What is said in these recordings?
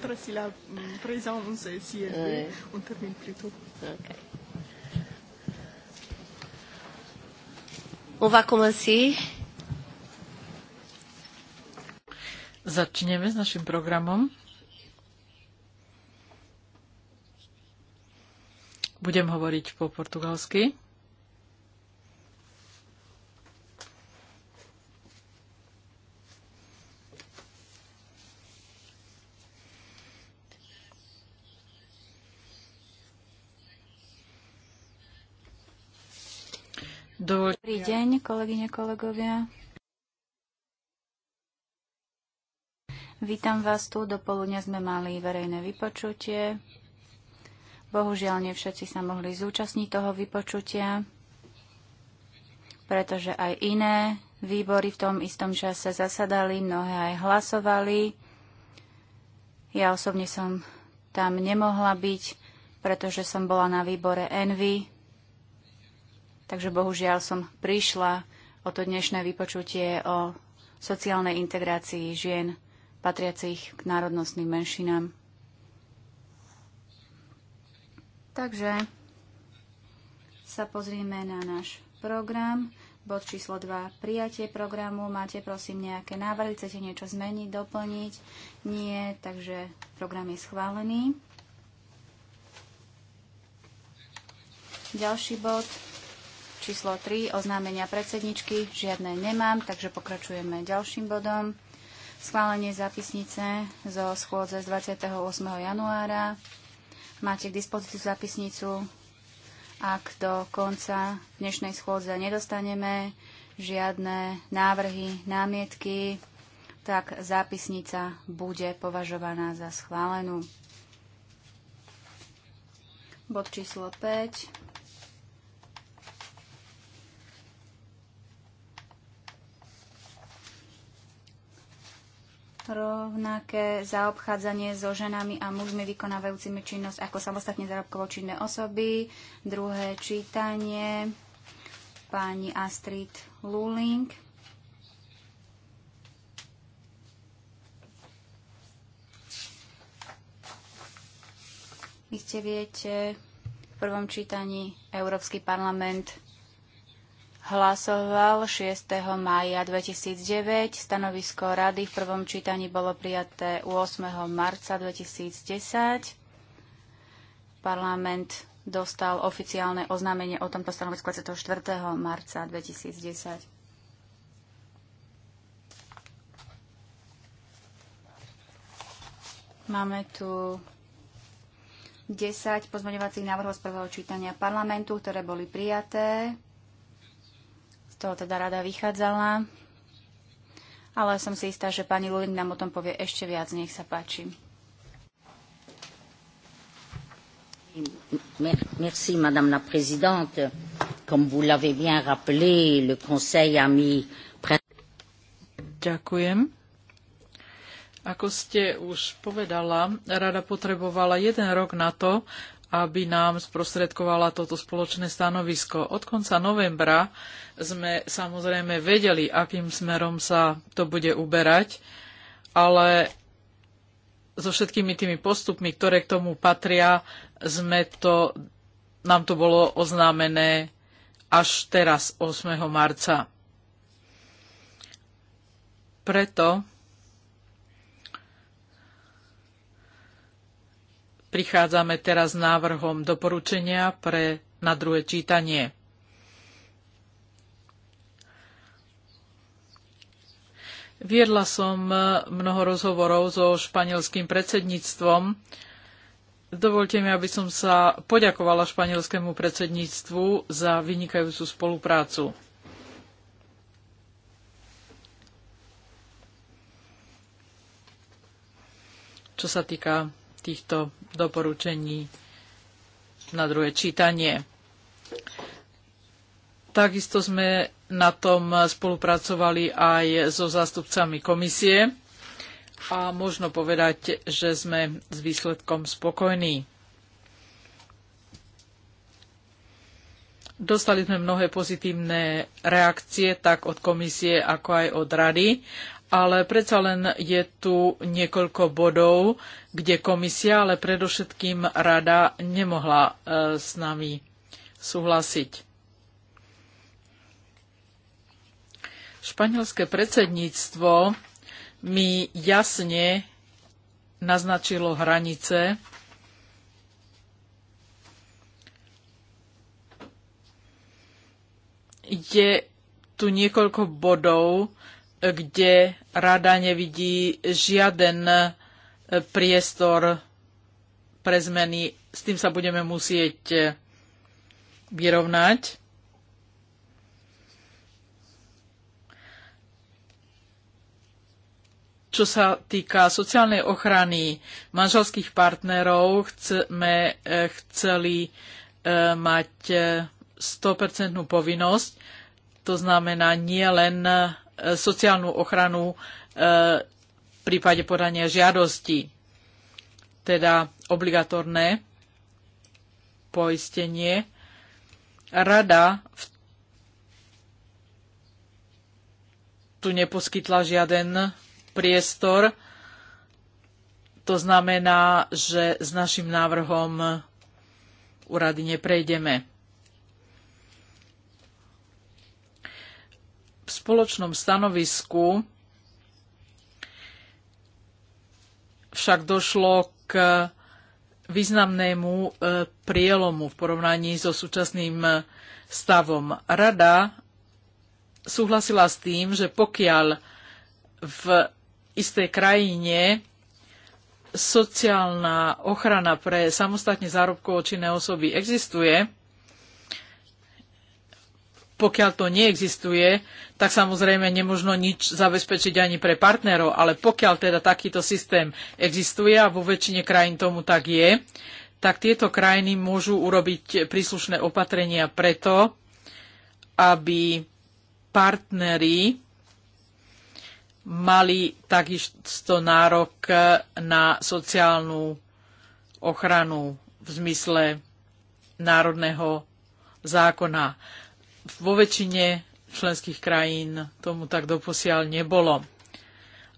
peut-être si la mm, présence e si elle veut, eh. on termine plus tôt. Okay. On va commencer. Začneme s našim programom. Budem hovoriť po portugalsky. kolegyne, kolegovia. Vítam vás tu. Do poludňa sme mali verejné vypočutie. Bohužiaľ, nie všetci sa mohli zúčastniť toho vypočutia, pretože aj iné výbory v tom istom čase zasadali, mnohé aj hlasovali. Ja osobne som tam nemohla byť, pretože som bola na výbore Envy Takže bohužiaľ som prišla o to dnešné vypočutie o sociálnej integrácii žien patriacich k národnostným menšinám. Takže sa pozrieme na náš program. Bod číslo 2. Prijatie programu. Máte prosím nejaké návrhy? Chcete niečo zmeniť, doplniť? Nie, takže program je schválený. Ďalší bod číslo 3, oznámenia predsedničky, žiadne nemám, takže pokračujeme ďalším bodom. Schválenie zápisnice zo schôdze z 28. januára. Máte k dispozíciu zápisnicu. Ak do konca dnešnej schôdze nedostaneme žiadne návrhy, námietky, tak zápisnica bude považovaná za schválenú. Bod číslo 5. rovnaké zaobchádzanie so ženami a mužmi vykonávajúcimi činnosť ako samostatne zárobkovo činné osoby. Druhé čítanie pani Astrid Luling. Vy ste viete, v prvom čítaní Európsky parlament hlasoval 6. mája 2009. Stanovisko rady v prvom čítaní bolo prijaté 8. marca 2010. Parlament dostal oficiálne oznámenie o tomto stanovisku 24. marca 2010. Máme tu 10 pozmeňovacích návrhov z prvého čítania parlamentu, ktoré boli prijaté. Z toho teda rada vychádzala. Ale som si istá, že pani Luling nám o tom povie ešte viac. Nech sa páči. Merci, Madame la Présidente. Comme vous l'avez bien rappelé, le Conseil a mis... Ďakujem. Ako ste už povedala, rada potrebovala jeden rok na to, aby nám sprostredkovala toto spoločné stanovisko. Od konca novembra sme samozrejme vedeli, akým smerom sa to bude uberať, ale so všetkými tými postupmi, ktoré k tomu patria, sme to, nám to bolo oznámené až teraz, 8. marca. Preto prichádzame teraz s návrhom doporučenia pre na druhé čítanie. Viedla som e, mnoho rozhovorov so španielským predsedníctvom. Dovolte mi, aby som sa poďakovala španielskému predsedníctvu za vynikajúcu spoluprácu. Čo sa týka týchto doporučení na druhé čítanie. Takisto sme na tom spolupracovali aj so zástupcami komisie a možno povedať, že sme s výsledkom spokojní. Dostali sme mnohé pozitívne reakcie tak od komisie, ako aj od rady ale predsa len je tu niekoľko bodov, kde komisia, ale predovšetkým rada nemohla e, s nami súhlasiť. Španielské predsedníctvo mi jasne naznačilo hranice je tu niekoľko bodov, kde rada nevidí žiaden e, priestor pre zmeny. S tým sa budeme musieť e, vyrovnať. Čo sa týka sociálnej ochrany manželských partnerov, sme e, chceli mať 100% povinnosť. To znamená nie len sociálnu ochranu e, v prípade podania žiadosti, teda obligatorné poistenie. Rada v tu neposkytla žiaden priestor. To znamená, že s našim návrhom úrady neprejdeme. v spoločnom stanovisku však došlo k významnému e, prielomu v porovnaní so súčasným e, stavom. Rada súhlasila s tým, že pokiaľ v istej krajine sociálna ochrana pre samostatne zárobkovo činné osoby existuje, pokiaľ to neexistuje, tak samozrejme nemožno nič zabezpečiť ani pre partnerov, ale pokiaľ teda takýto systém existuje a vo väčšine krajín tomu tak je, tak tieto krajiny môžu urobiť príslušné opatrenia preto, aby partnery mali takisto nárok na sociálnu ochranu v zmysle národného zákona vo väčšine členských krajín tomu tak doposiaľ nebolo.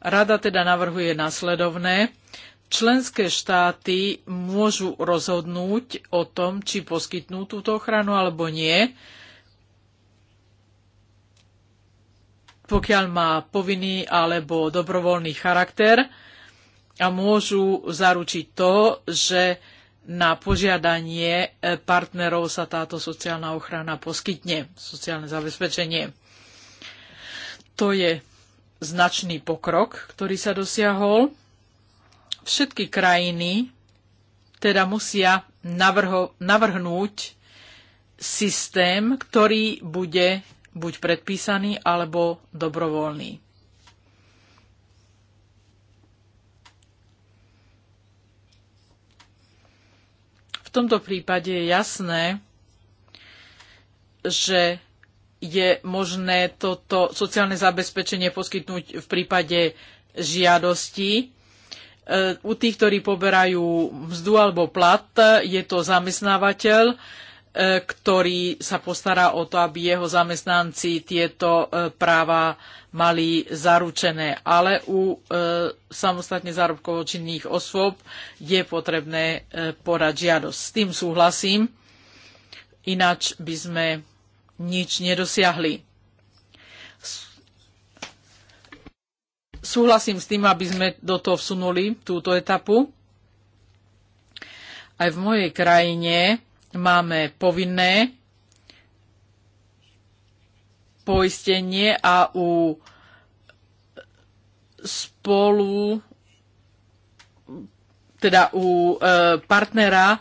Rada teda navrhuje nasledovné. Členské štáty môžu rozhodnúť o tom, či poskytnú túto ochranu alebo nie, pokiaľ má povinný alebo dobrovoľný charakter a môžu zaručiť to, že na požiadanie e, partnerov sa táto sociálna ochrana poskytne, sociálne zabezpečenie. To je značný pokrok, ktorý sa dosiahol. Všetky krajiny teda musia navrho, navrhnúť systém, ktorý bude buď predpísaný alebo dobrovoľný. tomto prípade je jasné, že je možné toto sociálne zabezpečenie poskytnúť v prípade žiadosti. E, u tých, ktorí poberajú mzdu alebo plat, je to zamestnávateľ Eh, ktorý sa postará o to, aby jeho zamestnanci tieto eh, práva mali zaručené. Ale u eh, samostatne zárobkovo činných osôb je potrebné porať žiadosť. S tým súhlasím, ináč by sme nič nedosiahli. Súhlasím s tým, aby sme do toho vsunuli túto etapu. Aj v mojej krajine Máme povinné poistenie a u spolu, teda u e, partnera, e,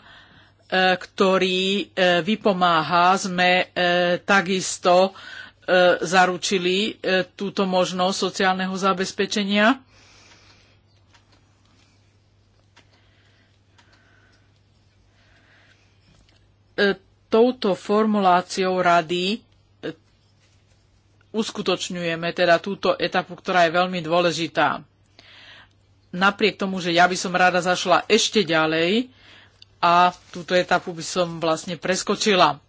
ktorý e, vypomáha, sme takisto zaručili túto možnosť sociálneho zabezpečenia. E, touto formuláciou rady e, uskutočňujeme teda túto etapu, ktorá je veľmi dôležitá. Napriek tomu, že ja by som rada zašla ešte ďalej a túto etapu by som vlastne preskočila.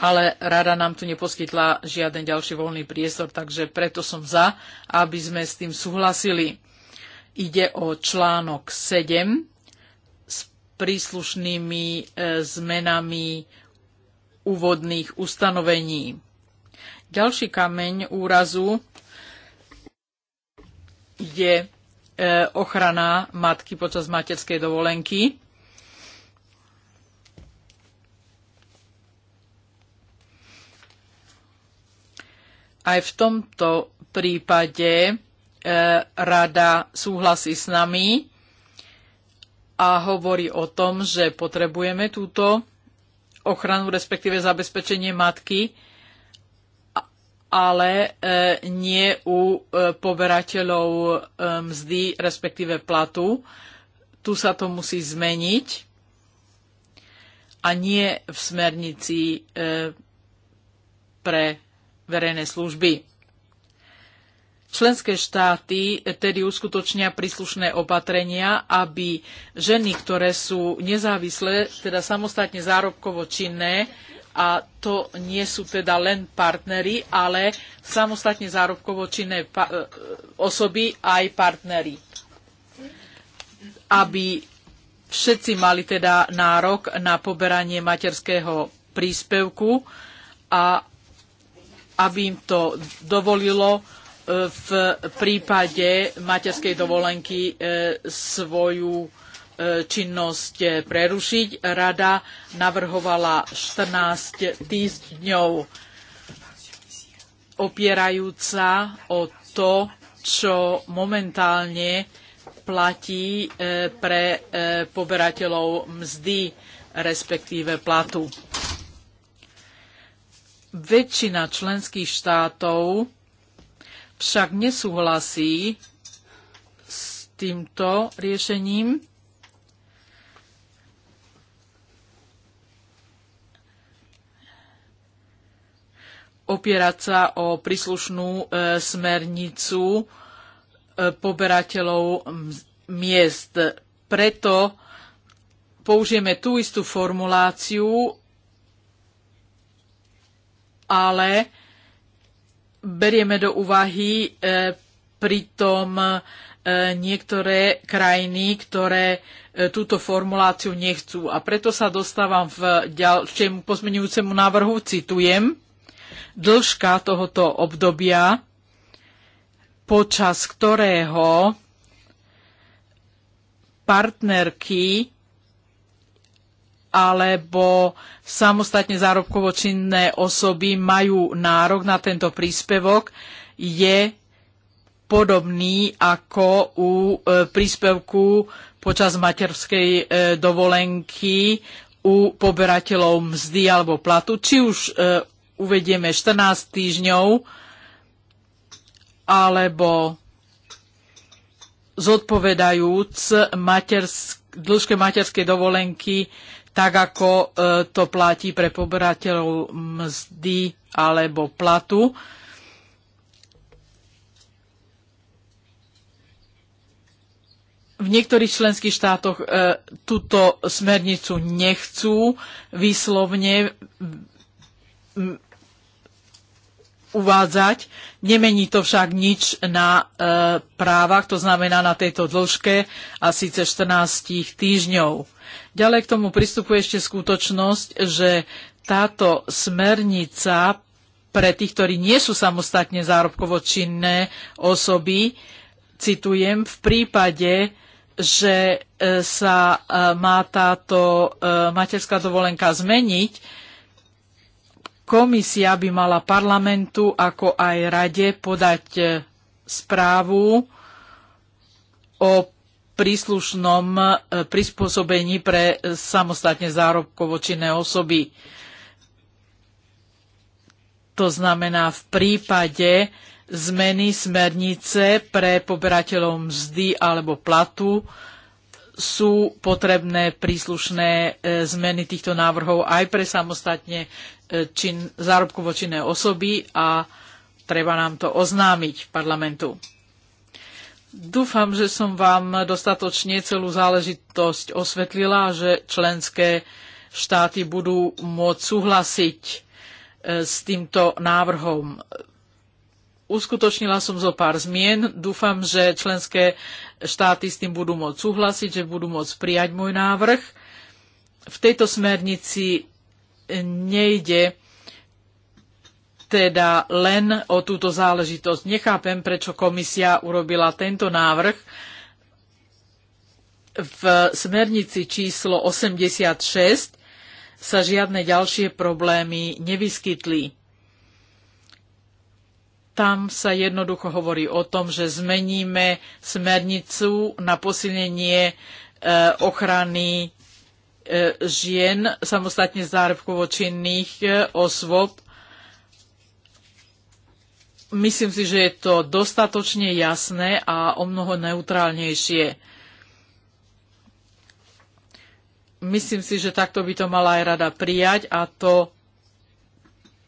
ale rada nám tu neposkytla žiaden ďalší voľný priestor, takže preto som za, aby sme s tým súhlasili. Ide o článok 7 s príslušnými e, zmenami úvodných ustanovení. Ďalší kameň úrazu je e, ochrana matky počas materskej dovolenky. Aj v tomto prípade E, rada súhlasí s nami a hovorí o tom, že potrebujeme túto ochranu, respektíve zabezpečenie matky, ale e, nie u e, poberateľov mzdy, respektíve platu. Tu sa to musí zmeniť a nie v smernici pre verejné služby. Členské štáty tedy uskutočnia príslušné opatrenia, aby ženy, ktoré sú nezávislé, teda samostatne zárobkovo činné, a to nie sú teda len partnery, ale samostatne zárobkovo činné e, osoby aj partnery. Aby všetci mali teda nárok na poberanie materského príspevku a aby im to dovolilo v prípade materskej dovolenky e, svoju e, činnosť e, prerušiť. Rada navrhovala 14 týždňov opierajúca o to, čo momentálne platí pre poberateľov mzdy, respektíve platu. Väčšina členských štátov však nesúhlasí s týmto riešením. opierať sa o príslušnú e, smernicu e, poberateľov miest. Preto použijeme tú istú formuláciu, ale berieme do úvahy e, pritom e, niektoré krajiny, ktoré e, túto formuláciu nechcú. A preto sa dostávam v ďalšiemu pozmenujúcemu návrhu, citujem, dĺžka tohoto obdobia, počas ktorého partnerky alebo samostatne zárobkovo činné osoby majú nárok na tento príspevok, je podobný ako u e, príspevku počas materskej e, dovolenky u poberateľov mzdy alebo platu, či už e, uvedieme 14 týždňov alebo zodpovedajúc dĺžke materskej dovolenky tak ako e, to platí pre poberateľov mzdy alebo platu. V niektorých členských štátoch e, túto smernicu nechcú výslovne uvádzať. Nemení to však nič na e, právach, to znamená na tejto dĺžke a síce 14 týždňov Ďalej k tomu pristupuje ešte skutočnosť, že táto smernica pre tých, ktorí nie sú samostatne zárobkovo činné osoby, citujem, v prípade, že e, sa e, má táto e, materská dovolenka zmeniť, komisia by mala parlamentu ako aj rade podať správu o príslušnom e, prispôsobení pre samostatne zárobkovo činné osoby. To znamená, v prípade zmeny smernice pre poberateľov mzdy alebo platu sú potrebné príslušné e, zmeny týchto návrhov aj pre samostatne e, čin, zárobkovo činné osoby a treba nám to oznámiť parlamentu. Dúfam, že som vám dostatočne celú záležitosť osvetlila, že členské štáty budú môcť súhlasiť e, s týmto návrhom. Uskutočnila som zo pár zmien. Dúfam, že členské štáty s tým budú môcť súhlasiť, že budú môcť prijať môj návrh. V tejto smernici nejde teda len o túto záležitosť. Nechápem, prečo komisia urobila tento návrh. V smernici číslo 86 sa žiadne ďalšie problémy nevyskytli. Tam sa jednoducho hovorí o tom, že zmeníme smernicu na posilnenie e, ochrany e, žien samostatne zárobkovo činných e, osôb Myslím si, že je to dostatočne jasné a o mnoho neutrálnejšie. Myslím si, že takto by to mala aj rada prijať a to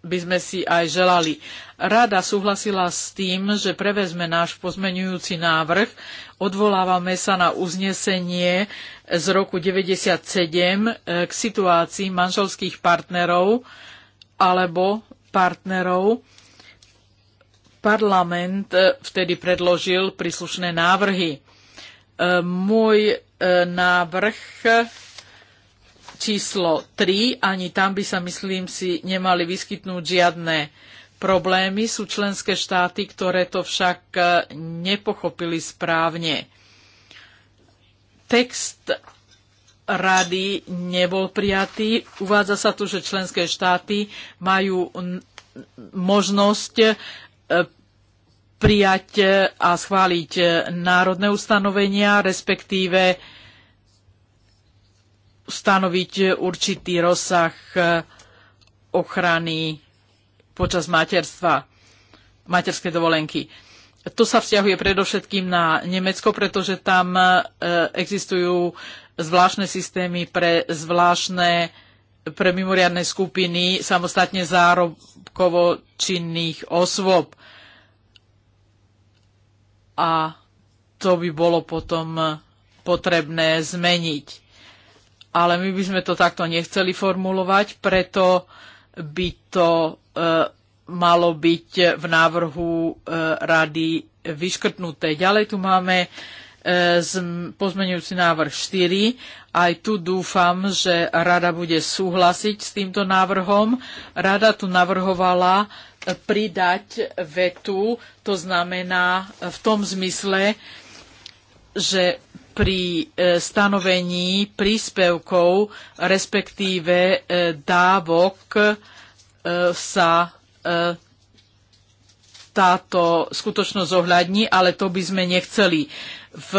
by sme si aj želali. Rada súhlasila s tým, že prevezme náš pozmenujúci návrh. Odvolávame sa na uznesenie z roku 97 e, k situácii manželských partnerov alebo partnerov Parlament e, vtedy predložil príslušné návrhy. E, môj e, návrh číslo 3, ani tam by sa, myslím si, nemali vyskytnúť žiadne problémy. Sú členské štáty, ktoré to však nepochopili správne. Text rady nebol prijatý. Uvádza sa tu, že členské štáty majú možnosť prijať a schváliť národné ustanovenia, respektíve stanoviť určitý rozsah ochrany počas materstva, materskej dovolenky. To sa vzťahuje predovšetkým na Nemecko, pretože tam e, existujú zvláštne systémy pre zvláštne pre mimoriadne skupiny samostatne zárobkovo činných osôb a to by bolo potom potrebné zmeniť. Ale my by sme to takto nechceli formulovať, preto by to e, malo byť v návrhu e, rady vyškrtnuté. Ďalej tu máme e, pozmenujúci návrh 4. Aj tu dúfam, že rada bude súhlasiť s týmto návrhom. Rada tu navrhovala pridať vetu, to znamená v tom zmysle, že pri e, stanovení príspevkov, respektíve e, dávok e, sa táto skutočnosť zohľadní, ale to by sme nechceli. V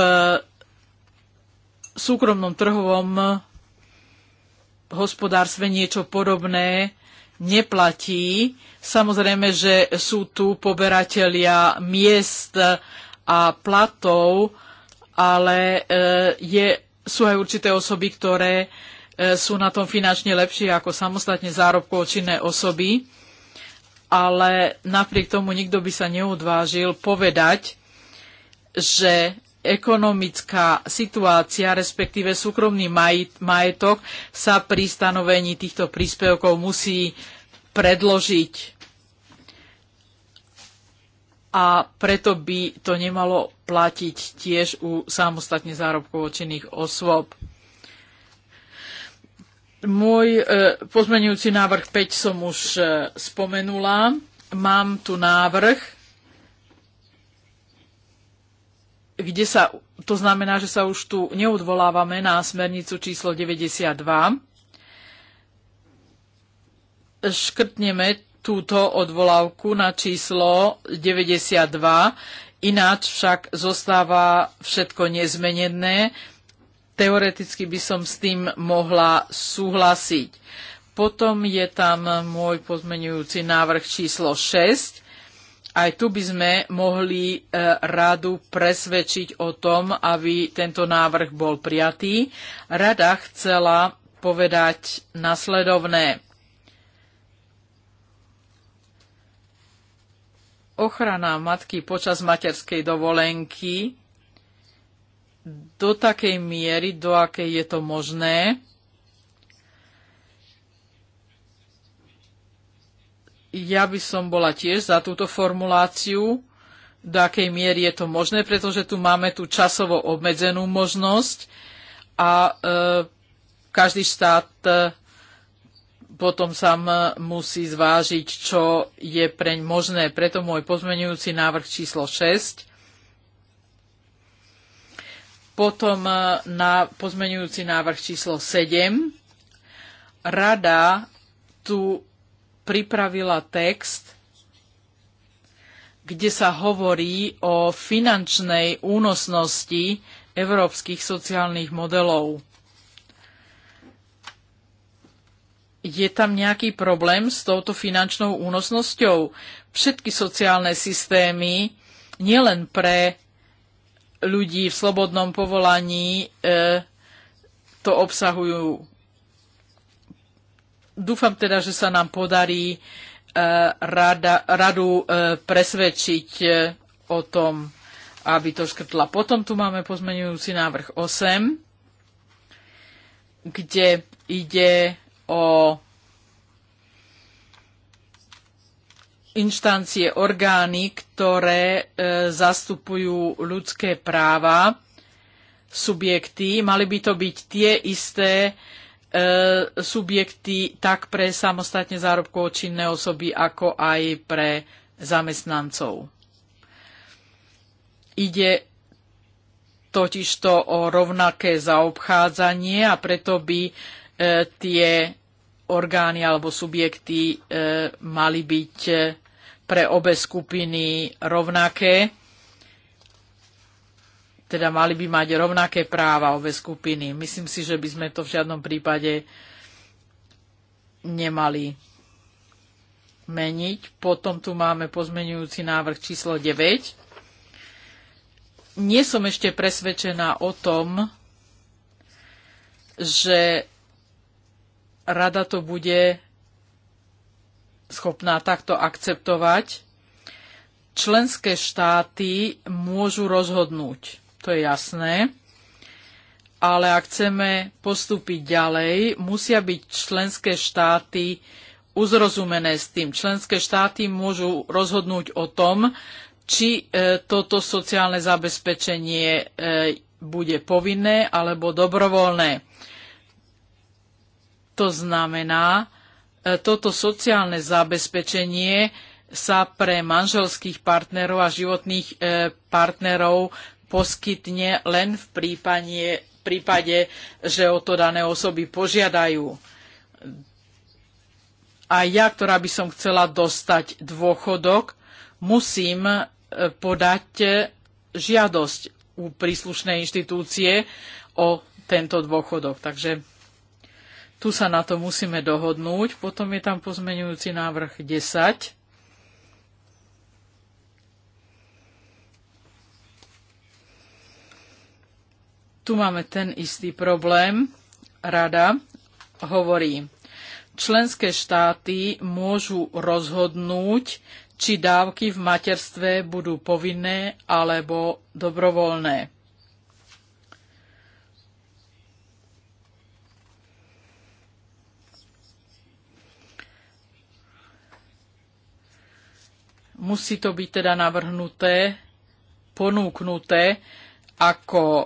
súkromnom trhovom hospodárstve niečo podobné neplatí. Samozrejme, že sú tu poberatelia miest a platov, ale e, je, sú aj určité osoby, ktoré e, sú na tom finančne lepšie ako samostatne zárobkov činné osoby, ale napriek tomu nikto by sa neodvážil povedať, že ekonomická situácia, respektíve súkromný majetok sa pri stanovení týchto príspevkov musí predložiť. A preto by to nemalo platiť tiež u samostatne zárobkovo činných osôb. Môj e, pozmenujúci návrh 5 som už e, spomenula. Mám tu návrh, kde sa, to znamená, že sa už tu neodvolávame na smernicu číslo 92, škrtneme túto odvolávku na číslo 92, ináč však zostáva všetko nezmenené. Teoreticky by som s tým mohla súhlasiť. Potom je tam môj pozmenujúci návrh číslo 6. Aj tu by sme mohli e, radu presvedčiť o tom, aby tento návrh bol prijatý. Rada chcela povedať nasledovné. ochrana matky počas materskej dovolenky do takej miery, do akej je to možné. Ja by som bola tiež za túto formuláciu, do akej miery je to možné, pretože tu máme tú časovo obmedzenú možnosť a e, každý štát e, potom sa musí zvážiť, čo je preň možné. Preto môj pozmenujúci návrh číslo 6. Potom e, na pozmenujúci návrh číslo 7. Rada tu pripravila text, kde sa hovorí o finančnej únosnosti európskych sociálnych modelov. je tam nejaký problém s touto finančnou únosnosťou. Všetky sociálne systémy, nielen pre ľudí v slobodnom povolaní, e, to obsahujú. Dúfam teda, že sa nám podarí e, rada, radu e, presvedčiť e, o tom, aby to škrtla. Potom tu máme pozmenujúci návrh 8, kde ide o inštancie, orgány, ktoré e, zastupujú ľudské práva, subjekty. Mali by to byť tie isté e, subjekty tak pre samostatne zárobkovo činné osoby, ako aj pre zamestnancov. Ide totižto o rovnaké zaobchádzanie a preto by E, tie orgány alebo subjekty e, mali byť e, pre obe skupiny rovnaké, teda mali by mať rovnaké práva obe skupiny. Myslím si, že by sme to v žiadnom prípade nemali meniť. Potom tu máme pozmenujúci návrh číslo 9. Nie som ešte presvedčená o tom, že rada to bude schopná takto akceptovať. Členské štáty môžu rozhodnúť, to je jasné, ale ak chceme postúpiť ďalej, musia byť členské štáty uzrozumené s tým. Členské štáty môžu rozhodnúť o tom, či e, toto sociálne zabezpečenie e, bude povinné alebo dobrovoľné to znamená, e, toto sociálne zabezpečenie sa pre manželských partnerov a životných e, partnerov poskytne len v prípade, prípade že o to dané osoby požiadajú. A ja, ktorá by som chcela dostať dôchodok, musím e, podať žiadosť u príslušnej inštitúcie o tento dôchodok. Takže tu sa na to musíme dohodnúť. Potom je tam pozmenujúci návrh 10. Tu máme ten istý problém. Rada hovorí, členské štáty môžu rozhodnúť, či dávky v materstve budú povinné alebo dobrovoľné. musí to byť teda navrhnuté, ponúknuté ako e,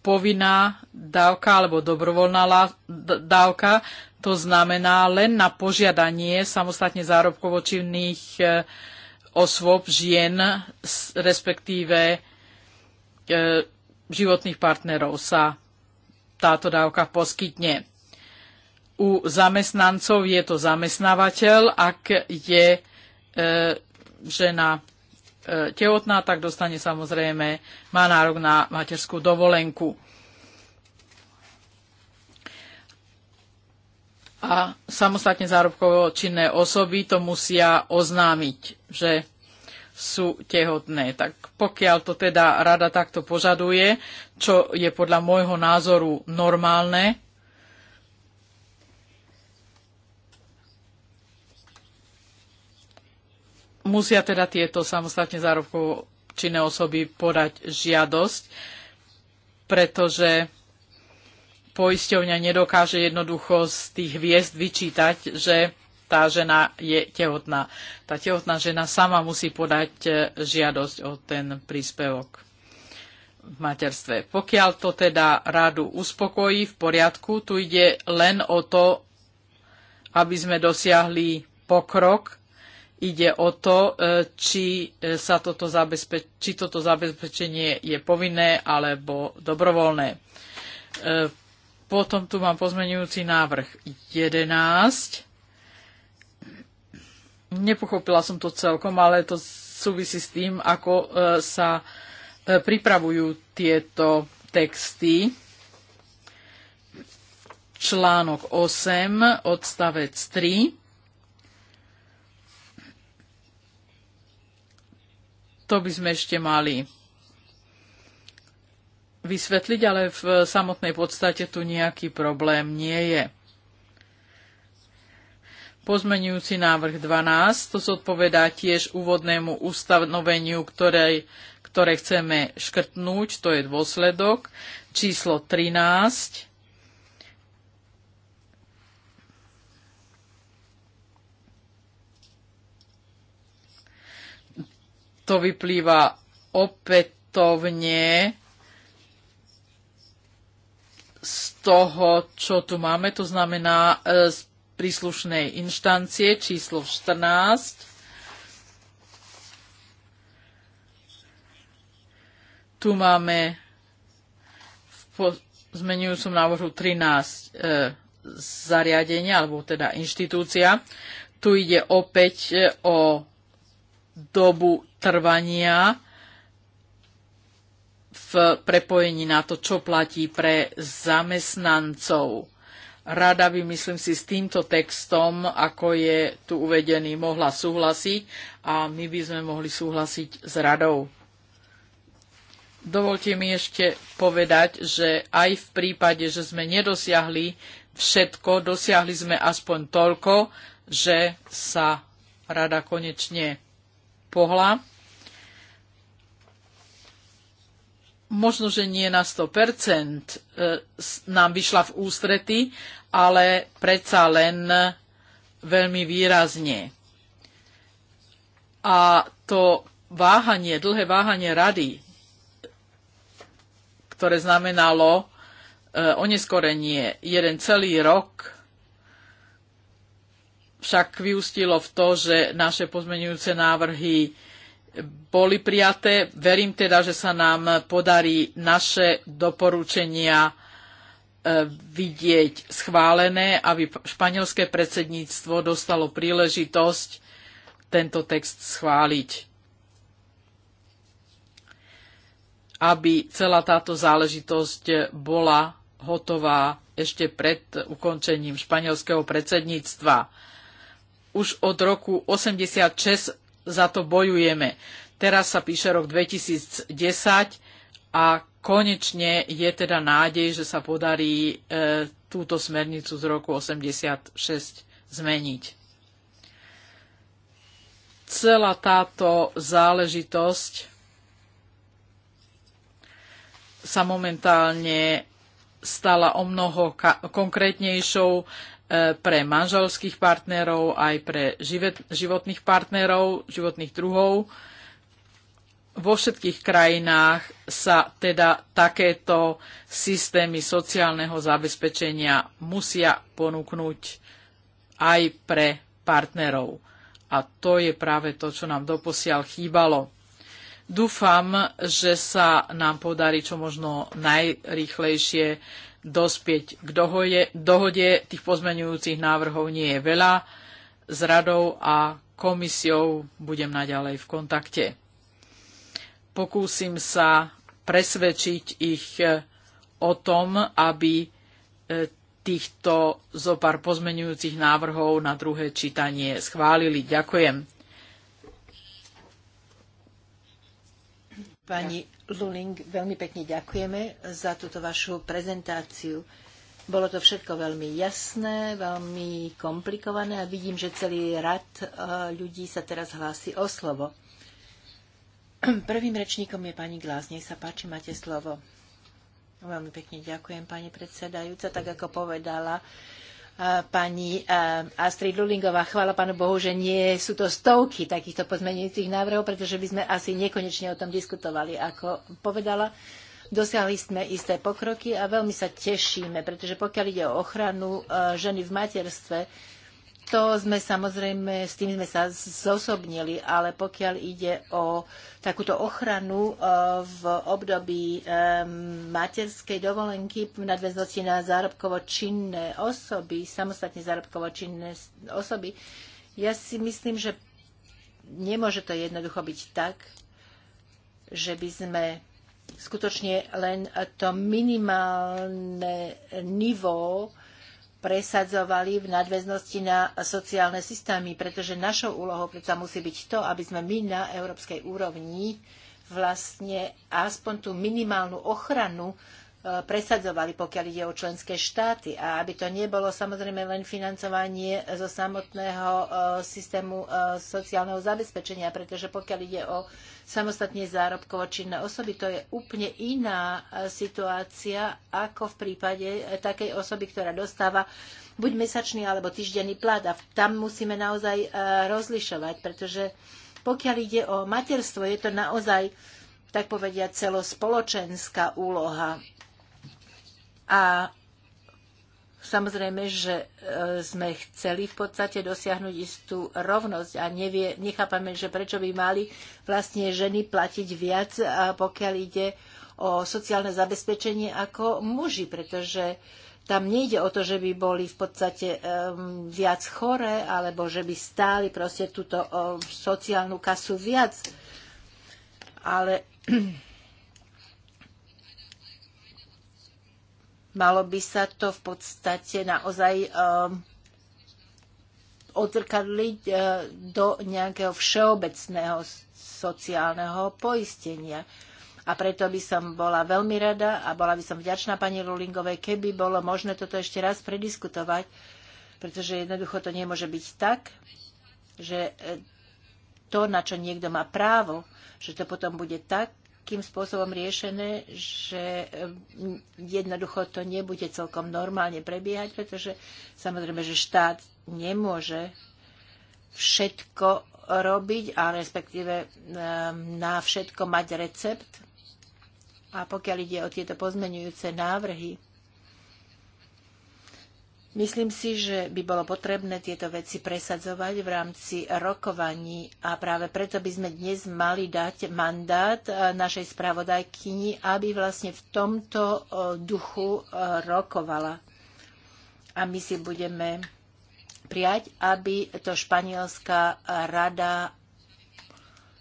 povinná dávka alebo dobrovoľná dávka. To znamená len na požiadanie samostatne zárobkovočinných e, osôb, žien, respektíve e, životných partnerov sa táto dávka poskytne. U zamestnancov je to zamestnávateľ, ak je e, žena e, tehotná, tak dostane samozrejme, má nárok na materskú dovolenku. A samostatne zárobkovo činné osoby to musia oznámiť, že sú tehotné. Tak pokiaľ to teda rada takto požaduje, čo je podľa môjho názoru normálne, musia teda tieto samostatne zárobkovo činné osoby podať žiadosť, pretože poisťovňa nedokáže jednoducho z tých hviezd vyčítať, že tá žena je tehotná. Tá tehotná žena sama musí podať e, žiadosť o ten príspevok v materstve. Pokiaľ to teda rádu uspokojí v poriadku, tu ide len o to, aby sme dosiahli pokrok ide o to, e, či, e, sa toto či toto zabezpečenie je povinné alebo dobrovoľné. E, potom tu mám pozmenujúci návrh 11. Nepochopila som to celkom, ale to súvisí s tým, ako sa pripravujú tieto texty. Článok 8, odstavec 3 To by sme ešte mali vysvetliť, ale v samotnej podstate tu nejaký problém nie je. Pozmenujúci návrh 12, to zodpovedá tiež úvodnému ustanoveniu, ktoré, ktoré chceme škrtnúť, to je dôsledok. Číslo 13, to vyplýva opätovne z toho, čo tu máme, to znamená e, z príslušnej inštancie číslo 14. Tu máme v zmenujúcom návrhu 13 e, zariadenia alebo teda inštitúcia. Tu ide opäť e, o dobu trvania v prepojení na to, čo platí pre zamestnancov. Rada by, myslím si, s týmto textom, ako je tu uvedený, mohla súhlasiť a my by sme mohli súhlasiť s radou. Dovolte mi ešte povedať, že aj v prípade, že sme nedosiahli všetko, dosiahli sme aspoň toľko, že sa rada konečne pohla. Možno, že nie na 100% e, nám vyšla v ústrety, ale predsa len veľmi výrazne. A to váhanie, dlhé váhanie rady, ktoré znamenalo e, oneskorenie jeden celý rok však vyústilo v to, že naše pozmenujúce návrhy boli prijaté. Verím teda, že sa nám podarí naše doporučenia e, vidieť schválené, aby španielské predsedníctvo dostalo príležitosť tento text schváliť. Aby celá táto záležitosť bola hotová ešte pred ukončením španielského predsedníctva už od roku 86 za to bojujeme. Teraz sa píše rok 2010 a konečne je teda nádej, že sa podarí e, túto smernicu z roku 86 zmeniť. Celá táto záležitosť sa momentálne stala o mnoho konkrétnejšou. E, pre manželských partnerov, aj pre životných partnerov, životných druhov. Vo všetkých krajinách sa teda takéto systémy sociálneho zabezpečenia musia ponúknuť aj pre partnerov. A to je práve to, čo nám doposiaľ chýbalo. Dúfam, že sa nám podarí čo možno najrýchlejšie dospieť k dohode. dohode. Tých pozmeňujúcich návrhov nie je veľa. S radou a komisiou budem naďalej v kontakte. Pokúsim sa presvedčiť ich e, o tom, aby e, týchto zopár pozmeňujúcich návrhov na druhé čítanie schválili. Ďakujem. Pani Luling, veľmi pekne ďakujeme za túto vašu prezentáciu. Bolo to všetko veľmi jasné, veľmi komplikované a vidím, že celý rad e, ľudí sa teraz hlási o slovo. Prvým rečníkom je pani Glás. Nech sa páči, máte slovo. Veľmi pekne ďakujem, pani predsedajúca. Tak ako povedala pani Astrid Lulingová. Chvála Pánu Bohu, že nie sú to stovky takýchto pozmenujúcich návrhov, pretože by sme asi nekonečne o tom diskutovali. Ako povedala, dosiahli sme isté pokroky a veľmi sa tešíme, pretože pokiaľ ide o ochranu ženy v materstve, to sme samozrejme, s tým sme sa zosobnili, ale pokiaľ ide o takúto ochranu e, v období e, materskej dovolenky v nadväznosti na zárobkovo činné osoby, samostatne zárobkovo činné osoby, ja si myslím, že nemôže to jednoducho byť tak, že by sme skutočne len to minimálne nivo presadzovali v nadväznosti na sociálne systémy, pretože našou úlohou predsa musí byť to, aby sme my na európskej úrovni vlastne aspoň tú minimálnu ochranu presadzovali, pokiaľ ide o členské štáty. A aby to nebolo samozrejme len financovanie zo samotného e, systému e, sociálneho zabezpečenia, pretože pokiaľ ide o samostatne zárobkovo činné osoby, to je úplne iná e, situácia ako v prípade takej osoby, ktorá dostáva buď mesačný alebo týždenný plat. A tam musíme naozaj rozlišovať, pretože pokiaľ ide o materstvo, je to naozaj tak povediať celospoločenská úloha. A Samozrejme, že e, sme chceli v podstate dosiahnuť istú rovnosť a nevie, nechápame, že prečo by mali vlastne ženy platiť viac, pokiaľ ide o sociálne zabezpečenie ako muži, pretože tam nejde o to, že by boli v podstate um, viac chore alebo že by stáli proste túto um, sociálnu kasu viac. Ale Malo by sa to v podstate naozaj eh, odzrkadliť eh, do nejakého všeobecného sociálneho poistenia. A preto by som bola veľmi rada a bola by som vďačná pani Rulingovej, keby bolo možné toto ešte raz prediskutovať, pretože jednoducho to nemôže byť tak, že eh, to, na čo niekto má právo, že to potom bude tak, takým spôsobom riešené, že mm, jednoducho to nebude celkom normálne prebiehať, pretože samozrejme, že štát nemôže všetko robiť a respektíve ehm, na všetko mať recept. A pokiaľ ide o tieto pozmenujúce návrhy, Myslím si, že by bolo potrebné tieto veci presadzovať v rámci rokovaní a práve preto by sme dnes mali dať mandát e, našej spravodajkyni, aby vlastne v tomto e, duchu e, rokovala. A my si budeme prijať, aby to španielská rada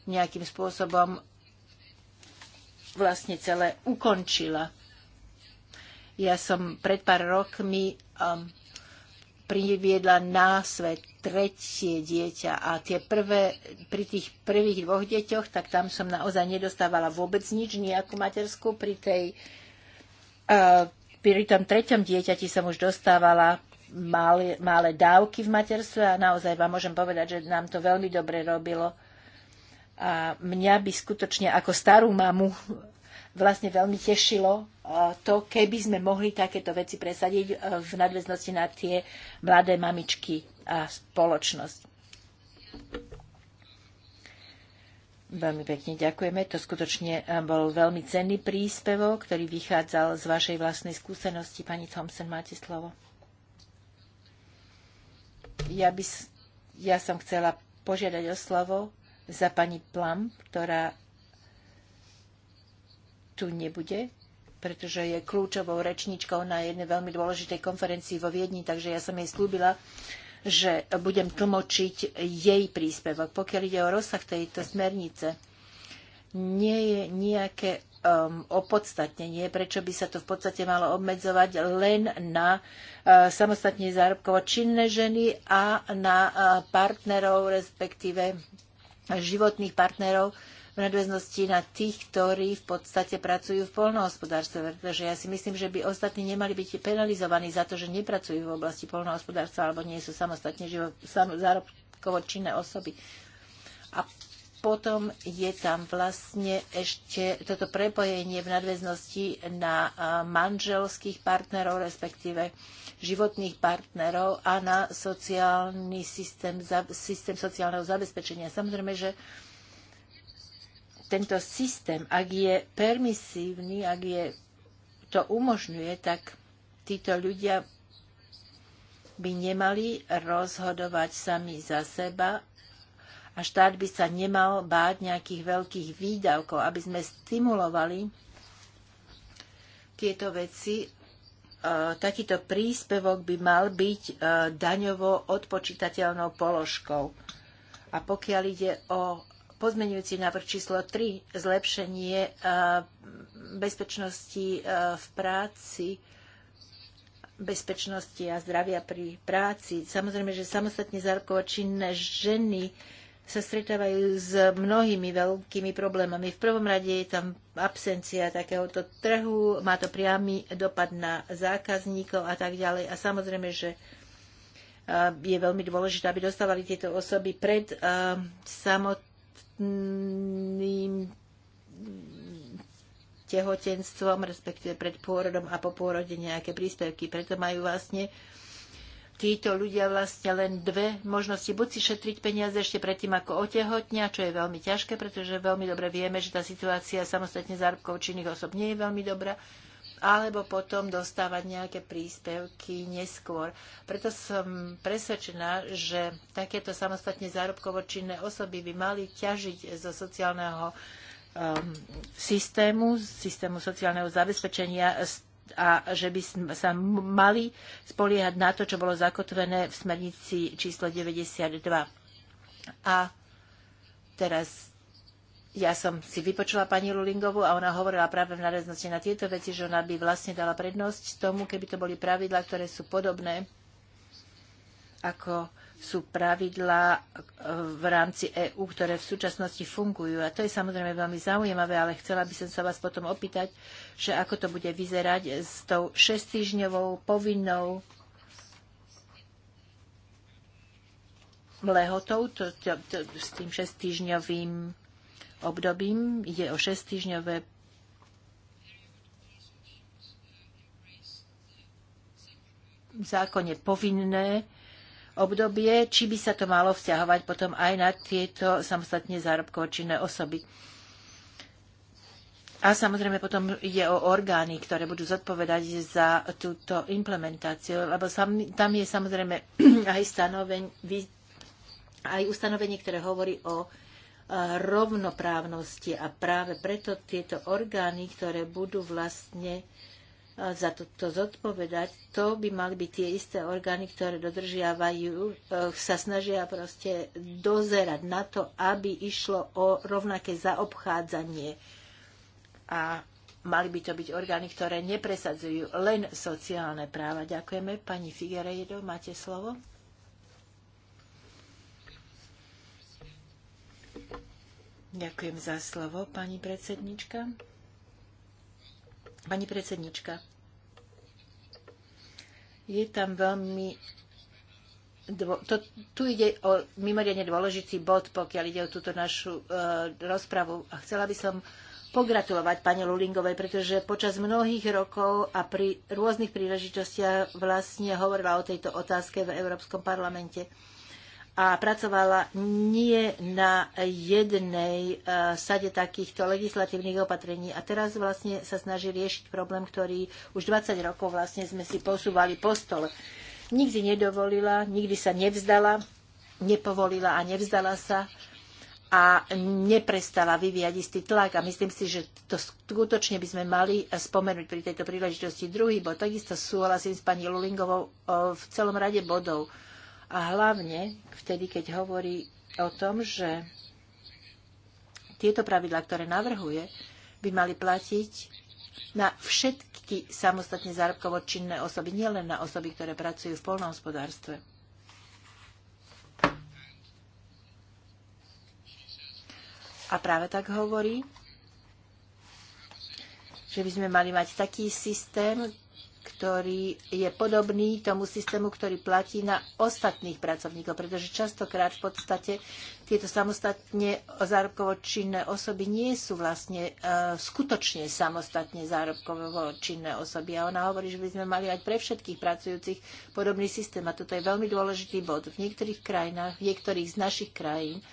nejakým spôsobom vlastne celé ukončila. Ja som pred pár rokmi um, priviedla na svet tretie dieťa a tie prvé, pri tých prvých dvoch deťoch, tak tam som naozaj nedostávala vôbec nič, nejakú materskú. Pri, tej, uh, pri tom treťom dieťati som už dostávala malé, malé dávky v materstve a naozaj vám môžem povedať, že nám to veľmi dobre robilo. A mňa by skutočne ako starú mamu vlastne veľmi tešilo e, to, keby sme mohli takéto veci presadiť e, v nadväznosti na tie mladé mamičky a spoločnosť. Veľmi pekne ďakujeme. To skutočne e, bol veľmi cenný príspevok, ktorý vychádzal z vašej vlastnej skúsenosti. Pani Thompson, máte slovo. Ja, by, ja som chcela požiadať o slovo za pani Plam, ktorá tu nebude, pretože je kľúčovou rečníčkou na jednej veľmi dôležitej konferencii vo Viedni, takže ja som jej slúbila, že budem tlmočiť jej príspevok. Pokiaľ ide o rozsah tejto smernice, nie je nejaké um, opodstatnenie, prečo by sa to v podstate malo obmedzovať len na uh, samostatne zárobkovo činné ženy a na uh, partnerov, respektíve životných partnerov uh, v nadväznosti na tých, ktorí v podstate pracujú v polnohospodárstve, pretože ja si myslím, že by ostatní nemali byť penalizovaní za to, že nepracujú v oblasti polnohospodárstva alebo nie sú samostatne živo, sam, zárobkovo činné osoby. A potom je tam vlastne ešte toto prepojenie v nadväznosti na manželských partnerov, respektíve životných partnerov a na sociálny systém, systém sociálneho zabezpečenia. Samozrejme, že tento systém, ak je permisívny, ak je, to umožňuje, tak títo ľudia by nemali rozhodovať sami za seba a štát by sa nemal báť nejakých veľkých výdavkov, aby sme stimulovali tieto veci e, takýto príspevok by mal byť e, daňovo odpočítateľnou položkou. A pokiaľ ide o pozmenujúci návrh číslo 3, zlepšenie eh, bezpečnosti eh, v práci, bezpečnosti a zdravia pri práci. Samozrejme, že samostatne zárkovo činné ženy sa stretávajú s mnohými veľkými problémami. V prvom rade je tam absencia takéhoto trhu, má to priamy dopad na zákazníkov a tak ďalej. A samozrejme, že eh, je veľmi dôležité, aby dostávali tieto osoby pred samotným tehotným tehotenstvom, respektíve pred pôrodom a po pôrode nejaké príspevky. Preto majú vlastne títo ľudia vlastne len dve možnosti. Buď si šetriť peniaze ešte predtým, ako otehotnia, čo je veľmi ťažké, pretože veľmi dobre vieme, že tá situácia samostatne zárobkov činných osob nie je veľmi dobrá alebo potom dostávať nejaké príspevky neskôr. Preto som presvedčená, že takéto samostatne zárobkovo činné osoby by mali ťažiť zo sociálneho um, systému, systému sociálneho zabezpečenia a že by sa mali spoliehať na to, čo bolo zakotvené v smernici číslo 92. A teraz ja som si vypočula pani Lulingovú a ona hovorila práve v nadväznosti na tieto veci, že ona by vlastne dala prednosť tomu, keby to boli pravidlá, ktoré sú podobné, ako sú pravidlá eh, v rámci EÚ, ktoré v súčasnosti fungujú. A to je samozrejme veľmi zaujímavé, ale chcela by som sa vás potom opýtať, že ako to bude vyzerať s tou šestýždňovou povinnou lehotou, to, to, to, s tým šestýždňovým obdobím. Ide o 6-týždňové zákone povinné obdobie, či by sa to malo vzťahovať potom aj na tieto samostatne zárobkovo činné osoby. A samozrejme potom ide o orgány, ktoré budú zodpovedať za túto implementáciu, lebo tam je samozrejme aj, stanoven, aj ustanovenie, ktoré hovorí o rovnoprávnosti a práve preto tieto orgány, ktoré budú vlastne za toto zodpovedať, to by mali byť tie isté orgány, ktoré dodržiavajú, e, sa snažia proste dozerať na to, aby išlo o rovnaké zaobchádzanie. A mali by to byť orgány, ktoré nepresadzujú len sociálne práva. Ďakujeme. Pani Figueiredo, máte slovo. Ďakujem za slovo, pani predsednička. Pani predsednička, je tam veľmi... Dvo, to, tu ide o mimoriadne dôležitý bod, pokiaľ ide o túto našu e, rozpravu. A chcela by som pogratulovať pani Lulingovej, pretože počas mnohých rokov a pri rôznych príležitostiach vlastne hovorila o tejto otázke v Európskom parlamente. E, a pracovala nie na jednej e, sade takýchto legislatívnych opatrení. A teraz vlastne sa snaží riešiť problém, ktorý už 20 rokov vlastne sme si posúvali po stole. Nikdy nedovolila, nikdy sa nevzdala, nepovolila a nevzdala sa a neprestala vyvíjať istý tlak. A myslím si, že to skutočne by sme mali spomenúť pri tejto príležitosti. Druhý bod, takisto súhlasím s pani Lulingovou e, v celom rade bodov a hlavne vtedy, keď hovorí o tom, že tieto pravidlá, ktoré navrhuje, by mali platiť na všetky samostatne zárobkovo činné osoby, nielen na osoby, ktoré pracujú v polnohospodárstve. A práve tak hovorí, že by sme mali mať taký systém, ktorý je podobný tomu systému, ktorý platí na ostatných pracovníkov, pretože častokrát v podstate tieto samostatne zárobkovo činné osoby nie sú vlastne uh, skutočne samostatne zárobkovo činné osoby. A ona hovorí, že by sme mali mať pre všetkých pracujúcich podobný systém. A toto je veľmi dôležitý bod. V niektorých krajinách, v niektorých z našich krajín, uh,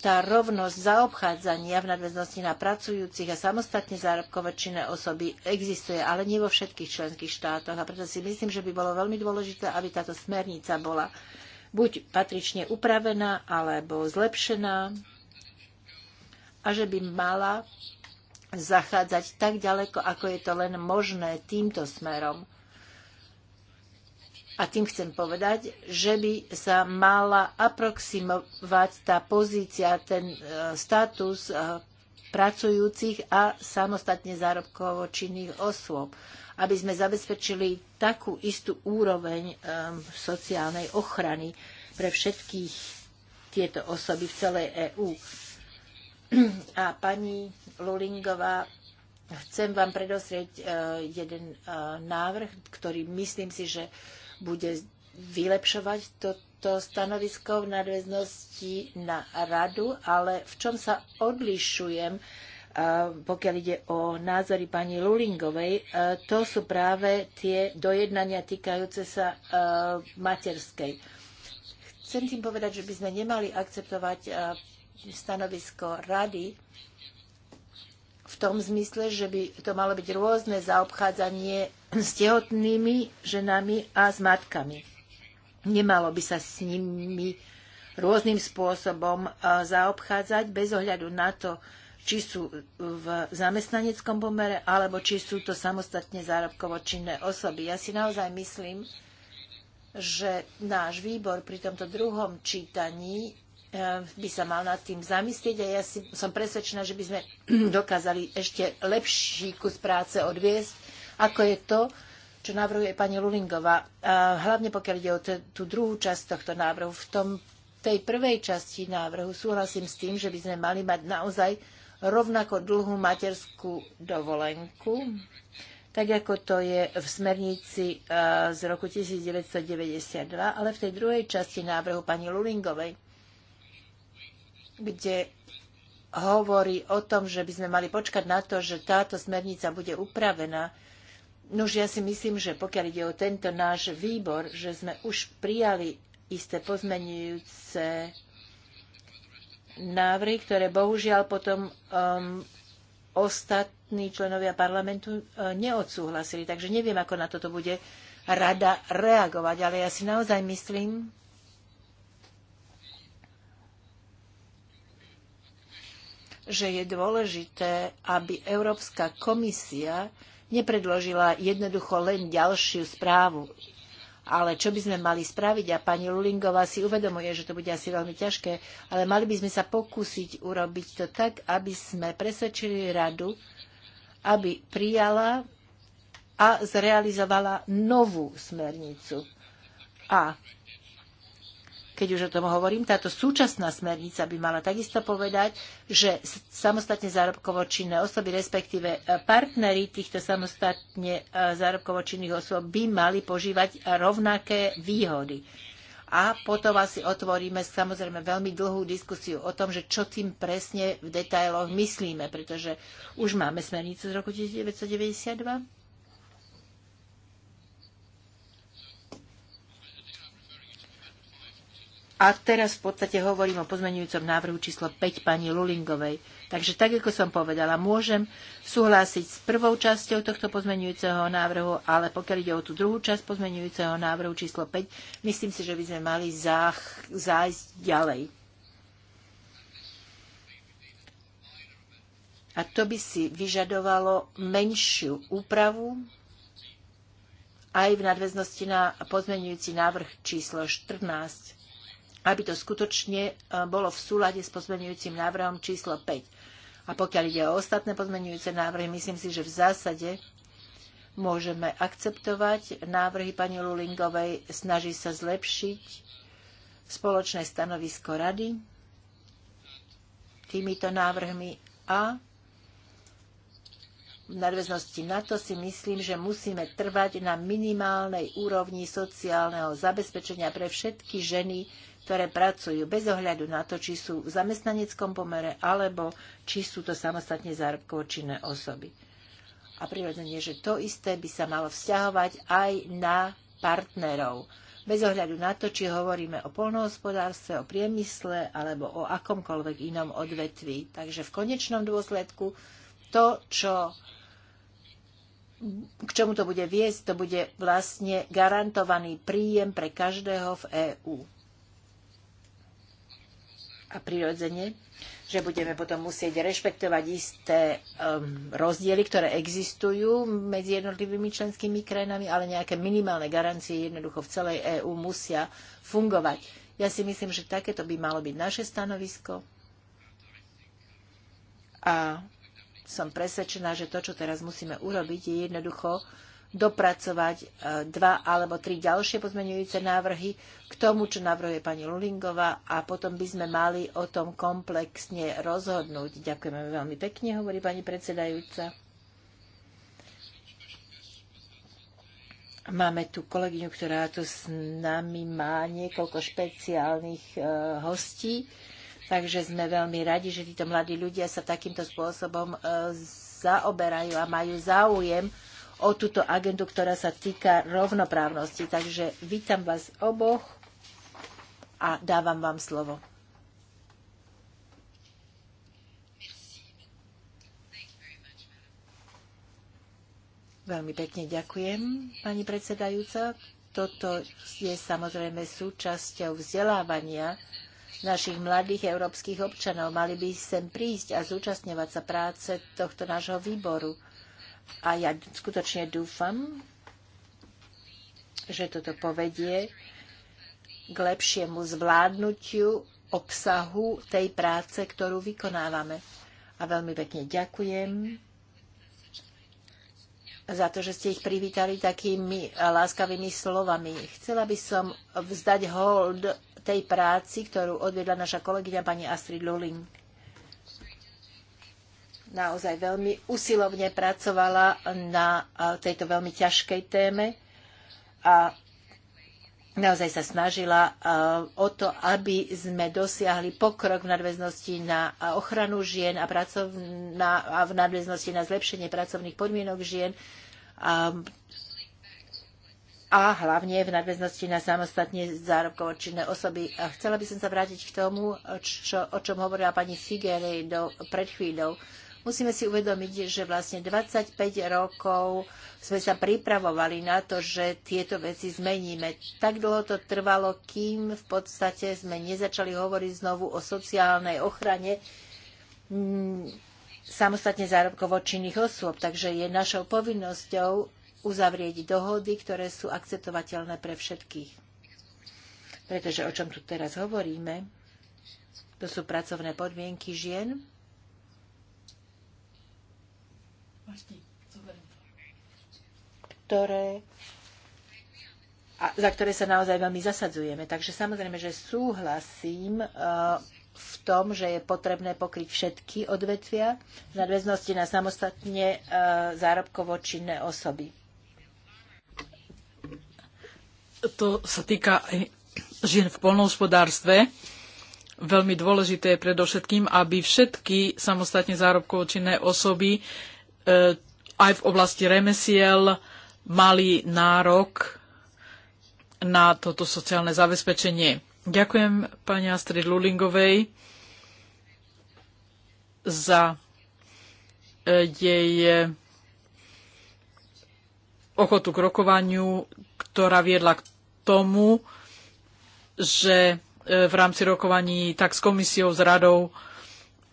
tá rovnosť zaobchádzania v nadväznosti na pracujúcich a samostatne zárobkové činné osoby existuje, ale nie vo všetkých členských štátoch. A preto si myslím, že by bolo veľmi dôležité, aby táto smernica bola buď patrične upravená alebo zlepšená a že by mala zachádzať tak ďaleko, ako je to len možné týmto smerom a tým chcem povedať, že by sa mala aproximovať tá pozícia, ten e, status e, pracujúcich a samostatne zárobkovo činných osôb, aby sme zabezpečili takú istú úroveň e, sociálnej ochrany pre všetkých tieto osoby v celej EÚ. A pani Lulingová chcem vám predosrieť jeden návrh, ktorý myslím si, že bude vylepšovať toto stanovisko v nadväznosti na radu, ale v čom sa odlišujem, e, pokiaľ ide o názory pani Lulingovej, e, to sú práve tie dojednania týkajúce sa e, materskej. Chcem tým povedať, že by sme nemali akceptovať stanovisko rady, v tom zmysle, že by to malo byť rôzne zaobchádzanie s tehotnými ženami a s matkami. Nemalo by sa s nimi rôznym spôsobom e, zaobchádzať bez ohľadu na to, či sú v zamestnaneckom pomere, alebo či sú to samostatne zárobkovo činné osoby. Ja si naozaj myslím, že náš výbor pri tomto druhom čítaní Eh, by sa mal nad tým zamyslieť a ja si, som presvedčená, že by sme dokázali ešte lepší kus práce odviesť, ako je to, čo navrhuje pani Lulingová. Eh, hlavne pokiaľ ide o tú druhú časť tohto návrhu. V tom, tej prvej časti návrhu súhlasím s tým, že by sme mali mať naozaj rovnako dlhú materskú dovolenku, tak ako to je v smernici eh, z roku 1992, ale v tej druhej časti návrhu pani Lulingovej kde hovorí o tom, že by sme mali počkať na to, že táto smernica bude upravená. Nož ja si myslím, že pokiaľ ide o tento náš výbor, že sme už prijali isté pozmenujúce návrhy, ktoré bohužiaľ potom um, ostatní členovia parlamentu uh, neodsúhlasili. Takže neviem, ako na toto bude rada reagovať. Ale ja si naozaj myslím, že je dôležité, aby Európska komisia nepredložila jednoducho len ďalšiu správu. Ale čo by sme mali spraviť, a pani Lulingová si uvedomuje, že to bude asi veľmi ťažké, ale mali by sme sa pokúsiť urobiť to tak, aby sme presvedčili radu, aby prijala a zrealizovala novú smernicu. A keď už o tom hovorím, táto súčasná smernica by mala takisto povedať, že samostatne zárobkovo činné osoby, respektíve e, partnery týchto samostatne e, zárobkovo činných osôb by mali požívať rovnaké výhody. A potom asi otvoríme samozrejme veľmi dlhú diskusiu o tom, že čo tým presne v detailoch myslíme, pretože už máme smernicu z roku 1992 A teraz v podstate hovorím o pozmenujúcom návrhu číslo 5 pani Lulingovej. Takže tak, ako som povedala, môžem súhlasiť s prvou časťou tohto pozmenujúceho návrhu, ale pokiaľ ide o tú druhú časť pozmenujúceho návrhu číslo 5, myslím si, že by sme mali zách, zájsť ďalej. A to by si vyžadovalo menšiu úpravu aj v nadväznosti na pozmenujúci návrh číslo 14 aby to skutočne e, bolo v súlade s pozmenujúcim návrhom číslo 5. A pokiaľ ide o ostatné pozmenujúce návrhy, myslím si, že v zásade môžeme akceptovať návrhy pani Lulingovej, snaží sa zlepšiť spoločné stanovisko rady týmito návrhmi a v nadväznosti na to si myslím, že musíme trvať na minimálnej úrovni sociálneho zabezpečenia pre všetky ženy, ktoré pracujú bez ohľadu na to, či sú v zamestnaneckom pomere alebo či sú to samostatne zárobkovočinné osoby. A prirodzene, že to isté by sa malo vzťahovať aj na partnerov. Bez ohľadu na to, či hovoríme o polnohospodárstve, o priemysle alebo o akomkoľvek inom odvetví. Takže v konečnom dôsledku to, čo k čomu to bude viesť, to bude vlastne garantovaný príjem pre každého v EÚ a prirodzene, že budeme potom musieť rešpektovať isté um, rozdiely, ktoré existujú medzi jednotlivými členskými krajinami, ale nejaké minimálne garancie jednoducho v celej EÚ musia fungovať. Ja si myslím, že takéto by malo byť naše stanovisko a som presvedčená, že to, čo teraz musíme urobiť, je jednoducho uh, dopracovať e, dva alebo tri ďalšie pozmeňujúce návrhy k tomu, čo navrhuje pani Lulingová a potom by sme mali o tom komplexne rozhodnúť. Ďakujeme veľmi pekne, hovorí pani predsedajúca. Máme tu kolegyňu, ktorá tu s nami má niekoľko špeciálnych e, hostí, takže sme veľmi radi, že títo mladí ľudia sa takýmto spôsobom e, zaoberajú a majú záujem o túto agendu, ktorá sa týka rovnoprávnosti. Takže vítam vás oboch a dávam vám slovo. Veľmi pekne ďakujem, pani predsedajúca. Toto je samozrejme súčasťou vzdelávania našich mladých európskych občanov. Mali by sem prísť a zúčastňovať sa práce tohto nášho výboru. A ja skutočne dúfam, že toto povedie k lepšiemu zvládnutiu obsahu tej práce, ktorú vykonávame. A veľmi pekne ďakujem za to, že ste ich privítali takými láskavými slovami. Chcela by som vzdať hold tej práci, ktorú odvedla naša kolegyňa pani Astrid Luling naozaj veľmi usilovne pracovala na tejto veľmi ťažkej téme a naozaj sa snažila o to, aby sme dosiahli pokrok v nadväznosti na ochranu žien a, a v nadväznosti na zlepšenie pracovných podmienok žien a, a hlavne v nadväznosti na samostatne zárobkovo činné osoby. A chcela by som sa vrátiť k tomu, čo, o čom hovorila pani Figueiredo pred chvíľou. Musíme si uvedomiť, že vlastne 25 rokov sme sa pripravovali na to, že tieto veci zmeníme. Tak dlho to trvalo, kým v podstate sme nezačali hovoriť znovu o sociálnej ochrane mm, samostatne zárobkovo činných osôb. Takže je našou povinnosťou uzavrieť dohody, ktoré sú akceptovateľné pre všetkých. Pretože o čom tu teraz hovoríme, to sú pracovné podmienky žien, Vlastne, ktoré a za ktoré sa naozaj veľmi zasadzujeme. Takže samozrejme, že súhlasím e, v tom, že je potrebné pokryť všetky odvetvia v nadväznosti na samostatne e, zárobkovo činné osoby. To sa týka aj žien v polnohospodárstve. Veľmi dôležité je predovšetkým, aby všetky samostatne zárobkovo činné osoby E, aj v oblasti remesiel mali nárok na toto sociálne zabezpečenie. Ďakujem pani Astrid Lulingovej za e, jej e, ochotu k rokovaniu, ktorá viedla k tomu, že v rámci rokovaní tak s komisiou, s radou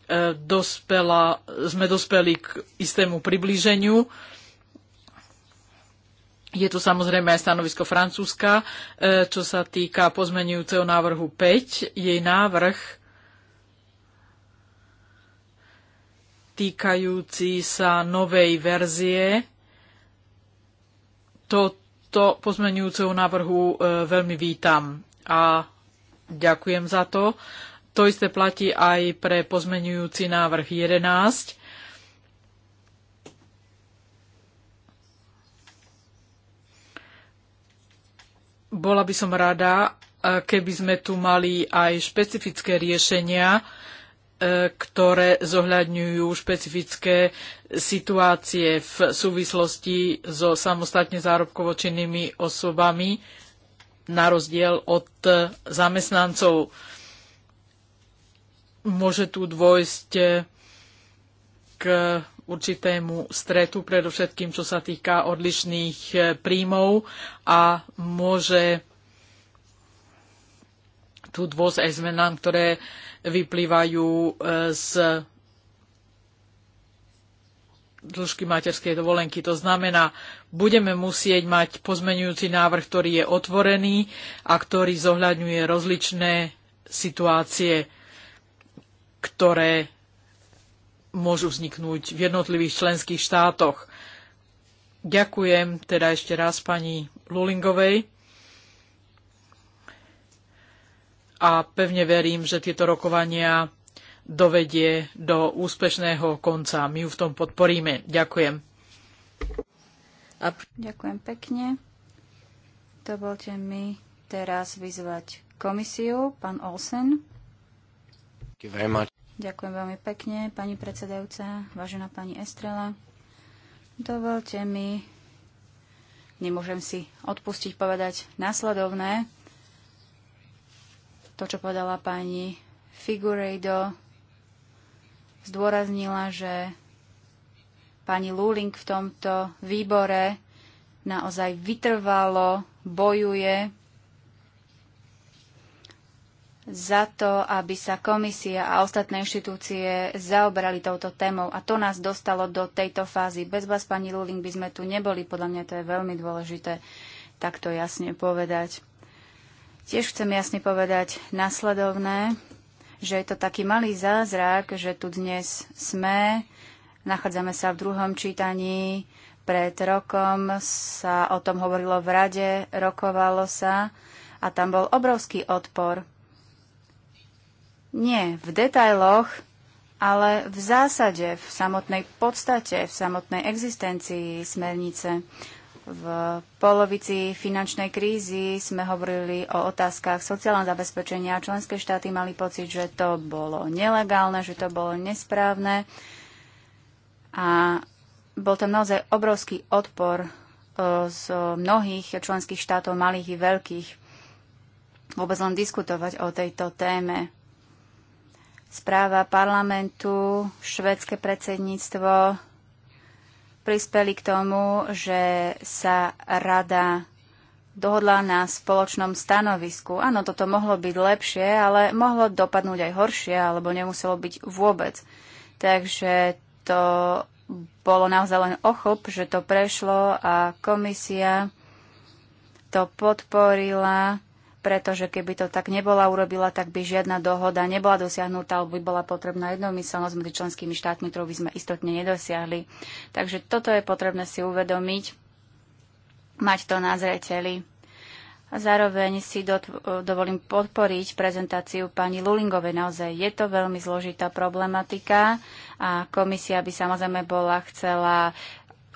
E, dospela, sme dospeli k istému priblíženiu. Je tu samozrejme aj stanovisko Francúzska, e, čo sa týka pozmenujúceho návrhu 5. Jej návrh týkajúci sa novej verzie toto pozmenujúceho návrhu e, veľmi vítam a ďakujem za to. To isté platí aj pre pozmenujúci návrh 11. Bola by som rada, e, keby sme tu mali aj špecifické riešenia, e, ktoré zohľadňujú špecifické situácie v súvislosti so samostatne zárobkovočinnými osobami na rozdiel od e, zamestnancov môže tu dôjsť eh, k určitému stretu, predovšetkým čo sa týka odlišných eh, príjmov a môže tu dôjsť aj zmenám, ktoré vyplývajú eh, z dĺžky materskej dovolenky. To znamená, budeme musieť mať pozmenujúci návrh, ktorý je otvorený a ktorý zohľadňuje rozličné situácie ktoré môžu vzniknúť v jednotlivých členských štátoch. Ďakujem teda ešte raz pani Lulingovej a pevne verím, že tieto rokovania dovedie do úspešného konca. My ju v tom podporíme. Ďakujem. Ďakujem pekne. Dovolte mi teraz vyzvať komisiu, pán Olsen. Ďakujem veľmi pekne, pani predsedajúca, vážená pani Estrela. Dovolte mi, nemôžem si odpustiť povedať následovné, to, čo povedala pani Figurejdo, zdôraznila, že pani Luling v tomto výbore naozaj vytrvalo bojuje za to, aby sa komisia a ostatné inštitúcie zaoberali touto témou. A to nás dostalo do tejto fázy. Bez vás, pani Luling, by sme tu neboli. Podľa mňa to je veľmi dôležité takto jasne povedať. Tiež chcem jasne povedať nasledovné, že je to taký malý zázrak, že tu dnes sme, nachádzame sa v druhom čítaní, pred rokom sa o tom hovorilo v rade, rokovalo sa a tam bol obrovský odpor nie v detailoch, ale v zásade, v samotnej podstate, v samotnej existencii smernice. V polovici finančnej krízy sme hovorili o otázkach sociálneho zabezpečenia. Členské štáty mali pocit, že to bolo nelegálne, že to bolo nesprávne. A bol tam naozaj obrovský odpor e, z mnohých členských štátov, malých i veľkých, vôbec len diskutovať o tejto téme správa parlamentu, švedské predsedníctvo prispeli k tomu, že sa rada dohodla na spoločnom stanovisku. Áno, toto mohlo byť lepšie, ale mohlo dopadnúť aj horšie, alebo nemuselo byť vôbec. Takže to bolo naozaj len ochop, že to prešlo a komisia to podporila pretože keby to tak nebola urobila, tak by žiadna dohoda nebola dosiahnutá, alebo by bola potrebná jednomyselnosť medzi členskými štátmi, ktorú by sme istotne nedosiahli. Takže toto je potrebné si uvedomiť, mať to na zreteli. A zároveň si do, dovolím podporiť prezentáciu pani Lulingovej. Naozaj je to veľmi zložitá problematika a komisia by samozrejme bola chcela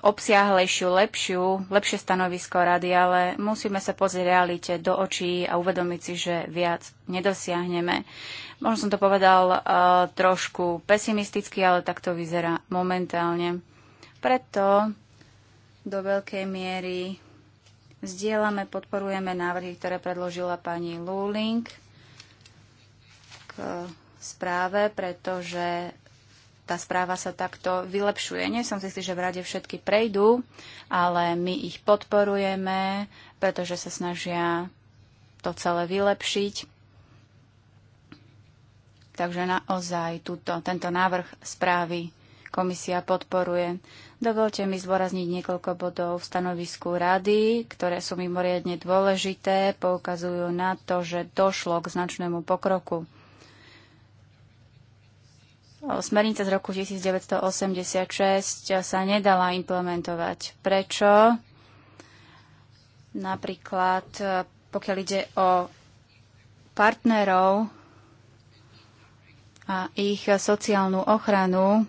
obsiahlejšiu, lepšiu, lepšie stanovisko rady, ale musíme sa pozrieť realite do očí a uvedomiť si, že viac nedosiahneme. Možno som to povedal uh, trošku pesimisticky, ale tak to vyzerá momentálne. Preto do veľkej miery zdieľame, podporujeme návrhy, ktoré predložila pani Luling k správe, pretože tá správa sa takto vylepšuje. Nie som si istý, že v rade všetky prejdú, ale my ich podporujeme, pretože sa snažia to celé vylepšiť. Takže naozaj túto, tento návrh správy komisia podporuje. Dovolte mi zdôrazniť niekoľko bodov v stanovisku rady, ktoré sú mimoriadne dôležité, poukazujú na to, že došlo k značnému pokroku Smernica z roku 1986 sa nedala implementovať. Prečo? Napríklad, e, pokiaľ ide o partnerov a ich sociálnu ochranu,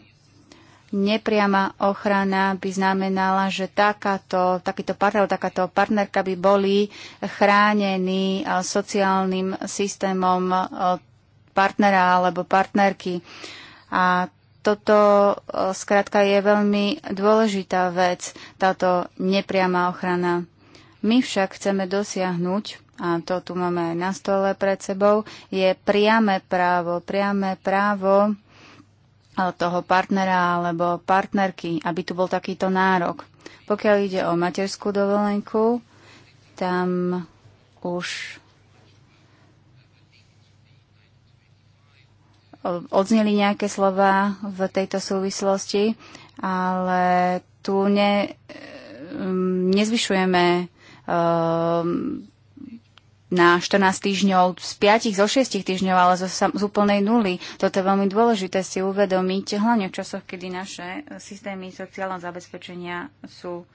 nepriama ochrana by znamenala, že takáto, takýto partner, takáto partnerka by boli chránení e, sociálnym systémom e, partnera alebo partnerky. A toto e, skrátka je veľmi dôležitá vec, táto nepriama ochrana. My však chceme dosiahnuť, a to tu máme na stole pred sebou, je priame právo, priame právo e, toho partnera alebo partnerky, aby tu bol takýto nárok. Pokiaľ ide o materskú dovolenku, tam už odzneli nejaké slova v tejto súvislosti, ale tu ne, mm, nezvyšujeme ehm, na 14 týždňov, z 5 zo 6 týždňov, ale zo, z úplnej nuly. Toto je veľmi dôležité si uvedomiť, hlavne v časoch, kedy naše systémy sociálneho zabezpečenia sú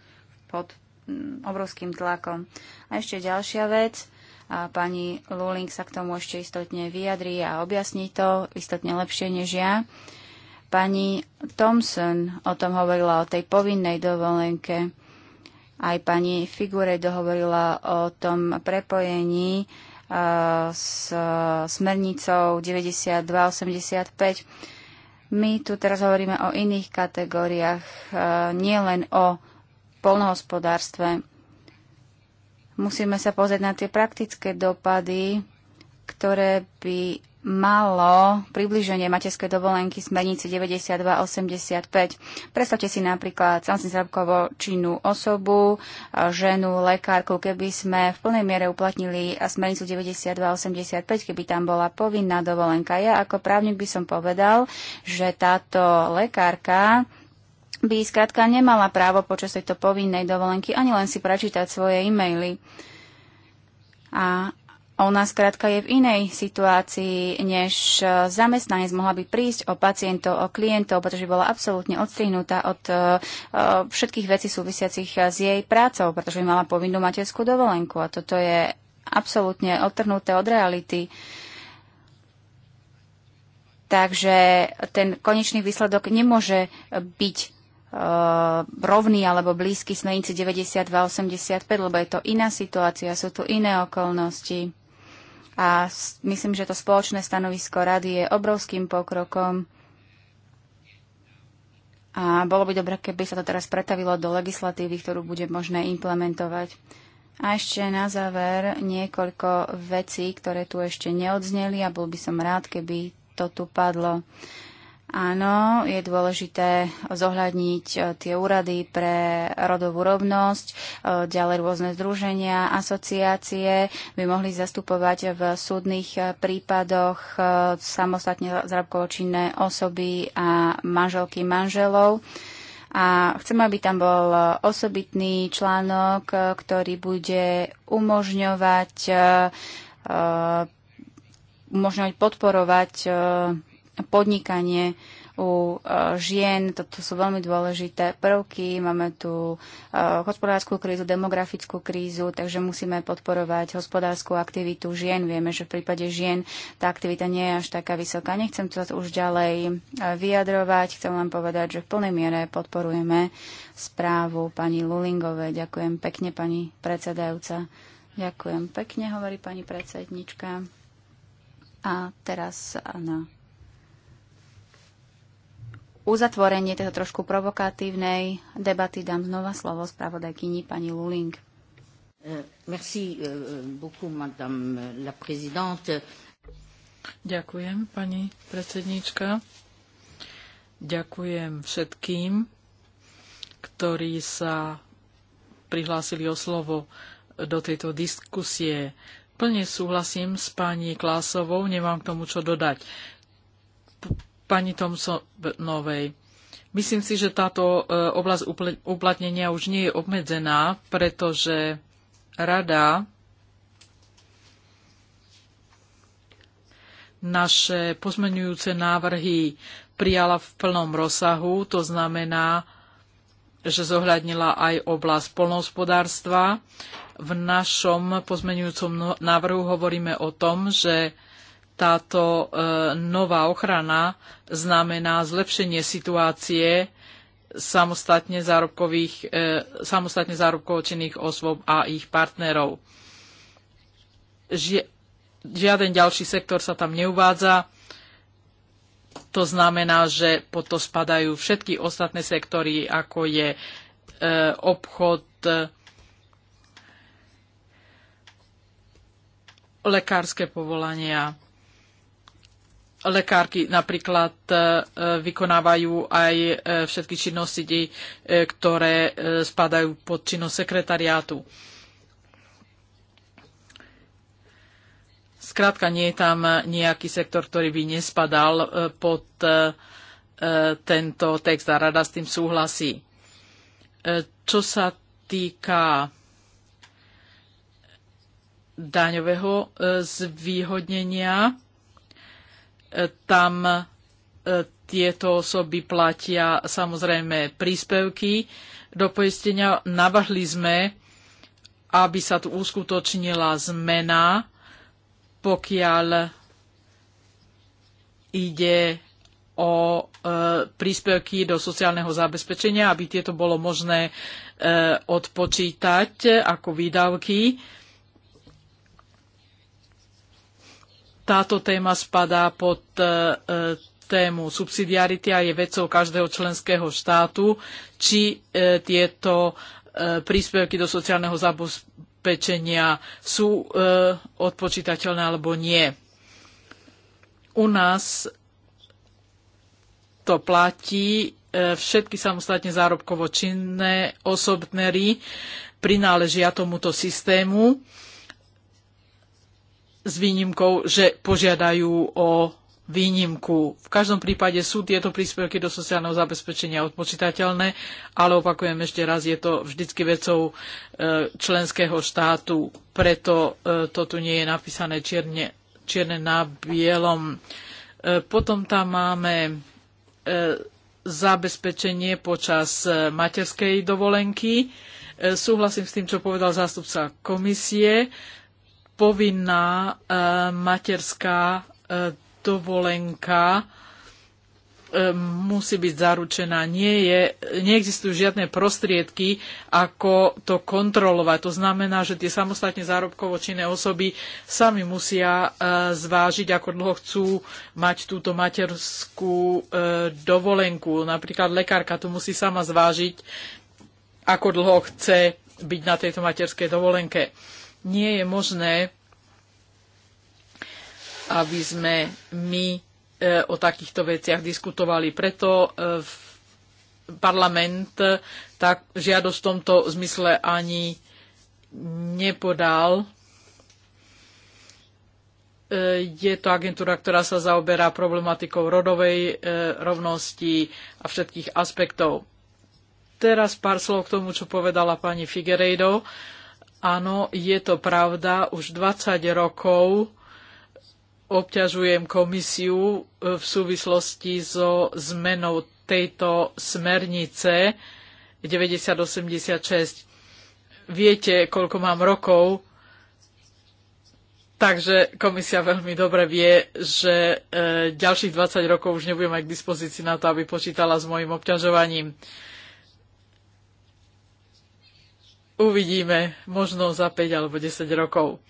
pod mm, obrovským tlakom. A ešte ďalšia vec, a pani Luling sa k tomu ešte istotne vyjadrí a objasní to istotne lepšie než ja. Pani Thompson o tom hovorila, o tej povinnej dovolenke. Aj pani Figure dohovorila o tom prepojení uh, s smernicou 9285. My tu teraz hovoríme o iných kategóriách, uh, e, nielen o polnohospodárstve. Musíme sa pozrieť na tie praktické dopady, ktoré by malo približenie materskej dovolenky smernici 9285. Predstavte si napríklad samozrejme činnú osobu, ženu, lekárku, keby sme v plnej miere uplatnili smernicu 9285, keby tam bola povinná dovolenka. Ja ako právnik by som povedal, že táto lekárka by skrátka nemala právo počas tejto povinnej dovolenky ani len si prečítať svoje e-maily. A ona skrátka je v inej situácii, než e, zamestnanec mohla by prísť o pacientov, o klientov, pretože bola absolútne odstrihnutá od e, e, všetkých vecí súvisiacich s jej prácou, pretože mala povinnú materskú dovolenku. A toto je absolútne odtrhnuté od reality. Takže ten konečný výsledok nemôže byť Eh, rovný alebo blízky smernici 92-85, lebo je to iná situácia, sú tu iné okolnosti. A myslím, že to spoločné stanovisko rady je obrovským pokrokom. A bolo by dobre, keby sa to teraz pretavilo do legislatívy, ktorú bude možné implementovať. A ešte na záver niekoľko vecí, ktoré tu ešte neodzneli a bol by som rád, keby to tu padlo. Uh, Áno, je dôležité zohľadniť e, tie úrady pre rodovú rovnosť, e, ďalej rôzne združenia, asociácie by mohli zastupovať v súdnych e, prípadoch samostatne zrabkovo činné osoby a manželky manželov. A chcem, aby tam bol osobitný článok, ktorý bude umožňovať, umožňovať podporovať podnikanie u e, žien. Toto sú veľmi dôležité prvky. Máme tu e, hospodárskú krízu, demografickú krízu, takže musíme podporovať hospodárskú aktivitu žien. Vieme, že v prípade žien tá aktivita nie je až taká vysoká. Nechcem to už ďalej e, vyjadrovať. Chcem len povedať, že v plnej miere podporujeme správu pani Lulingovej. Ďakujem pekne, pani predsedajúca. Ďakujem pekne, hovorí pani predsednička. A teraz na uzatvorenie tejto trošku provokatívnej debaty dám znova slovo spravodajkyni pani Luling. Eh, merci eh, beaucoup, madame la présidente. Ďakujem, pani predsedníčka. Ďakujem všetkým, ktorí sa prihlásili o slovo do tejto diskusie. Plne súhlasím s pani Klásovou, nemám k tomu čo dodať pani Tomsonovej. Myslím si, že táto e, oblasť uplatnenia už nie je obmedzená, pretože rada naše pozmenujúce návrhy prijala v plnom rozsahu, to znamená, že zohľadnila aj oblasť polnohospodárstva. V našom pozmenujúcom no-, návrhu hovoríme o tom, že táto e, nová ochrana znamená zlepšenie situácie samostatne, zárobkových, e, samostatne zárobkovočinných osôb a ich partnerov. Žiaden ďalší sektor sa tam neuvádza. To znamená, že pod to spadajú všetky ostatné sektory, ako je e, obchod, lekárske povolania, lekárky napríklad e, vykonávajú aj e, všetky činnosti, e, ktoré spadajú pod činnosť sekretariátu. Skrátka, nie je tam nejaký sektor, ktorý by nespadal pod tento text a rada s tým súhlasí. Čo sa týka daňového zvýhodnenia, tam e, tieto osoby platia samozrejme príspevky do poistenia. Navrhli sme, aby sa tu uskutočnila zmena, pokiaľ ide o e, príspevky do sociálneho zabezpečenia, aby tieto bolo možné e, odpočítať ako výdavky. E, Táto téma spadá pod e, e, tému subsidiarity a je vecou každého členského štátu, či e, tieto príspevky do sociálneho zabezpečenia sú odpočítateľné alebo nie. U nás to platí všetky samostatne zárobkovo činné osobnery prináležia tomuto systému s výnimkou, že požiadajú o výnimku. V každom prípade sú tieto príspevky do sociálneho zabezpečenia odpočítateľné, ale opakujem ešte raz, je to vždycky vecou e, členského štátu, preto e, to tu nie je napísané čierne, čierne na bielom. E, potom tam máme zabezpečenie počas materskej dovolenky. Súhlasím s tým, čo povedal zástupca komisie povinná e, materská e, dovolenka e, musí byť zaručená. Nie je, neexistujú žiadne prostriedky, ako to kontrolovať. To znamená, že tie samostatne zárobkovo činné osoby sami musia zvážiť, ako dlho chcú mať túto materskú dovolenku. Napríklad lekárka tu musí sama zvážiť, ako dlho chce byť na tejto materskej dovolenke nie je možné, aby sme my e, o takýchto veciach diskutovali. Preto e, parlament tak žiadosť v tomto zmysle ani nepodal. E, je to agentúra, ktorá sa zaoberá problematikou rodovej rovnosti a všetkých aspektov. Teraz pár slov k tomu, čo povedala pani Figueiredo. Áno, je to pravda, už 20 rokov obťažujem komisiu e, v súvislosti so zmenou tejto smernice 9086. Viete, koľko mám rokov, takže komisia veľmi dobre vie, že e, ďalších 20 rokov už nebudem mať k dispozícii na to, aby počítala s mojim obťažovaním. uvidíme možno za 5 alebo 10 rokov.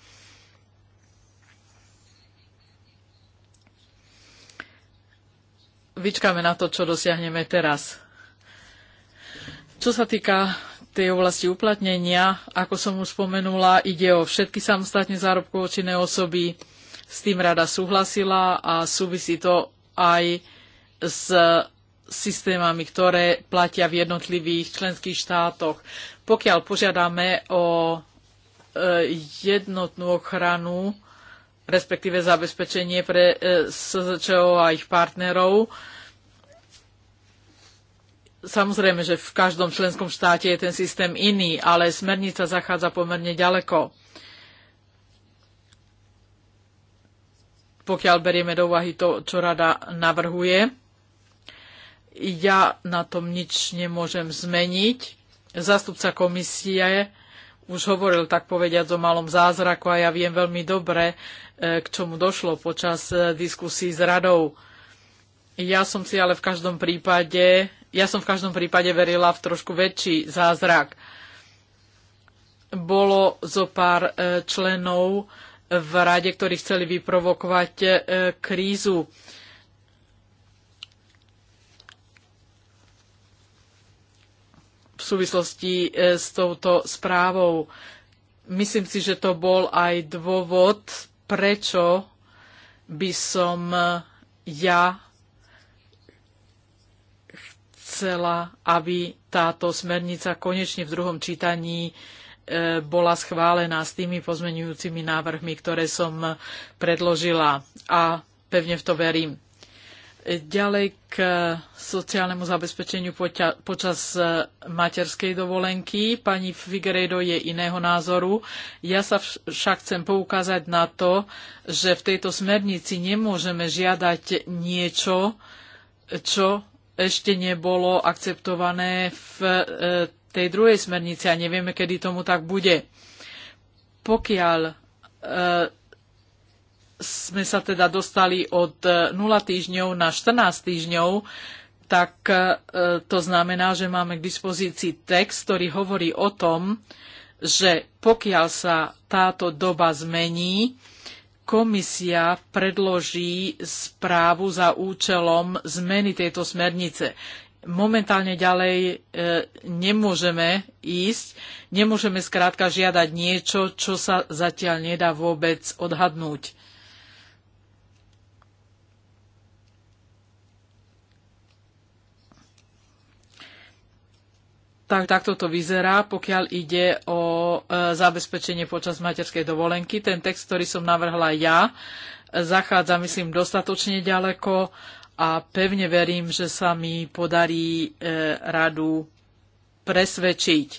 Vyčkáme na to, čo dosiahneme teraz. Čo sa týka tej oblasti uplatnenia, ako som už spomenula, ide o všetky samostatne zárobkovočinné osoby. S tým rada súhlasila a súvisí to aj s systémami, ktoré platia v jednotlivých členských štátoch. Pokiaľ požiadame o e, jednotnú ochranu, respektíve zabezpečenie pre e, SZČO a ich partnerov. Samozrejme, že v každom členskom štáte je ten systém iný, ale smernica zachádza pomerne ďaleko. Pokiaľ berieme do úvahy to, čo rada navrhuje, ja na tom nič nemôžem zmeniť. Zastupca komisie už hovoril, tak povediať, o malom zázraku a ja viem veľmi dobre, e, k čomu došlo počas e, diskusí s radou. Ja som si ale v každom prípade, ja som v každom prípade verila v trošku väčší zázrak. Bolo zo pár e, členov v rade, ktorí chceli vyprovokovať krízu súvislosti e, s touto správou. Myslím si, že to bol aj dôvod, prečo by som e, ja chcela, aby táto smernica konečne v druhom čítaní e, bola schválená s tými pozmenujúcimi návrhmi, ktoré som predložila. A pevne v to verím. Ďalej k eh, sociálnemu zabezpečeniu počas eh, materskej dovolenky. Pani Figueredo je iného názoru. Ja sa však chcem poukázať na to, že v tejto smernici nemôžeme žiadať niečo, čo ešte nebolo akceptované v eh, tej druhej smernici a nevieme, kedy tomu tak bude. Pokiaľ sme sa teda dostali od 0 e, týždňov na 14 týždňov, tak e, to znamená, že máme k dispozícii text, ktorý hovorí o tom, že pokiaľ sa táto doba zmení, komisia predloží správu za účelom zmeny tejto smernice. Momentálne ďalej e, nemôžeme ísť, nemôžeme skrátka žiadať niečo, čo sa zatiaľ nedá vôbec odhadnúť. Tak takto to vyzerá, pokiaľ ide o e, zabezpečenie počas materskej dovolenky. Ten text, ktorý som navrhla ja, e, zachádza, myslím, dostatočne ďaleko a pevne verím, že sa mi podarí e, radu presvedčiť.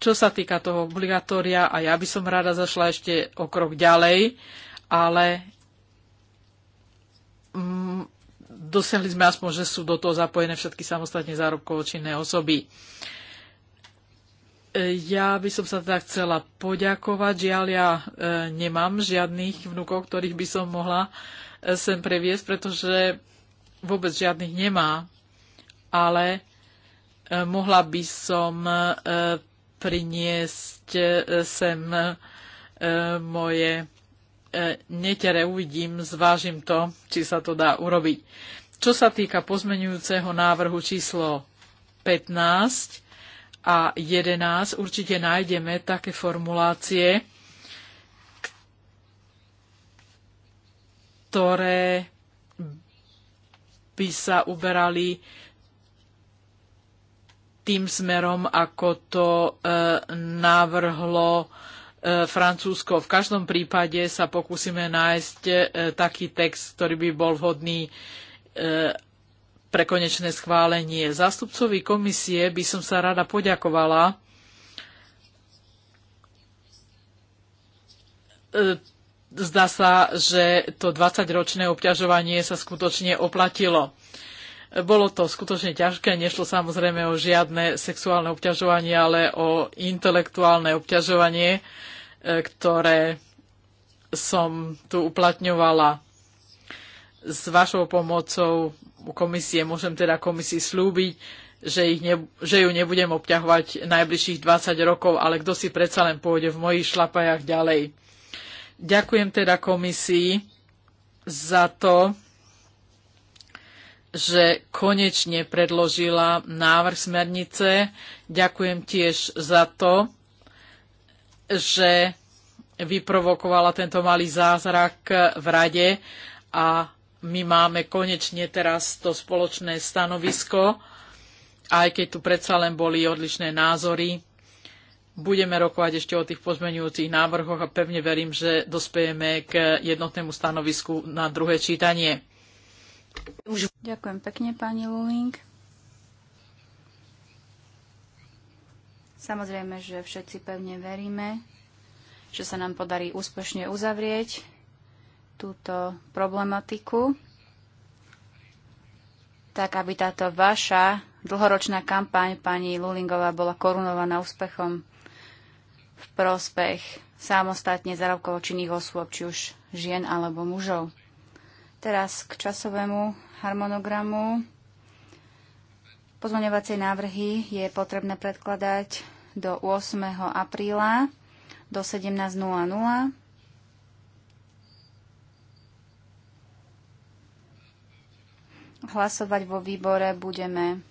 Čo sa týka toho obligatória, a ja by som rada zašla ešte o krok ďalej, ale mm, dosiahli sme aspoň, že sú do toho zapojené všetky samostatne zárobkovo činné osoby. E, ja by som sa teda chcela poďakovať. Žiaľ, ja e, nemám žiadnych vnúkov, ktorých by som mohla e, sem previesť, pretože vôbec žiadnych nemá. Ale mohla by som priniesť sem moje E, netere uvidím, zvážim to, či sa to dá urobiť. Čo sa týka pozmenujúceho návrhu číslo 15 a 11, určite nájdeme také formulácie, ktoré by sa uberali tým smerom, ako to e, navrhlo e, E, Francúzsko. V každom prípade sa pokúsime nájsť e, taký text, ktorý by bol vhodný e, pre konečné schválenie. Zástupcovi komisie by som sa rada poďakovala. Zdá sa, že to 20-ročné obťažovanie sa skutočne oplatilo. Bolo to skutočne ťažké, nešlo samozrejme o žiadne sexuálne obťažovanie, ale o intelektuálne obťažovanie, e, ktoré som tu uplatňovala s vašou pomocou komisie. Môžem teda komisii slúbiť, že, ich ne, že ju nebudem obťahovať najbližších 20 rokov, ale kto si predsa len pôjde v mojich šlapajach ďalej. Ďakujem teda komisii za to, že konečne predložila návrh smernice. Ďakujem tiež za to, že vyprovokovala tento malý zázrak v rade a my máme konečne teraz to spoločné stanovisko, aj keď tu predsa len boli odlišné názory. Budeme rokovať ešte o tých pozmenujúcich návrhoch a pevne verím, že dospejeme k jednotnému stanovisku na druhé čítanie. Už... Ďakujem pekne, pani Luling. Samozrejme, že všetci pevne veríme, že sa nám podarí úspešne uzavrieť túto problematiku, tak aby táto vaša dlhoročná kampaň pani Lulingová bola korunovaná úspechom v prospech samostatne zárobkovo činných osôb, či už žien alebo mužov. Teraz k časovému harmonogramu. Pozvoňovacie návrhy je potrebné predkladať do 8. apríla do 17.00. Hlasovať vo výbore budeme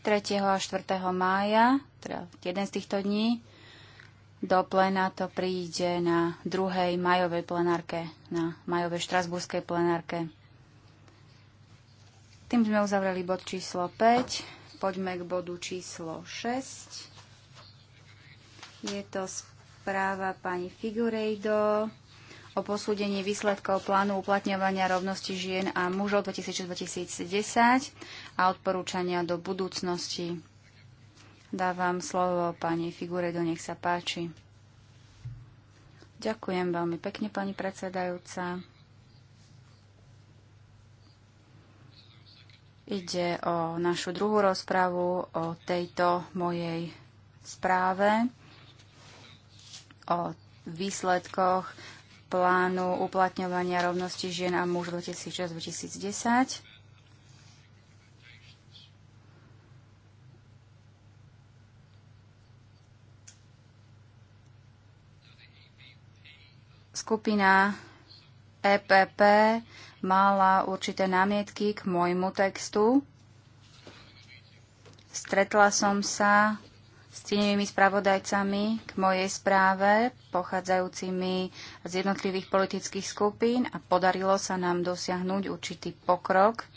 3. a 4. mája, teda jeden z týchto dní. Do plena to príde na druhej majovej plenárke, na majovej štrasburskej plenárke. Tým sme uzavreli bod číslo 5. Poďme k bodu číslo 6. Je to správa pani Figurejdo o posúdení výsledkov plánu uplatňovania rovnosti žien a mužov 2006-2010 a odporúčania do budúcnosti. Dávam slovo pani do nech sa páči. Ďakujem veľmi pekne, pani predsedajúca. Ide o našu druhú rozpravu o tejto mojej správe, o výsledkoch plánu uplatňovania rovnosti žien a mužov 2006-2010. Skupina EPP mala určité námietky k môjmu textu. Stretla som sa s tými spravodajcami k mojej správe, pochádzajúcimi z jednotlivých politických skupín a podarilo sa nám dosiahnuť určitý pokrok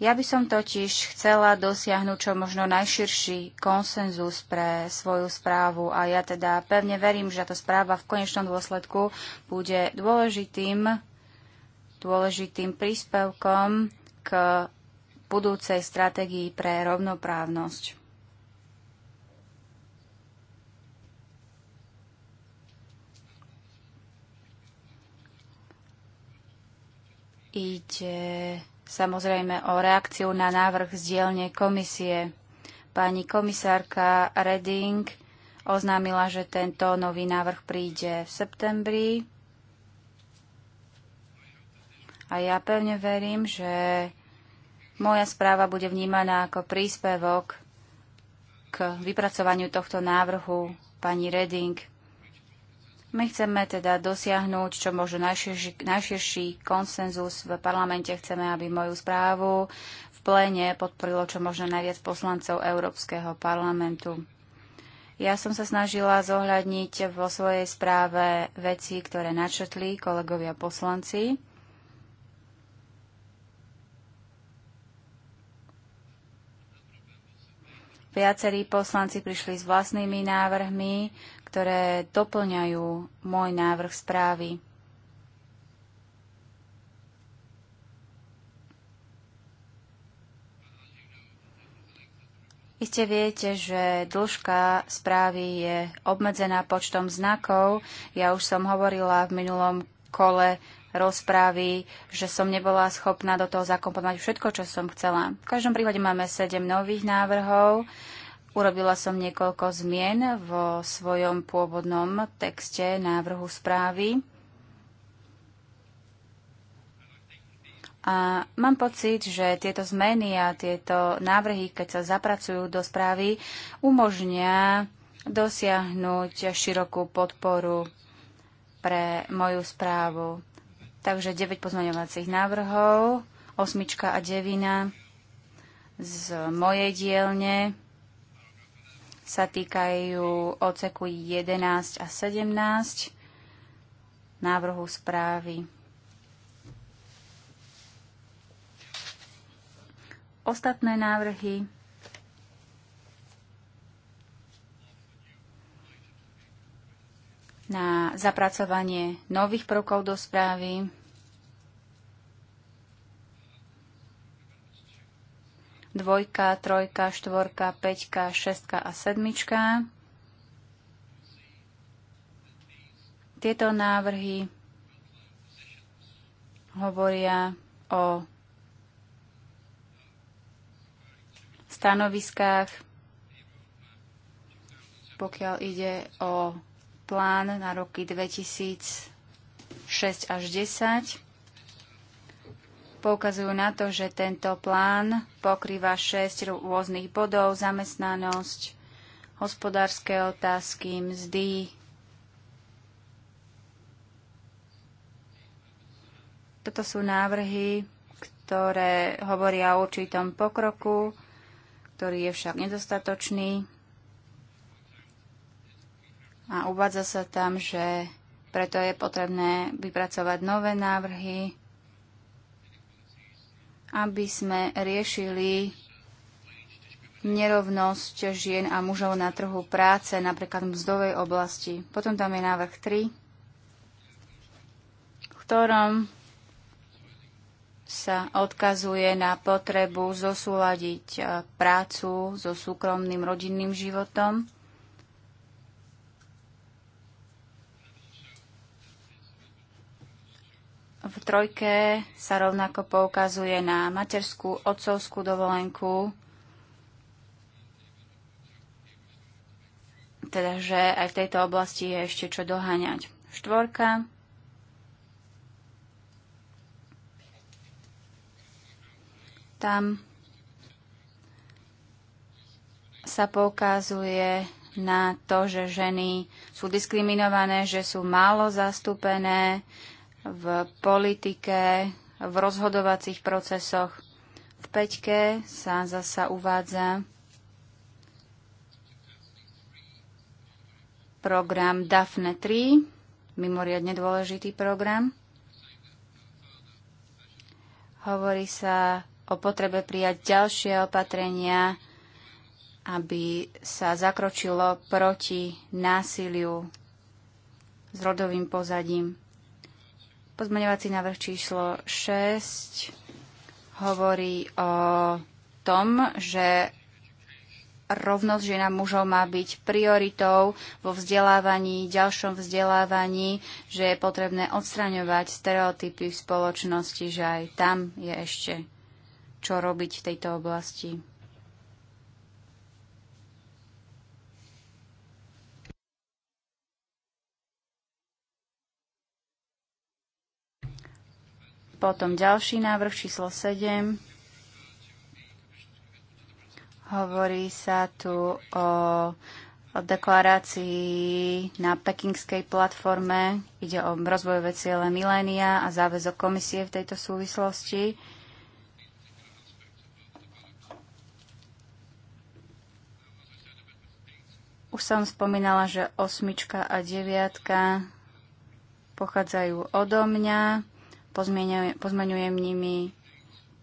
ja by som totiž chcela dosiahnuť čo možno najširší konsenzus pre svoju správu a ja teda pevne verím, že táto správa v konečnom dôsledku bude dôležitým, dôležitým príspevkom k budúcej stratégii pre rovnoprávnosť. Ide samozrejme o reakciu na návrh z dielne komisie. Pani komisárka Reding oznámila, že tento nový návrh príde v septembri. A ja pevne verím, že moja správa bude vnímaná ako príspevok k vypracovaniu tohto návrhu pani Reding. My chceme teda dosiahnuť čo možno najširší, najširší konsenzus v parlamente. Chceme, aby moju správu v pléne podporilo čo možno najviac poslancov Európskeho parlamentu. Ja som sa snažila zohľadniť vo svojej správe veci, ktoré načetli kolegovia poslanci. Viacerí poslanci prišli s vlastnými návrhmi, ktoré doplňajú môj návrh správy. Iste viete, že dĺžka správy je obmedzená počtom znakov. Ja už som hovorila v minulom kole rozprávy, že som nebola schopná do toho zakomponovať všetko, čo som chcela. V každom prípade máme 7 nových návrhov Urobila som niekoľko zmien vo svojom pôvodnom texte návrhu správy. A mám pocit, že tieto zmeny a tieto návrhy, keď sa zapracujú do správy, umožnia dosiahnuť širokú podporu pre moju správu. Takže 9 pozmaňovacích návrhov, osmička a 9 z mojej dielne sa týkajú oceku 11 a 17 návrhu správy. Ostatné návrhy na zapracovanie nových prvkov do správy dvojka, trojka, štvorka, peťka, šestka a sedmička. Tieto návrhy hovoria o stanoviskách, pokiaľ ide o plán na roky 2006 až 2010 poukazujú na to, že tento plán pokrýva 6 rôznych bodov, zamestnanosť, hospodárske otázky, mzdy. Toto sú návrhy, ktoré hovoria o určitom pokroku, ktorý je však nedostatočný. A uvádza sa tam, že preto je potrebné vypracovať nové návrhy, aby sme riešili nerovnosť žien a mužov na trhu práce, napríklad v mzdovej oblasti. Potom tam je návrh 3, v ktorom sa odkazuje na potrebu zosúľadiť eh, prácu so súkromným rodinným životom. V trojke sa rovnako poukazuje na materskú, otcovskú dovolenku, teda že aj v tejto oblasti je ešte čo doháňať. Štvorka. Tam sa poukazuje na to, že ženy sú diskriminované, že sú málo zastúpené, v politike, v rozhodovacích procesoch. V peťke sa zasa uvádza program DAFNE 3, mimoriadne dôležitý program. Hovorí sa o potrebe prijať ďalšie opatrenia, aby sa zakročilo proti násiliu s rodovým pozadím. Pozmeňovací návrh číslo 6 hovorí o tom, že rovnosť žena mužov má byť prioritou vo vzdelávaní, ďalšom vzdelávaní, že je potrebné odstraňovať stereotypy v spoločnosti, že aj tam je ešte čo robiť v tejto oblasti. Potom ďalší návrh číslo 7. Hovorí sa tu o, o deklarácii na pekingskej platforme. Ide o rozvojové ciele milénia a záväzok komisie v tejto súvislosti. Už som spomínala, že osmička a deviatka pochádzajú odo mňa. Pozmeňujem nimi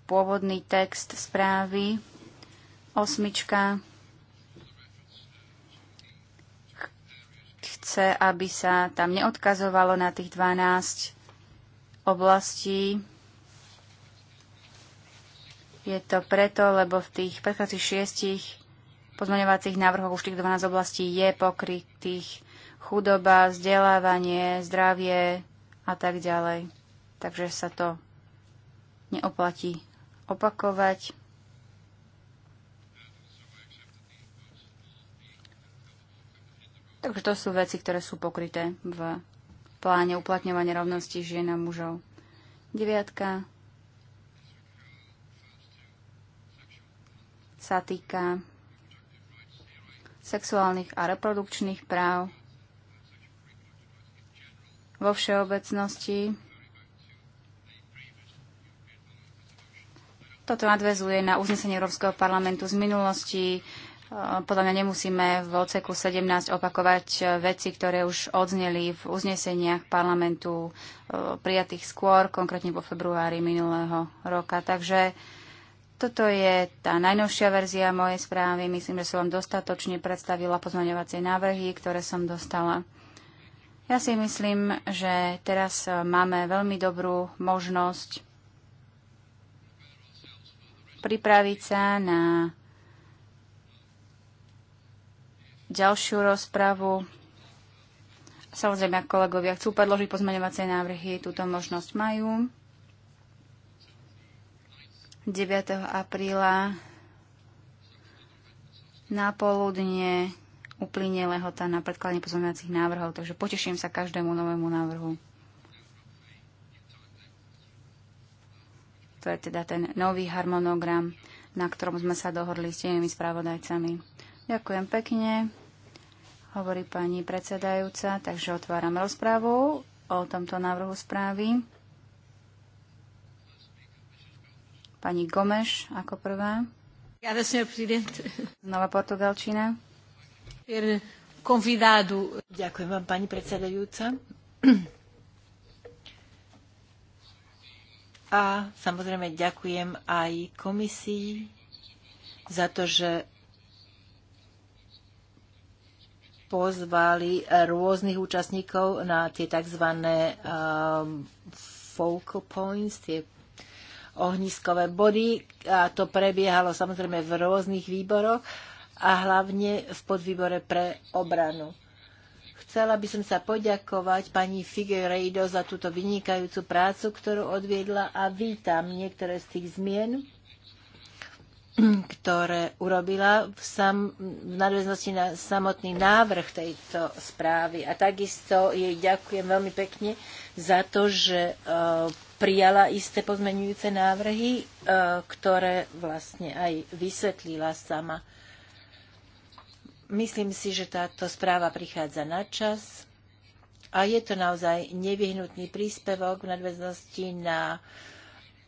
pôvodný text správy. Osmička chce, aby sa tam neodkazovalo na tých 12 oblastí. Je to preto, lebo v tých predchádzajúcich šiestich pozmeňovacích návrhoch už tých 12 oblastí je pokrytých chudoba, vzdelávanie, zdravie a tak ďalej takže sa to neoplatí opakovať. Takže to sú veci, ktoré sú pokryté v pláne uplatňovania rovnosti žien a mužov. Deviatka sa týka sexuálnych a reprodukčných práv vo všeobecnosti Toto nadvezuje na uznesenie Európskeho parlamentu z minulosti. E, podľa mňa nemusíme v odseku 17 opakovať e, veci, ktoré už odzneli v uzneseniach parlamentu e, prijatých skôr, konkrétne vo februári minulého roka. Takže toto je tá najnovšia verzia mojej správy. Myslím, že som vám dostatočne predstavila pozmaňovacie návrhy, ktoré som dostala. Ja si myslím, že teraz máme veľmi dobrú možnosť pripraviť sa na ďalšiu rozpravu. Samozrejme, ak kolegovia chcú predložiť pozmeňovacie návrhy, túto možnosť majú. 9. apríla na poludne uplynie lehota na predkladanie pozmeňovacích návrhov, takže poteším sa každému novému návrhu. To je teda ten nový harmonogram, na ktorom sme sa dohodli s tými spravodajcami. Ďakujem pekne, hovorí pani predsedajúca, takže otváram rozprávu o tomto návrhu správy. Pani Gomeš ako prvá. Znova Portugalčina. Ďakujem vám, pani predsedajúca. A samozrejme ďakujem aj komisii za to, že pozvali rôznych účastníkov na tie tzv. Um, focal points, tie ohniskové body. A to prebiehalo samozrejme v rôznych výboroch a hlavne v podvýbore pre obranu. Chcela by som sa poďakovať pani Figueiredo za túto vynikajúcu prácu, ktorú odviedla a vítam niektoré z tých zmien, ktoré urobila v, sam, v nadväznosti na samotný návrh tejto správy. A takisto jej ďakujem veľmi pekne za to, že e, prijala isté pozmenujúce návrhy, e, ktoré vlastne aj vysvetlila sama. Myslím si, že táto správa prichádza na čas a je to naozaj nevyhnutný príspevok v nadväznosti na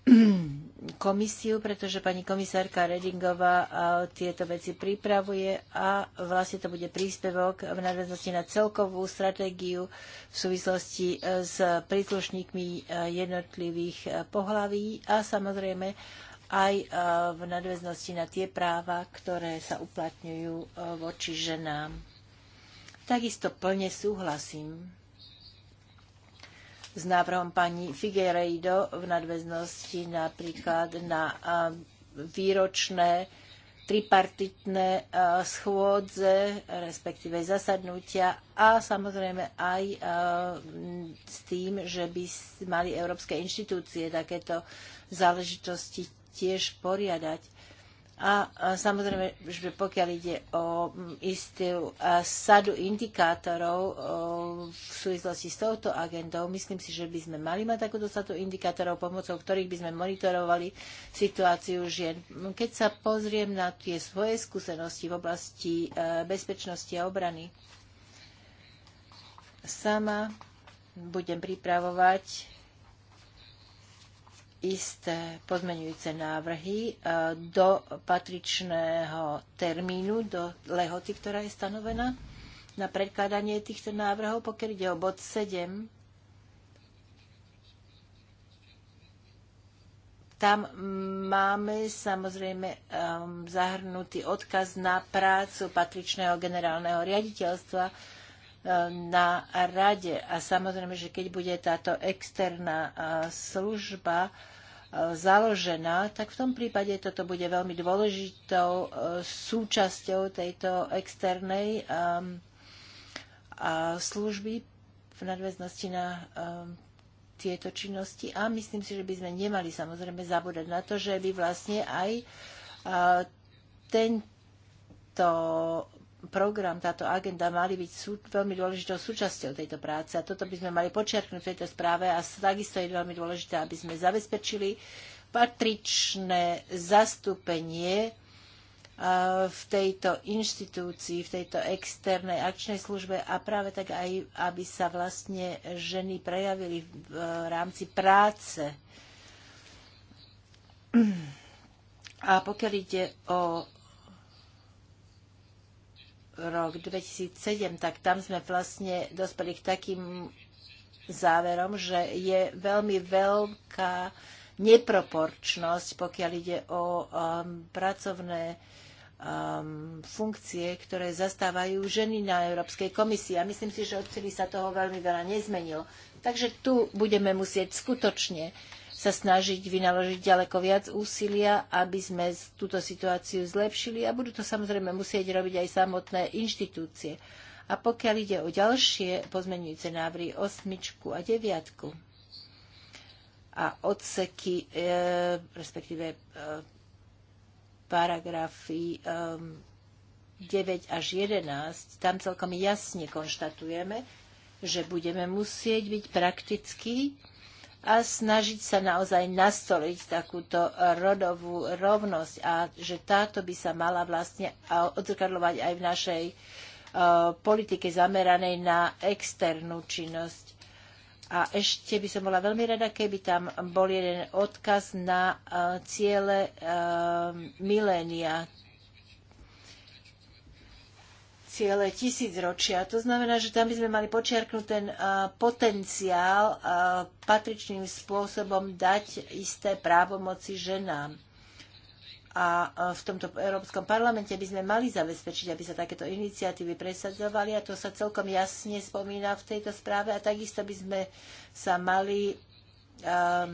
komisiu, pretože pani komisárka Redingová tieto veci pripravuje a vlastne to bude príspevok v nadväznosti na celkovú stratégiu v súvislosti e, s príslušníkmi e, jednotlivých e, pohlaví a samozrejme aj e, v nadväznosti na tie práva, ktoré sa uplatňujú e, voči ženám. Takisto plne súhlasím s návrhom pani Figueiredo v nadväznosti napríklad na e, výročné tripartitné schôdze, respektíve zasadnutia a samozrejme aj s tým, že by mali európske inštitúcie takéto záležitosti tiež poriadať. A, samozrejme, že pokiaľ ide o istú sadu indikátorov v súvislosti s touto agendou, myslím si, že by sme mali mať takúto sadu indikátorov, pomocou ktorých by sme monitorovali situáciu žien. Keď sa pozriem na tie svoje skúsenosti v oblasti e, bezpečnosti a obrany, sama budem pripravovať isté pozmenujúce návrhy e, do patričného termínu, do lehoty, ktorá je stanovená na predkladanie týchto návrhov, pokiaľ ide o bod 7. Tam máme samozrejme e, zahrnutý odkaz na prácu patričného generálneho riaditeľstva, na rade. A samozrejme, že keď bude táto externá služba založená, tak v tom prípade toto bude veľmi dôležitou súčasťou tejto externej služby v nadväznosti na tieto činnosti a myslím si, že by sme nemali samozrejme zabúdať na to, že by vlastne aj tento program, táto agenda mali byť sú, veľmi dôležitou súčasťou tejto práce a toto by sme mali počiarknúť v tejto správe a takisto je veľmi dôležité, aby sme zabezpečili patričné zastúpenie v tejto inštitúcii, v tejto externej akčnej službe a práve tak aj, aby sa vlastne ženy prejavili v rámci práce. A pokiaľ ide o rok 2007, tak tam sme vlastne dospeli k takým záverom, že je veľmi veľká neproporčnosť, pokiaľ ide o um, pracovné um, funkcie, ktoré zastávajú ženy na Európskej komisii. A myslím si, že odtedy sa toho veľmi veľa nezmenilo. Takže tu budeme musieť skutočne uh, sa snažiť vynaložiť ďaleko viac úsilia, aby sme túto situáciu zlepšili a budú to samozrejme musieť robiť aj samotné inštitúcie. A pokiaľ ide o ďalšie pozmenujúce návrhy, osmičku a deviatku a odseky, e, respektíve e, paragrafy e, 9 až 11, tam celkom jasne konštatujeme, že budeme musieť byť praktickí a snažiť sa naozaj nastoliť takúto rodovú rovnosť a že táto by sa mala vlastne odzrkadľovať aj v našej e, politike zameranej na externú činnosť. A ešte by som bola veľmi rada, keby tam bol jeden odkaz na e, ciele e, milénia ciele tisícročia. To znamená, že tam by sme mali počiarknúť ten eh, potenciál eh, patričným spôsobom dať isté právomoci ženám. A eh, v tomto Európskom parlamente by sme mali zabezpečiť, aby sa takéto iniciatívy presadzovali a to sa celkom jasne spomína v tejto správe a takisto by sme sa mali um,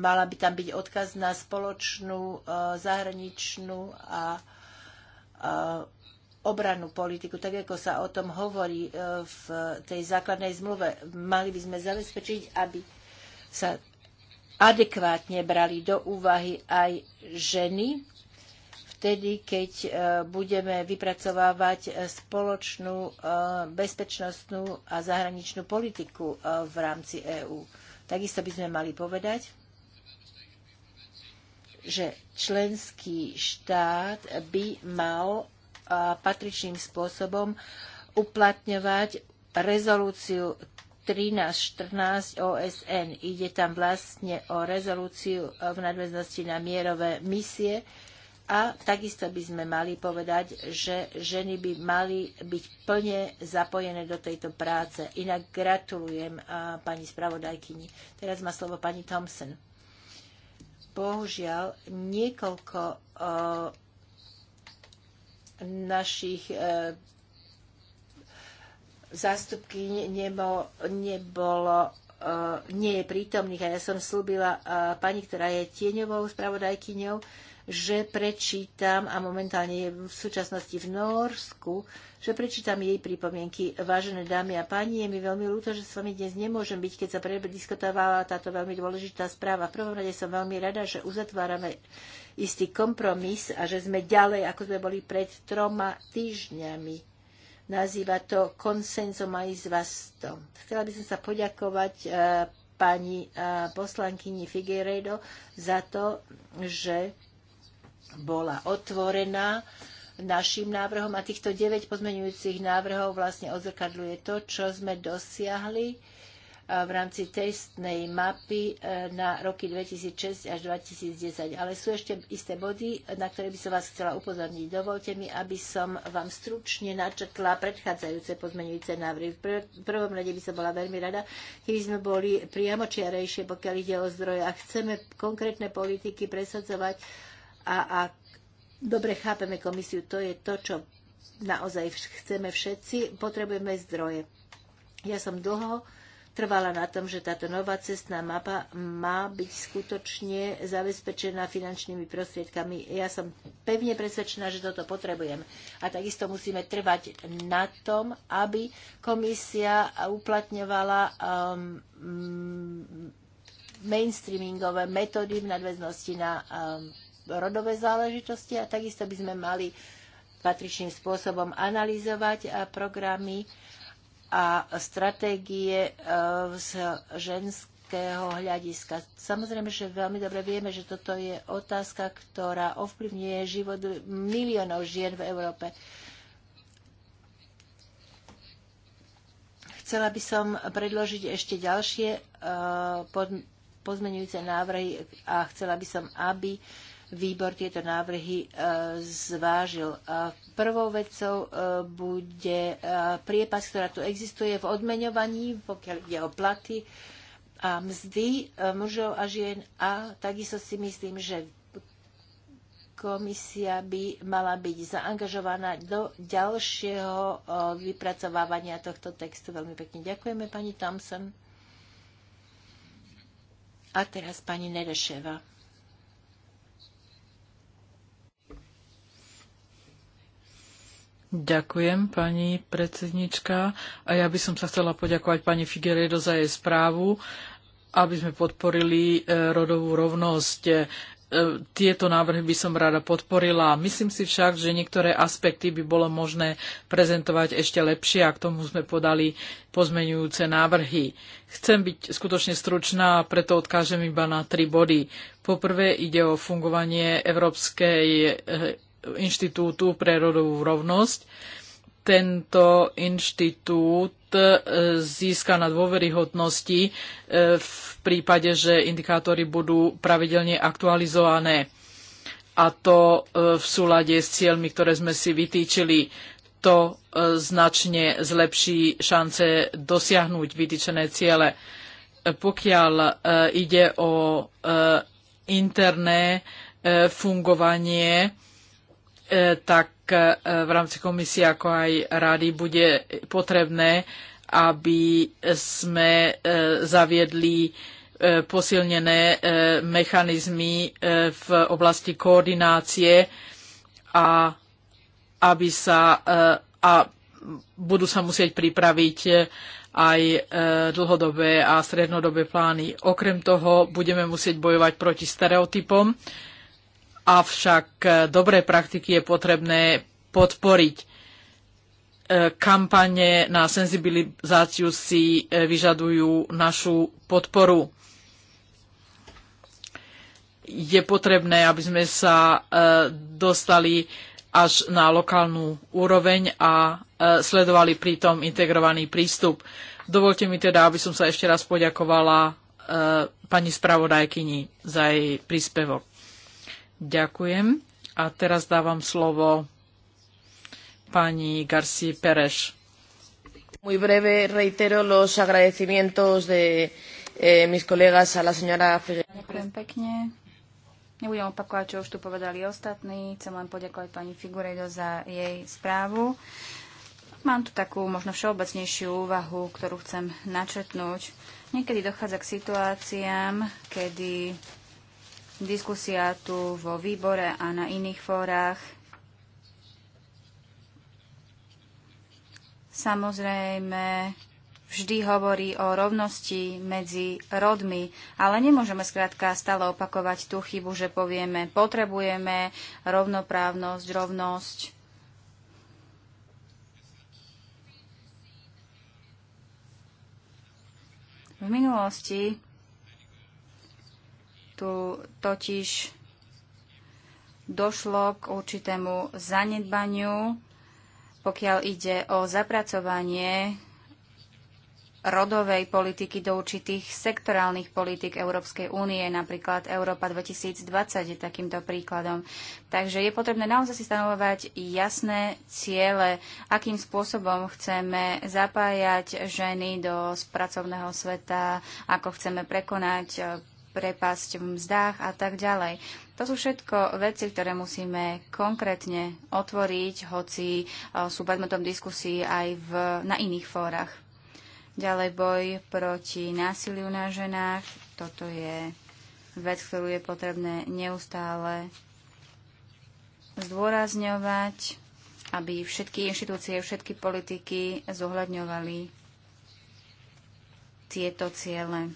mala by tam byť odkaz na spoločnú zahraničnú a obrannú politiku, tak ako sa o tom hovorí e, v tej základnej zmluve. Mali by sme zabezpečiť, aby sa adekvátne brali do úvahy aj ženy, vtedy, keď e, budeme vypracovávať spoločnú e, bezpečnostnú a zahraničnú politiku v rámci EÚ. Takisto by sme mali povedať, že členský štát by mal patričným spôsobom uplatňovať rezolúciu 1314 OSN. Ide tam vlastne o rezolúciu v nadväznosti na mierové misie. A takisto by sme mali povedať, že ženy by mali byť plne zapojené do tejto práce. Inak gratulujem a pani spravodajkyni. Teraz má slovo pani Thompson. Bohužiaľ, niekoľko našich e, zástupky nebo, nebolo, e, nie je prítomných. A ja som slúbila e, pani, ktorá je tieňovou spravodajkyňou, že prečítam, a momentálne je v súčasnosti v Norsku, že prečítam jej pripomienky. Vážené dámy a páni, je mi veľmi ľúto, že s vami dnes nemôžem byť, keď sa prediskutovala táto veľmi dôležitá správa. V prvom rade som veľmi rada, že uzatvárame istý kompromis a že sme ďalej, ako sme boli pred troma týždňami. Nazýva to konsenzom s vastom. Chcela by som sa poďakovať e, pani e, poslankyni Figueiredo za to, že bola otvorená našim návrhom a týchto 9 pozmeňujúcich návrhov vlastne odzrkadľuje to, čo sme dosiahli v rámci testnej mapy e, na roky 2006 až 2010. Ale sú ešte isté body, na ktoré by som vás chcela upozorniť. Dovolte mi, aby som vám stručne načetla predchádzajúce pozmenujúce návrhy. V prvom rade by som bola veľmi rada, keby sme boli priamočiarejšie, pokiaľ ide o zdroje a chceme konkrétne politiky presadzovať a, a dobre chápeme komisiu, to je to, čo naozaj chceme všetci, potrebujeme zdroje. Ja som dlho trvala na tom, že táto nová cestná mapa má byť skutočne zabezpečená finančnými prostriedkami. Ja som pevne presvedčená, že toto potrebujem. A takisto musíme trvať na tom, aby komisia uplatňovala um, mm, mainstreamingové metódy v nadväznosti na um, rodové záležitosti a takisto by sme mali patričným spôsobom analyzovať programy a stratégie e, z ženského hľadiska. Samozrejme, že veľmi dobre vieme, že toto je otázka, ktorá ovplyvňuje život miliónov žien v Európe. Chcela by som predložiť ešte ďalšie e, pozmenujúce návrhy a chcela by som, aby uh, výbor tieto návrhy e, zvážil. Prvou vecou e, bude e, priepas, ktorá tu existuje v odmeňovaní, pokiaľ ide o platy a mzdy mužov a žien. A takisto si myslím, že komisia by mala byť zaangažovaná do ďalšieho vypracovávania tohto textu. Veľmi pekne ďakujeme, pani Thompson. A teraz pani Nereševa. Ďakujem, pani predsednička. A ja by som sa chcela poďakovať pani Figueredo za jej správu, aby sme podporili e, rodovú rovnosť. E, tieto návrhy by som rada podporila. Myslím si však, že niektoré aspekty by bolo možné prezentovať ešte lepšie a k tomu sme podali pozmenujúce návrhy. Chcem byť skutočne stručná, preto odkážem iba na tri body. Poprvé ide o fungovanie Európskej e, Inštitútu pre rodovú rovnosť. Tento inštitút e, získa na dôveryhodnosti e, v prípade, že indikátory budú pravidelne aktualizované. A to e, v súlade s cieľmi, ktoré sme si vytýčili. To značne zlepší šance dosiahnuť vytýčené ciele. Pokiaľ ide o interné fungovanie, E, tak e, v rámci komisie ako aj rady bude potrebné, aby sme e, zaviedli posilnené mechanizmy v oblasti koordinácie a aby sa a budú sa musieť pripraviť aj dlhodobé a strednodobé plány. Okrem toho budeme musieť bojovať proti stereotypom avšak e, dobré praktiky je potrebné podporiť. E, kampane na senzibilizáciu si e, vyžadujú našu podporu. Je potrebné, aby sme sa dostali až na lokálnu úroveň a sledovali pritom integrovaný prístup. Dovolte mi teda, aby som sa ešte raz poďakovala pani spravodajkyni za jej príspevok. Ďakujem. A teraz dávam slovo pani García Pérez. Muy breve, reitero los agradecimientos de eh, mis colegas a la señora Figueroa. Ďakujem pekne. Nebudem opakovať, čo už tu povedali ostatní. Chcem len poďakovať pani Figuredo za jej správu. Mám tu takú možno všeobecnejšiu úvahu, ktorú chcem načetnúť. Niekedy dochádza k situáciám, kedy Diskusia tu vo výbore a na iných fórach. Samozrejme, vždy hovorí o rovnosti medzi rodmi, ale nemôžeme skrátka stále opakovať tú chybu, že povieme, potrebujeme rovnoprávnosť, rovnosť. V minulosti tu totiž došlo k určitému zanedbaniu, pokiaľ ide o zapracovanie rodovej politiky do určitých sektorálnych politik Európskej únie, napríklad Európa 2020 je takýmto príkladom. Takže je potrebné naozaj si stanovovať jasné ciele, akým spôsobom chceme zapájať ženy do pracovného sveta, ako chceme prekonať e, prepasť v mzdách a tak ďalej. To sú všetko veci, ktoré musíme konkrétne otvoriť, hoci e, sú predmetom diskusí aj v, na iných fórach. Ďalej boj proti násiliu na ženách. Toto je vec, ktorú je potrebné neustále zdôrazňovať, aby všetky inštitúcie, všetky politiky zohľadňovali tieto ciele.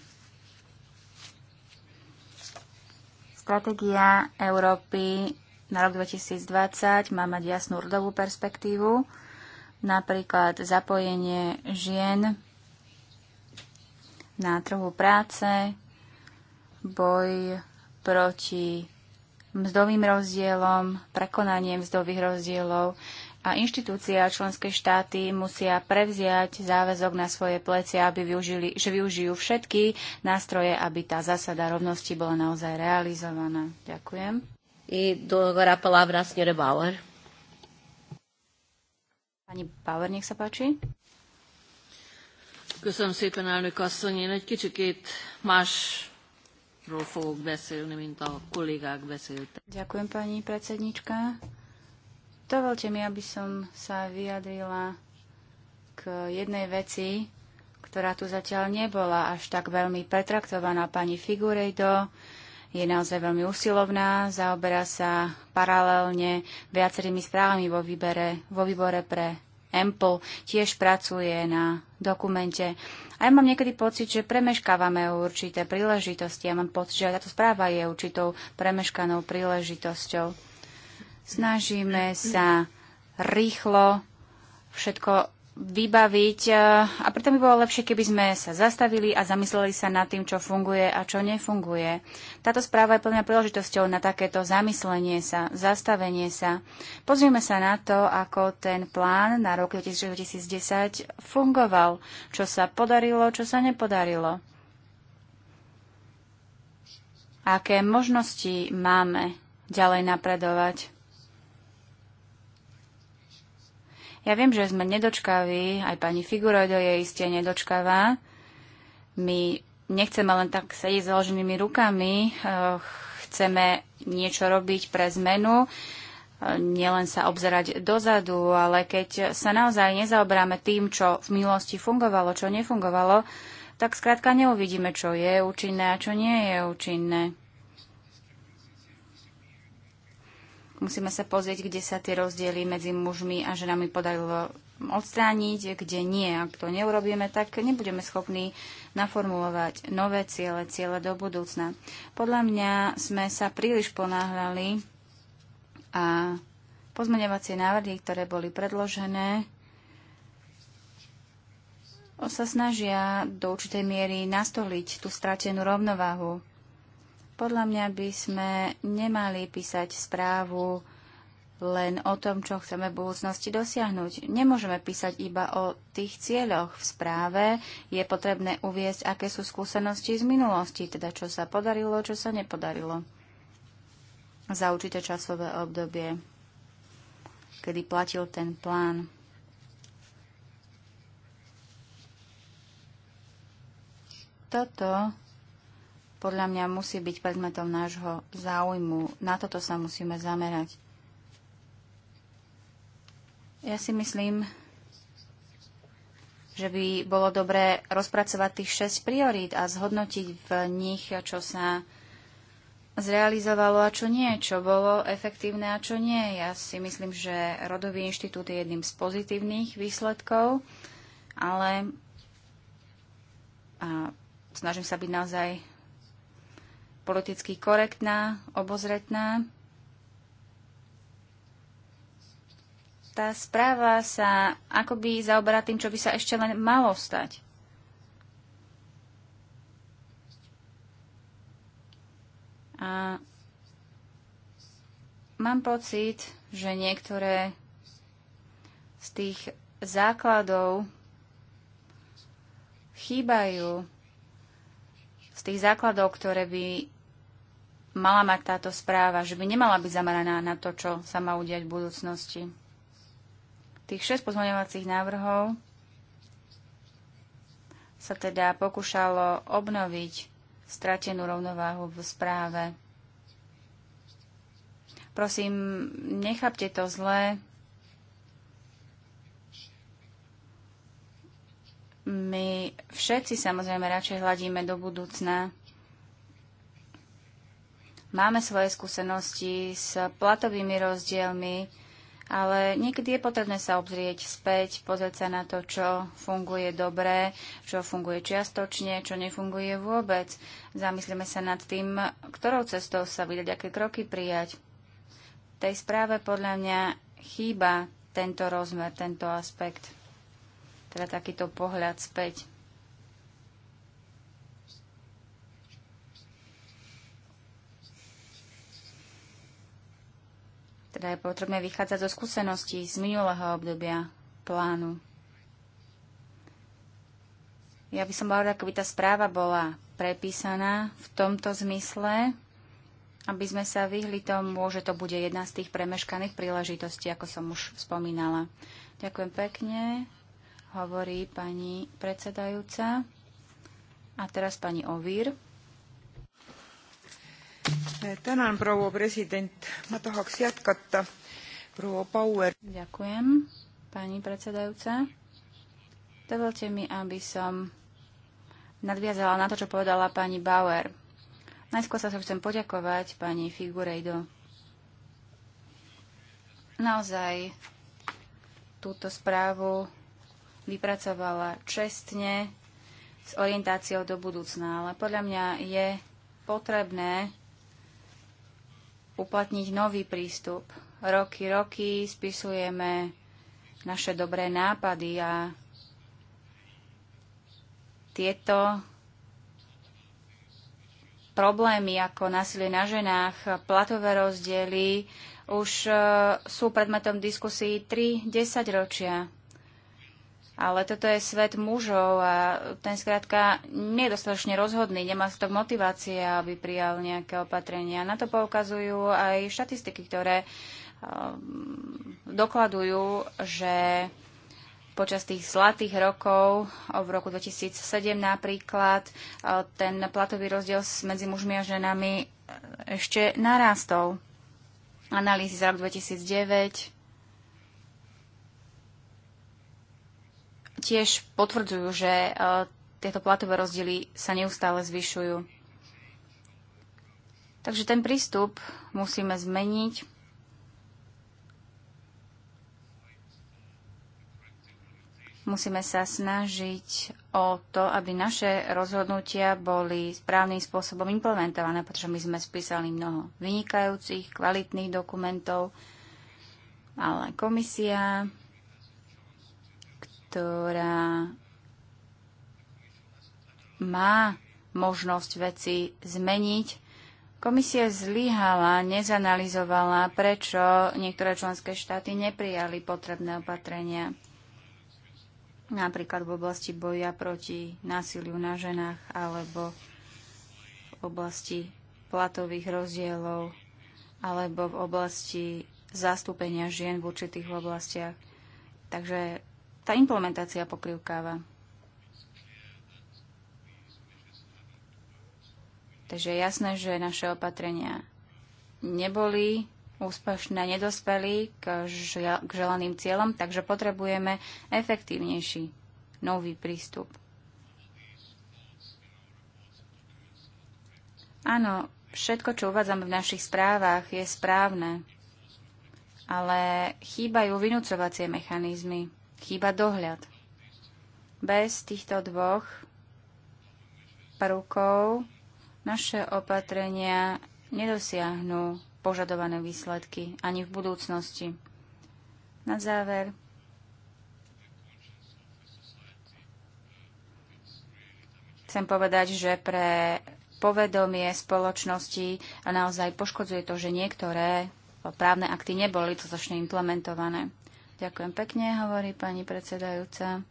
Stratégia Európy na rok 2020 má mať jasnú rodovú perspektívu, napríklad zapojenie žien na trhu práce, boj proti mzdovým rozdielom, prekonanie mzdových rozdielov, a inštitúcie a členské štáty musia prevziať záväzok na svoje plecia, aby využili, že využijú všetky nástroje, aby tá zásada rovnosti bola naozaj realizovaná. Ďakujem. I do agora palavra a Bauer. Pani Bauer, nech sa páči. Köszönöm szépen, elnök asszony. Én egy kicsikét másról fogok beszélni, mint a kollégák beszéltek. Ďakujem, pani predsednička. Dovolte mi, aby som sa vyjadrila k jednej veci, ktorá tu zatiaľ nebola až tak veľmi pretraktovaná. Pani Figurejdo je naozaj veľmi usilovná, zaoberá sa paralelne viacerými správami vo, výbere, vo výbore pre EMPL, tiež pracuje na dokumente. A ja mám niekedy pocit, že premeškávame určité príležitosti. Ja mám pocit, že aj táto správa je určitou premeškanou príležitosťou. Snažíme sa rýchlo všetko vybaviť e, a preto by bolo lepšie, keby sme sa zastavili a zamysleli sa nad tým, čo funguje a čo nefunguje. Táto správa je plná príležitosťou na takéto zamyslenie sa, zastavenie sa. Pozrieme sa na to, ako ten plán na rok 2010 fungoval, čo sa podarilo, čo sa nepodarilo. Aké možnosti máme ďalej napredovať? Ja viem, že sme nedočkaví, aj pani Figurojdo je iste nedočkavá. My nechceme len tak sedieť založenými rukami, eh, chceme niečo robiť pre zmenu, eh, nielen sa obzerať dozadu, ale keď sa naozaj nezaoberáme tým, čo v minulosti fungovalo, čo nefungovalo, tak skrátka neuvidíme, čo je účinné a čo nie je účinné. Musíme sa pozrieť, kde sa tie rozdiely medzi mužmi a ženami podarilo odstrániť, kde nie. Ak to neurobíme, tak nebudeme schopní naformulovať nové ciele, ciele do budúcna. Podľa mňa sme sa príliš ponáhľali a pozmeňovacie návrhy, ktoré boli predložené, sa snažia do určitej miery nastoliť tú stratenú rovnováhu podľa mňa by sme nemali písať správu len o tom, čo chceme v budúcnosti dosiahnuť. Nemôžeme písať iba o tých cieľoch. V správe je potrebné uviesť, aké sú skúsenosti z minulosti, teda čo sa podarilo, čo sa nepodarilo za určité časové obdobie, kedy platil ten plán. Toto podľa mňa musí byť predmetom nášho záujmu. Na toto sa musíme zamerať. Ja si myslím, že by bolo dobré rozpracovať tých 6 priorít a zhodnotiť v nich, čo sa zrealizovalo a čo nie, čo bolo efektívne a čo nie. Ja si myslím, že Rodový inštitút je jedným z pozitívnych výsledkov, ale a snažím sa byť naozaj politicky korektná, obozretná. Tá správa sa akoby zaoberá tým, čo by sa ešte len malo stať. A mám pocit, že niektoré z tých základov chýbajú z tých základov, ktoré by mala mať táto správa, že by nemala byť zameraná na to, čo sa má udiať v budúcnosti. Tých 6 pozmeňovacích návrhov sa teda pokúšalo obnoviť stratenú rovnováhu v správe. Prosím, nechápte to zlé. My všetci samozrejme radšej hľadíme do budúcna Máme svoje skúsenosti s platovými rozdielmi, ale niekedy je potrebné sa obzrieť späť, pozrieť sa na to, čo funguje dobre, čo funguje čiastočne, čo nefunguje vôbec. Zamyslíme sa nad tým, ktorou cestou sa vydať, aké kroky prijať. V tej správe podľa mňa chýba tento rozmer, tento aspekt, teda takýto pohľad späť. Teda je potrebné vychádzať zo skúseností z minulého obdobia plánu. Ja by som bola rada, keby tá správa bola prepísaná v tomto zmysle, aby sme sa vyhli tomu, že to bude jedna z tých premeškaných príležitostí, ako som už spomínala. Ďakujem pekne, hovorí pani predsedajúca. A teraz pani Ovír. Eh, tänan, Ma tahaks jätkata proua Bauer. Ďakujem, pani predsedajúca. Dovolte mi, aby som nadviazala na to, čo povedala pani Bauer. Najskôr sa chcem poďakovať pani Figurejdo. Naozaj túto správu vypracovala čestne s orientáciou do budúcna, ale podľa mňa je potrebné uplatniť nový prístup. Roky, roky spisujeme naše dobré nápady a tieto problémy ako násilie na ženách, platové rozdiely už eh, sú predmetom diskusí 3 10 ročia. Ale toto je svet mužov a ten skrátka nie je dostatočne rozhodný, nemá to motivácie, aby prijal nejaké opatrenia. Na to poukazujú aj štatistiky, ktoré um, dokladujú, že počas tých zlatých rokov, v roku 2007 napríklad, ten platový rozdiel medzi mužmi a ženami ešte narástol. Analýzy za rok 2009 tiež potvrdzujú, že e, tieto platové rozdiely sa neustále zvyšujú. Takže ten prístup musíme zmeniť. Musíme sa snažiť o to, aby naše rozhodnutia boli správnym spôsobom implementované, pretože my sme spísali mnoho vynikajúcich, kvalitných dokumentov, ale komisia ktorá má možnosť veci zmeniť. Komisia zlyhala, nezanalizovala, prečo niektoré členské štáty neprijali potrebné opatrenia, napríklad v oblasti boja proti násiliu na ženách alebo v oblasti platových rozdielov alebo v oblasti zastúpenia žien v určitých oblastiach. Takže tá implementácia pokrivkáva. Takže je jasné, že naše opatrenia neboli úspešné, nedospeli k, k želaným cieľom, takže potrebujeme efektívnejší nový prístup. Áno, všetko, čo uvádzame v našich správach, je správne, ale chýbajú vynúcovacie mechanizmy chýba dohľad. Bez týchto dvoch prvkov naše opatrenia nedosiahnu požadované výsledky ani v budúcnosti. Na záver, chcem povedať, že pre povedomie spoločnosti a naozaj poškodzuje to, že niektoré právne akty neboli dostatočne implementované. Ďakujem pekne, hovorí pani predsedajúca.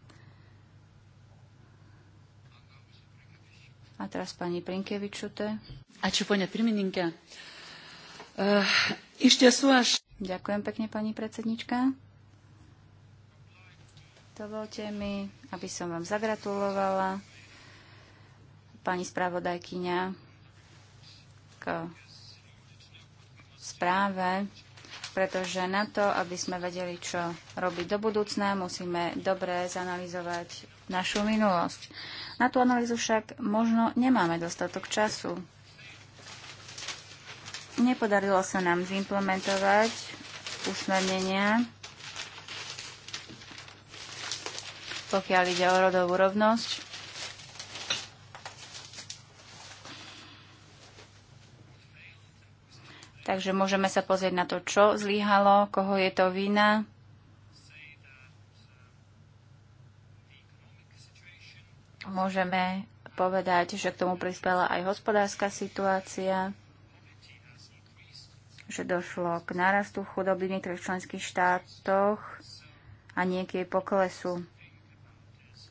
A teraz pani Prinkevičute. A čo pani Pirmininka? Eh, ešte sú až... Ďakujem pekne, pani predsednička. Dovolte mi, aby som vám zagratulovala, pani spravodajkyňa, k správe, pretože na to, aby sme vedeli, čo robiť do budúcna, musíme dobre zanalizovať našu minulosť. Na tú analýzu však možno nemáme dostatok času. Nepodarilo sa nám zimplementovať usmernenia, pokiaľ ide o rodovú rovnosť Takže môžeme sa pozrieť na to, čo zlyhalo, koho je to vina. Môžeme povedať, že k tomu prispela aj hospodárska situácia, že došlo k nárastu chudoby v niektorých členských štátoch a niekej poklesu.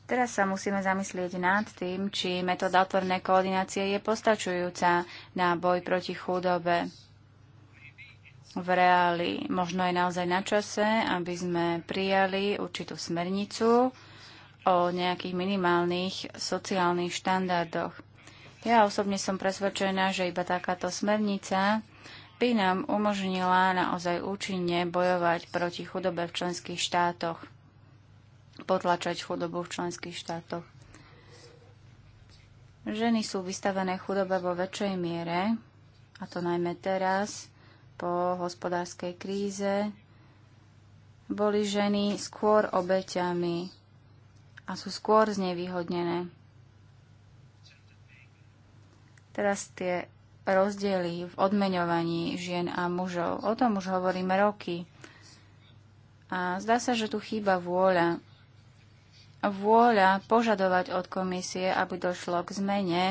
Teraz sa musíme zamyslieť nad tým, či metóda otvorné koordinácie je postačujúca na boj proti chudobe v reáli. Možno aj naozaj na čase, aby sme prijali určitú smernicu o nejakých minimálnych sociálnych štandardoch. Ja osobne som presvedčená, že iba takáto smernica by nám umožnila naozaj účinne bojovať proti chudobe v členských štátoch, potlačať chudobu v členských štátoch. Ženy sú vystavené chudobe vo väčšej miere, a to najmä teraz, po hospodárskej kríze boli ženy skôr obeťami a sú skôr znevýhodnené. Teraz tie rozdiely v odmeňovaní žien a mužov. O tom už hovoríme roky. A zdá sa, že tu chýba vôľa. Vôľa požadovať od komisie, aby došlo k zmene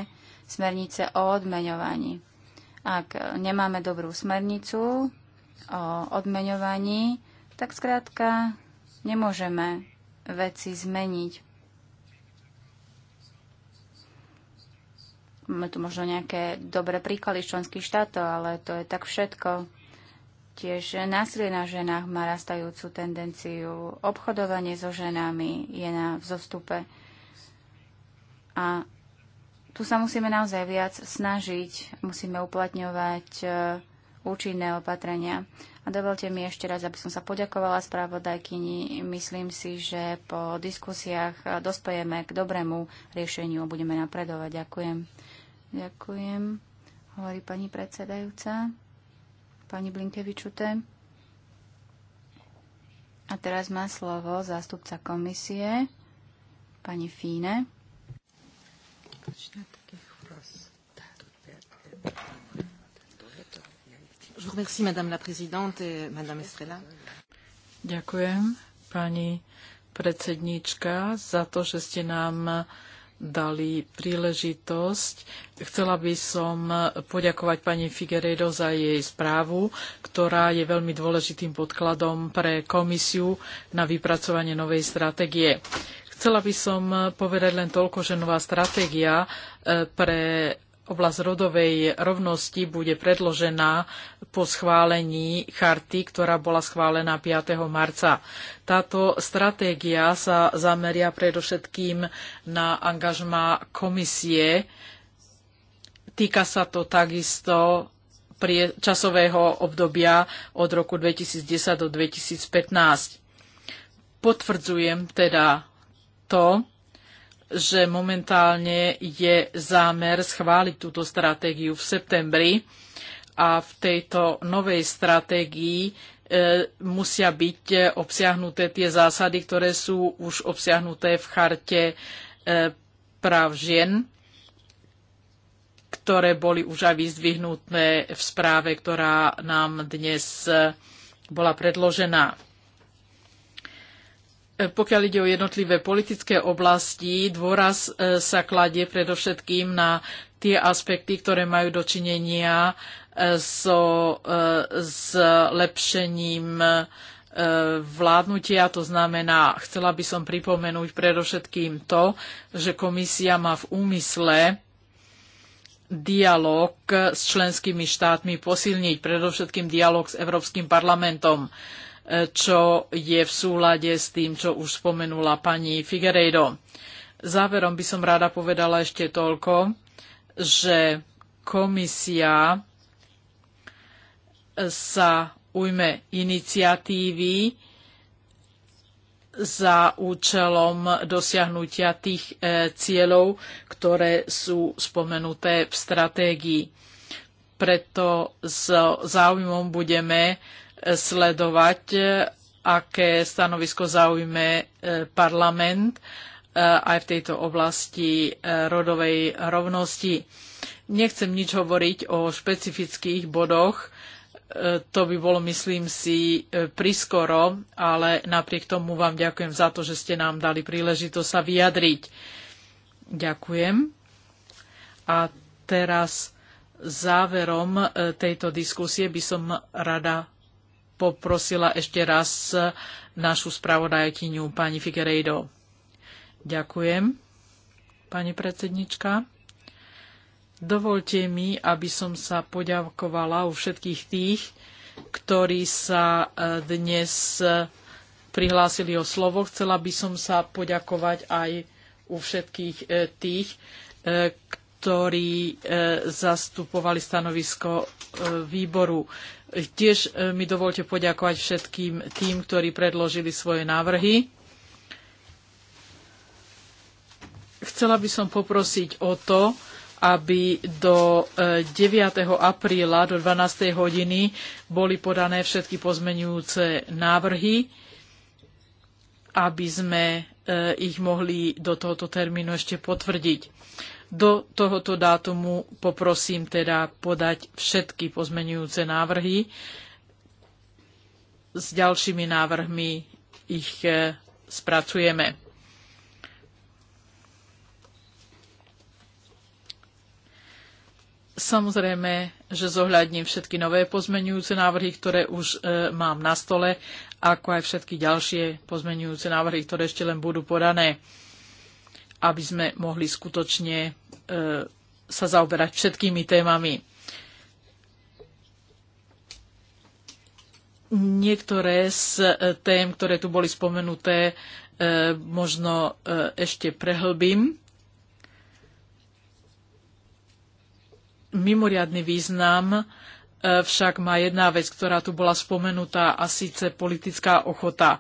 smernice o odmeňovaní. Ak nemáme dobrú smernicu o odmeňovaní, tak skrátka nemôžeme veci zmeniť. Máme tu možno nejaké dobré príklady z členských štátov, ale to je tak všetko. Tiež násilie na ženách má rastajúcu tendenciu. Obchodovanie so ženami je na vzostupe. A tu sa musíme naozaj viac snažiť, musíme uplatňovať e, účinné opatrenia. A dovolte mi ešte raz, aby som sa poďakovala správodajkyni. Myslím si, že po diskusiách e, dospejeme k dobrému riešeniu a budeme napredovať. Ďakujem. Ďakujem, hovorí pani predsedajúca, pani Blinkevičute. A teraz má slovo zástupca komisie, pani Fíne. Ďakujem, pani predsednička, za to, že ste nám dali príležitosť. Chcela by som poďakovať pani Figueredo za jej správu, ktorá je veľmi dôležitým podkladom pre komisiu na vypracovanie novej stratégie. Chcela by som eh, povedať len toľko, že nová stratégia eh, pre oblasť rodovej rovnosti bude predložená po schválení charty, ktorá bola schválená 5. marca. Táto stratégia sa zameria predovšetkým na angažma komisie. Týka sa to takisto prie časového obdobia od roku 2010 do 2015. Potvrdzujem teda to, že momentálne je zámer schváliť túto stratégiu v septembri a v tejto novej stratégii e, musia byť obsiahnuté tie zásady, ktoré sú už obsiahnuté v charte e, práv žien, ktoré boli už aj vyzdvihnuté v správe, ktorá nám dnes e, bola predložená. E, pokiaľ ide o jednotlivé politické oblasti, dôraz e, sa kladie predovšetkým na tie aspekty, ktoré majú dočinenia e, so zlepšením vládnutia. To znamená, chcela by som pripomenúť predovšetkým to, že komisia má v úmysle dialog s členskými štátmi posilniť, predovšetkým dialog s Európskym parlamentom čo je v súlade s tým, čo už spomenula pani Figueiredo. Záverom by som rada povedala ešte toľko, že komisia sa ujme iniciatívy za účelom dosiahnutia tých e, cieľov, ktoré sú spomenuté v stratégii. Preto s záujmom budeme sledovať, e, aké stanovisko zaujme e, parlament e, aj v tejto oblasti rodovej rovnosti. Nechcem nič hovoriť o špecifických bodoch, to by bolo, myslím si, priskoro, ale napriek tomu vám ďakujem za to, že ste nám dali príležitosť sa vyjadriť. Ďakujem. A teraz záverom tejto diskusie by som rada poprosila ešte raz našu spravodajkyňu pani Figueiredo. Ďakujem, pani predsednička. Dovolte mi, aby som sa poďakovala u všetkých tých, ktorí sa e, dnes e, prihlásili o slovo. Chcela by som sa poďakovať aj u všetkých e, tých, ktorí zastupovali stanovisko výboru. Tiež e, mi dovolte poďakovať všetkým tým, ktorí predložili svoje návrhy. Chcela by som poprosiť o to, aby do 9. E, apríla do 12. hodiny boli podané všetky pozmenujúce návrhy, aby sme e, ich mohli do tohoto termínu ešte potvrdiť. Do tohoto dátumu poprosím teda podať všetky pozmenujúce návrhy. S ďalšími návrhmi ich e, spracujeme. Samozrejme, že zohľadním všetky nové pozmenujúce návrhy, ktoré už e, mám na stole, ako aj všetky ďalšie pozmenujúce návrhy, ktoré ešte len budú podané, aby sme mohli skutočne E, sa zaoberať všetkými témami. Niektoré z e, tém, ktoré tu boli spomenuté, e, možno ešte prehlbím. Mimoriadný význam však má jedna vec, ktorá tu bola spomenutá, a síce politická ochota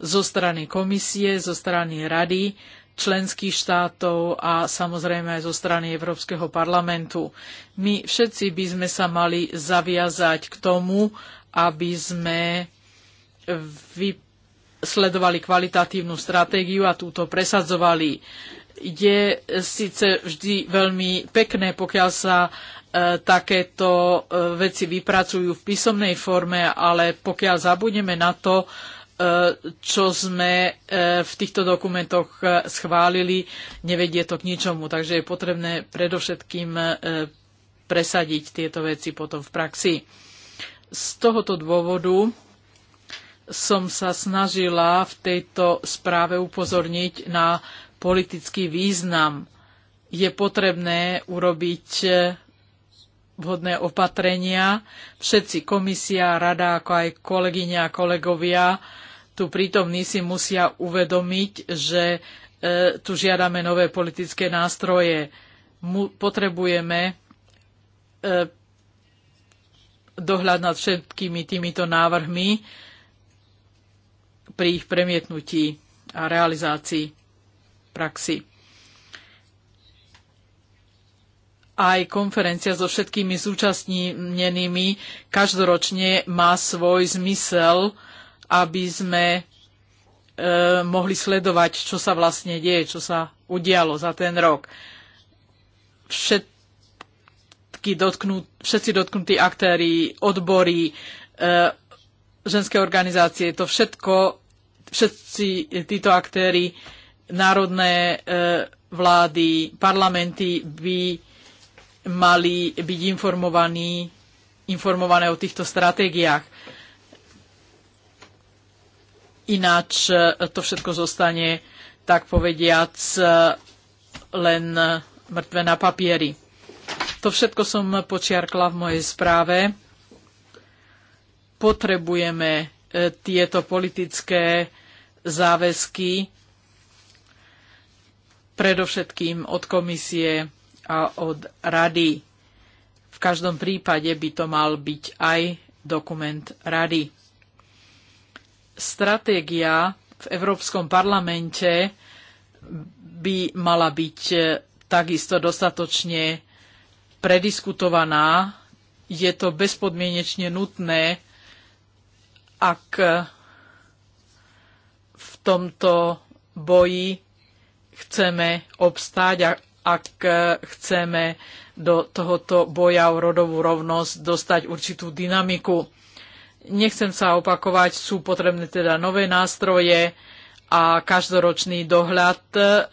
zo strany komisie, zo strany rady členských štátov a samozrejme aj zo strany Európskeho parlamentu. My všetci by sme sa mali zaviazať k tomu, aby sme sledovali kvalitatívnu stratégiu a túto presadzovali. Je síce vždy veľmi pekné, pokiaľ sa e, takéto e, veci vypracujú v písomnej forme, ale pokiaľ zabudneme na to, čo sme e, v týchto dokumentoch e, schválili, nevedie to k ničomu. Takže je potrebné predovšetkým e, presadiť tieto veci potom v praxi. Z tohoto dôvodu som sa snažila v tejto správe upozorniť na politický význam. Je potrebné urobiť vhodné opatrenia. Všetci, komisia, rada, ako aj kolegyňa a kolegovia, tu prítomní si musia uvedomiť, že e, tu žiadame nové politické nástroje. potrebujeme e, dohľad nad všetkými týmito návrhmi pri ich premietnutí a realizácii praxi. Aj konferencia so všetkými zúčastnenými každoročne má svoj zmysel, aby sme e, mohli sledovať, čo sa vlastne deje, čo sa udialo za ten rok. Všetky všetci dotknutí aktéry, odbory, e, ženské organizácie, to všetko, všetci títo aktéry, národné e, vlády, parlamenty by mali byť informovaní, informované o týchto stratégiách ináč e, to všetko zostane, tak povediac, e, len mŕtve na papieri. To všetko som počiarkla v mojej správe. Potrebujeme e, tieto politické záväzky predovšetkým od komisie a od rady. V každom prípade by to mal byť aj dokument rady stratégia v Európskom parlamente by mala byť eh, takisto dostatočne prediskutovaná. Je to bezpodmienečne nutné, ak eh, v tomto boji chceme obstáť a ak eh, chceme do tohoto boja o rodovú rovnosť dostať určitú dynamiku nechcem sa opakovať, sú potrebné teda nové nástroje a každoročný dohľad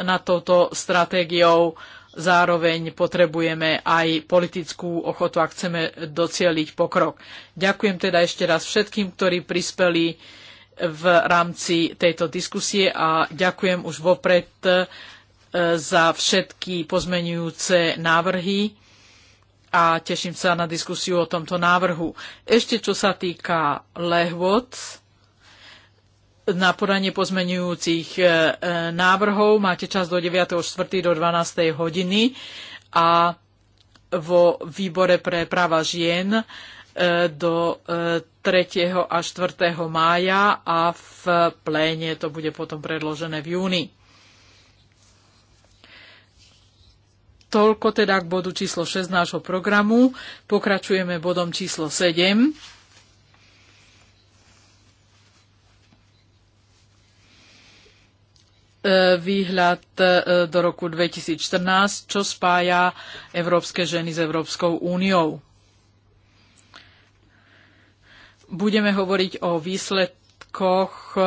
nad touto stratégiou. Zároveň potrebujeme aj politickú ochotu, ak chceme docieliť pokrok. Ďakujem teda ešte raz všetkým, ktorí prispeli v rámci tejto diskusie a ďakujem už vopred eh, za všetky pozmenujúce návrhy a teším sa na diskusiu o tomto návrhu. Ešte čo sa týka lehvod, na podanie pozmenujúcich e, e, návrhov máte čas do 9.4. do 12. hodiny a vo výbore pre práva žien e, do 3. a 4. mája a v pléne to bude potom predložené v júni. Toľko teda k bodu číslo 6 nášho programu. Pokračujeme bodom číslo 7. E, výhľad e, do roku 2014, čo spája európske ženy s Európskou úniou. Budeme hovoriť o výsledkoch e,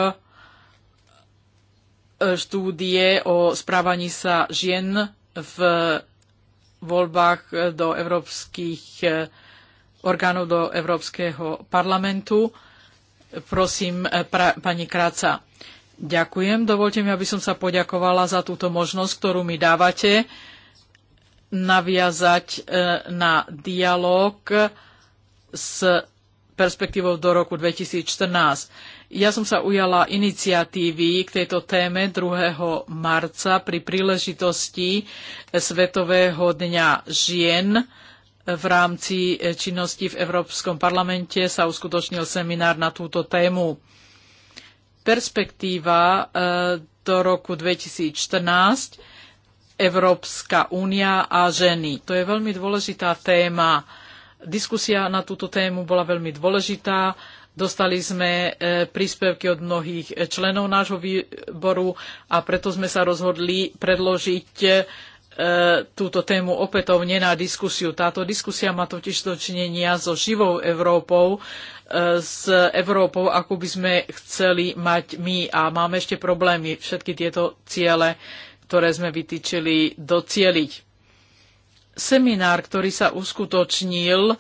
štúdie o správaní sa žien v voľbách e, do európskych e, orgánov do Európskeho parlamentu. Prosím, e, pra, pani Kráca. Ďakujem. Dovolte mi, aby som sa poďakovala za túto možnosť, ktorú mi dávate naviazať na dialog s perspektívou do roku 2014. Ja som sa ujala iniciatívy k tejto téme 2. marca pri príležitosti Svetového dňa žien. V rámci činnosti v Európskom parlamente sa uskutočnil seminár na túto tému. Perspektíva e, do roku 2014 Európska únia a ženy. To je veľmi dôležitá téma Diskusia na túto tému bola veľmi dôležitá. Dostali sme e, príspevky od mnohých členov nášho výboru a preto sme sa rozhodli predložiť e, túto tému opätovne na diskusiu. Táto diskusia má totiž dočinenia so živou Európou, e, s Európou, ako by sme chceli mať my a máme ešte problémy všetky tieto ciele, ktoré sme vytýčili, docieliť. Seminár, ktorý sa uskutočnil,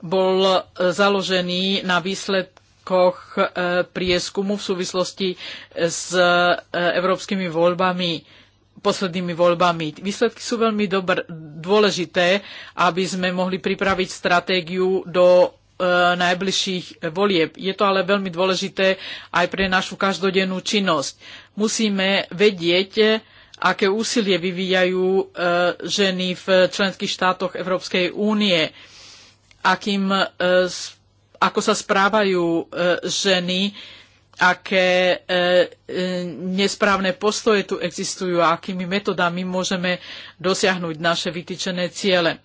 bol e, založený na výsledkoch e, prieskumu v súvislosti s e, európskymi voľbami poslednými voľbami. Výsledky sú veľmi dobr, dôležité, aby sme mohli pripraviť stratégiu do najbližších volieb. Je to ale veľmi dôležité aj pre našu každodennú činnosť. Musíme vedieť, aké úsilie vyvíjajú e, ženy v členských štátoch Európskej únie, akým, e, ako sa správajú e, ženy, aké nesprávne postoje tu existujú a akými metodami môžeme dosiahnuť naše vytýčené ciele.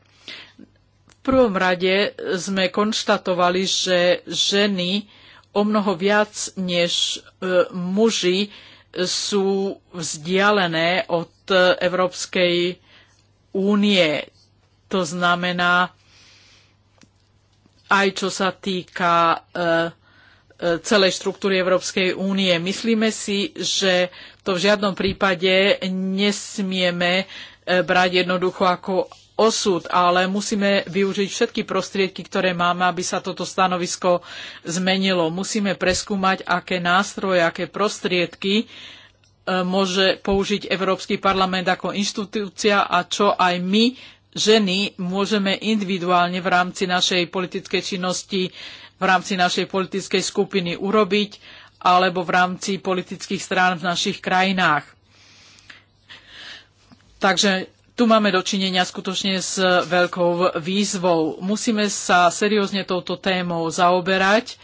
V prvom rade sme konštatovali, že ženy o mnoho viac než muži sú vzdialené od Európskej únie. To znamená, aj čo sa týka e, e, celej štruktúry Európskej únie. Myslíme si, že to v žiadnom prípade nesmieme e, brať jednoducho ako osud, ale musíme využiť všetky prostriedky, ktoré máme, aby sa toto stanovisko zmenilo. Musíme preskúmať, aké nástroje, aké prostriedky e, môže použiť Európsky parlament ako inštitúcia a čo aj my, ženy, môžeme individuálne v rámci našej politickej činnosti, v rámci našej politickej skupiny urobiť alebo v rámci politických strán v našich krajinách. Takže tu máme dočinenia skutočne s veľkou výzvou. Musíme sa seriózne touto témou zaoberať.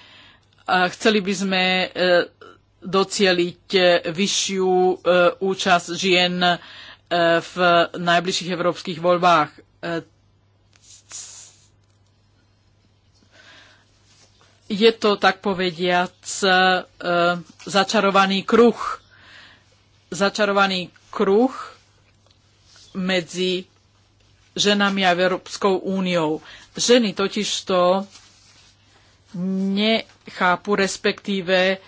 Chceli by sme e, docieliť e, vyššiu e, účasť žien v najbližších európskych voľbách. Je to, tak povediac, začarovaný kruh. Začarovaný kruh, medzi ženami a Európskou úniou. Ženy totižto nechápu, respektíve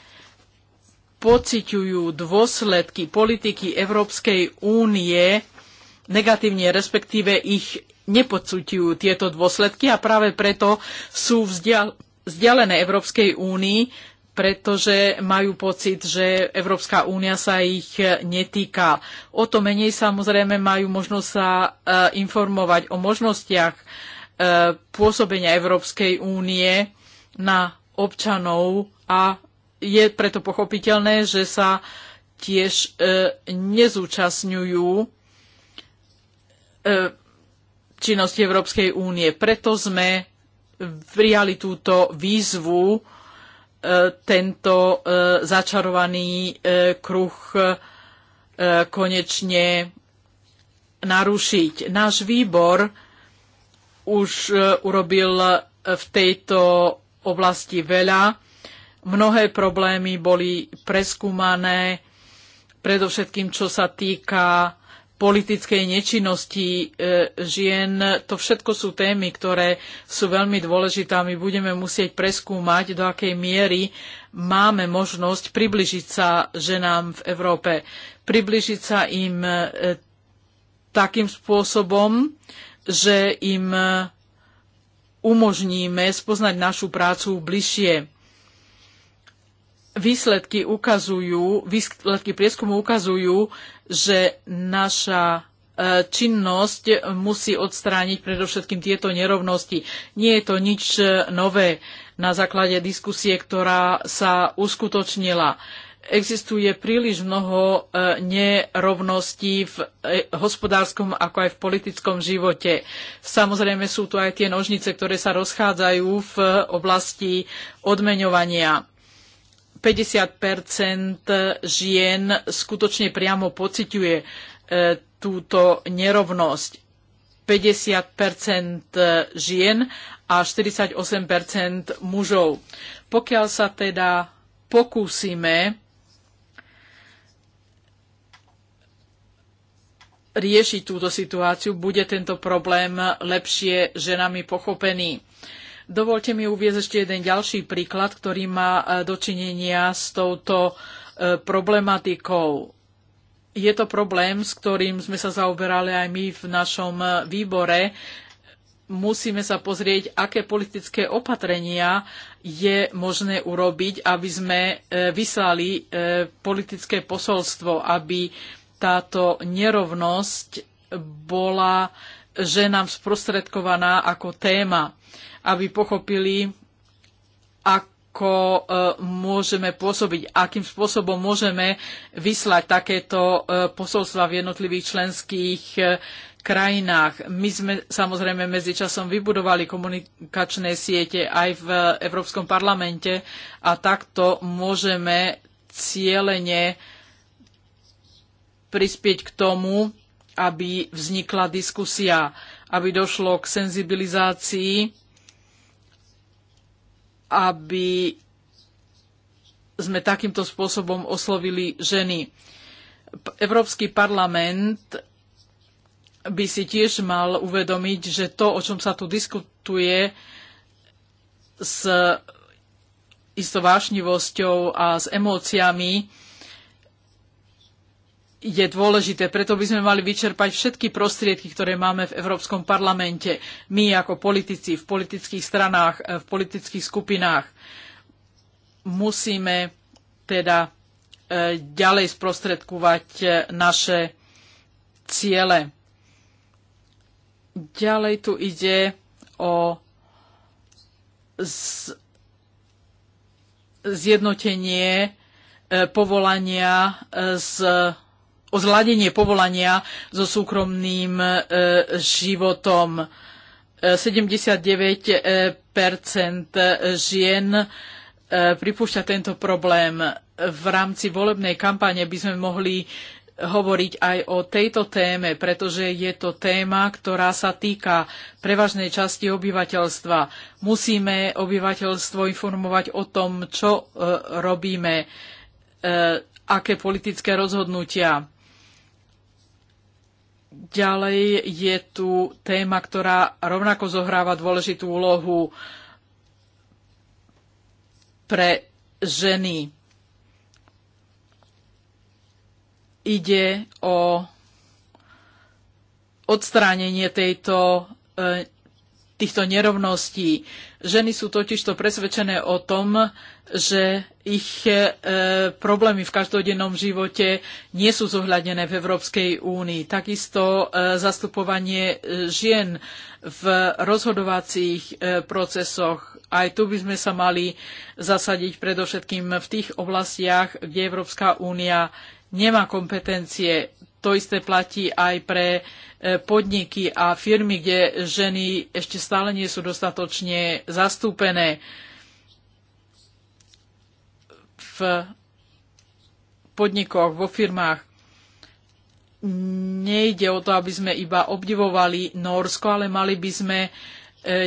pociťujú dôsledky politiky Európskej únie negatívne, respektíve ich nepocitujú tieto dôsledky a práve preto sú vzdialené Európskej únii pretože majú pocit, že Európska únia sa ich e, netýka. O to menej samozrejme majú možnosť sa e, informovať o možnostiach e, pôsobenia Európskej únie na občanov a je preto pochopiteľné, že sa tiež nezúčastňujú činnosti Európskej únie. Preto sme prijali túto výzvu tento e, začarovaný e, kruh e, konečne narušiť. Náš výbor už urobil v tejto oblasti veľa. Mnohé problémy boli preskúmané, predovšetkým čo sa týka politickej nečinnosti e, žien. To všetko sú témy, ktoré sú veľmi dôležité a my budeme musieť preskúmať, do akej miery máme možnosť približiť sa ženám v Európe. Približiť sa im e, takým spôsobom, že im e, umožníme spoznať našu prácu bližšie výsledky ukazujú, výsledky prieskumu ukazujú, že naša e, činnosť musí odstrániť predovšetkým tieto nerovnosti. Nie je to nič e, nové na základe diskusie, ktorá sa uskutočnila. Existuje príliš mnoho e, nerovností v hospodárskom ako aj v politickom živote. Samozrejme sú tu aj tie nožnice, ktoré sa rozchádzajú v oblasti odmeňovania. 50 žien skutočne priamo pociťuje e, túto nerovnosť. 50 žien a 48 mužov. Pokiaľ sa teda pokúsime riešiť túto situáciu, bude tento problém lepšie ženami pochopený. Dovolte mi uviezť ešte jeden ďalší príklad, ktorý má e, dočinenia s touto e, problematikou. Je to problém, s ktorým sme sa zaoberali aj my v našom e, výbore. Musíme sa pozrieť, aké politické opatrenia je možné urobiť, aby sme vyslali politické posolstvo, aby táto nerovnosť bola ženám sprostredkovaná ako téma aby pochopili, ako e, môžeme pôsobiť, akým spôsobom môžeme vyslať takéto e, posolstva v jednotlivých členských e, krajinách. My sme samozrejme medzičasom vybudovali komunikačné siete aj v Európskom parlamente a takto môžeme cieľene prispieť k tomu, aby vznikla diskusia, aby došlo k senzibilizácii aby sme takýmto spôsobom oslovili ženy. Európsky parlament by si tiež mal uvedomiť, že to, o čom sa tu diskutuje, s istou vášnivosťou a s emóciami, je dôležité. Preto by sme mali vyčerpať všetky prostriedky, ktoré máme v Európskom parlamente. My ako politici, v politických stranách, eh, v politických skupinách musíme teda eh, ďalej sprostredkovať eh, naše ciele. Ďalej tu ide o zjednotenie povolania z o zladenie povolania so súkromným e, životom. 79 e, žien e, pripúšťa tento problém. V rámci volebnej kampane by sme mohli hovoriť aj o tejto téme, pretože je to téma, ktorá sa týka prevažnej časti obyvateľstva. Musíme obyvateľstvo informovať o tom, čo robíme, aké politické rozhodnutia Ďalej je tu téma, ktorá rovnako zohráva dôležitú úlohu pre ženy. Ide o odstránenie tejto, e, týchto nerovností. Ženy sú totižto presvedčené o tom, že ich e, problémy v každodennom živote nie sú zohľadené v Európskej únii. Takisto e, zastupovanie e, žien v rozhodovacích e, procesoch. Aj tu by sme sa mali zasadiť predovšetkým v tých oblastiach, kde Európska únia nemá kompetencie. To isté platí aj pre e, podniky a firmy, kde ženy ešte stále nie sú dostatočne zastúpené v podnikoch, vo firmách. Nejde o to, aby sme iba obdivovali Norsko, ale mali by sme e,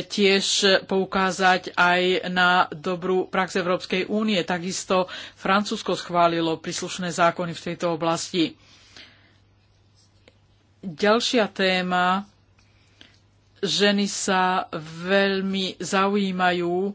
tiež poukázať aj na dobrú prax Európskej únie. Takisto Francúzsko schválilo príslušné zákony v tejto oblasti. Ďalšia téma. Ženy sa veľmi zaujímajú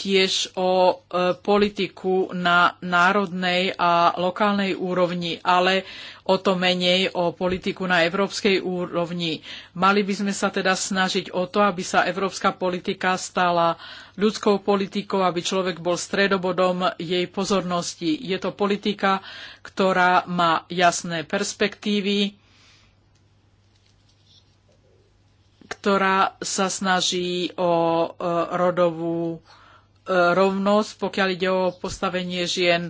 tiež o e, politiku na národnej a lokálnej úrovni, ale o to menej o politiku na európskej úrovni. Mali by sme sa teda snažiť o to, aby sa európska politika stala ľudskou politikou, aby človek bol stredobodom jej pozornosti. Je to politika, ktorá má jasné perspektívy, ktorá sa snaží o e, rodovú E, rovnosť, pokiaľ ide o postavenie žien.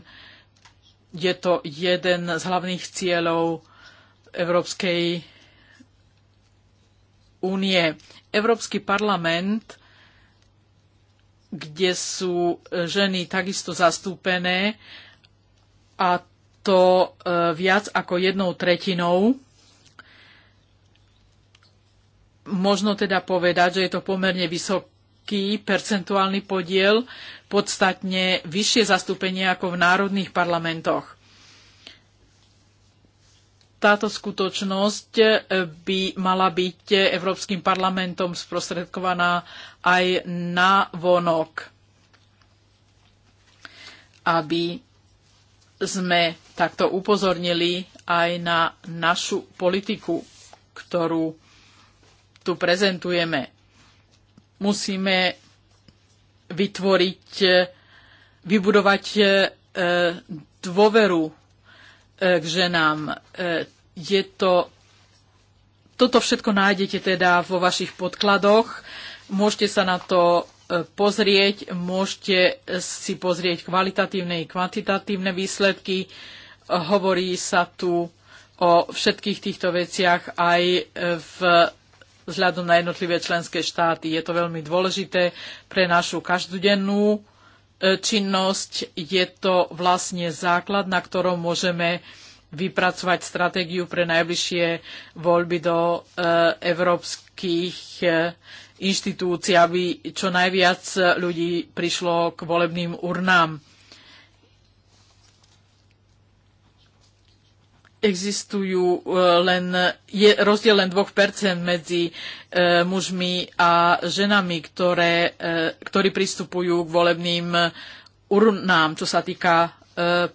Je to jeden z hlavných cieľov Európskej únie. Európsky parlament, kde sú ženy takisto zastúpené, a to e, viac ako jednou tretinou. Možno teda povedať, že je to pomerne vysoký vysoký percentuálny podiel, podstatne vyššie zastúpenie ako v národných parlamentoch. Táto skutočnosť eh, by mala byť Európskym parlamentom sprostredkovaná aj na vonok, aby sme takto upozornili aj na našu politiku, ktorú tu prezentujeme musíme vytvoriť, e, vybudovať e, dôveru e, k ženám. Je to, toto všetko nájdete teda vo vašich podkladoch. Môžete sa na to pozrieť, môžete si pozrieť kvalitatívne i kvantitatívne výsledky. Hovorí sa tu o všetkých týchto veciach aj v vzhľadom na jednotlivé členské štáty. Je to veľmi dôležité pre našu každodennú e, činnosť. Je to vlastne základ, na ktorom môžeme vypracovať stratégiu pre najbližšie voľby do e, európskych e, inštitúcií, aby čo najviac ľudí prišlo k volebným urnám. existujú e, len, je rozdiel len 2% medzi e, mužmi a ženami, ktoré, e, ktorí pristupujú k volebným urnám, čo sa týka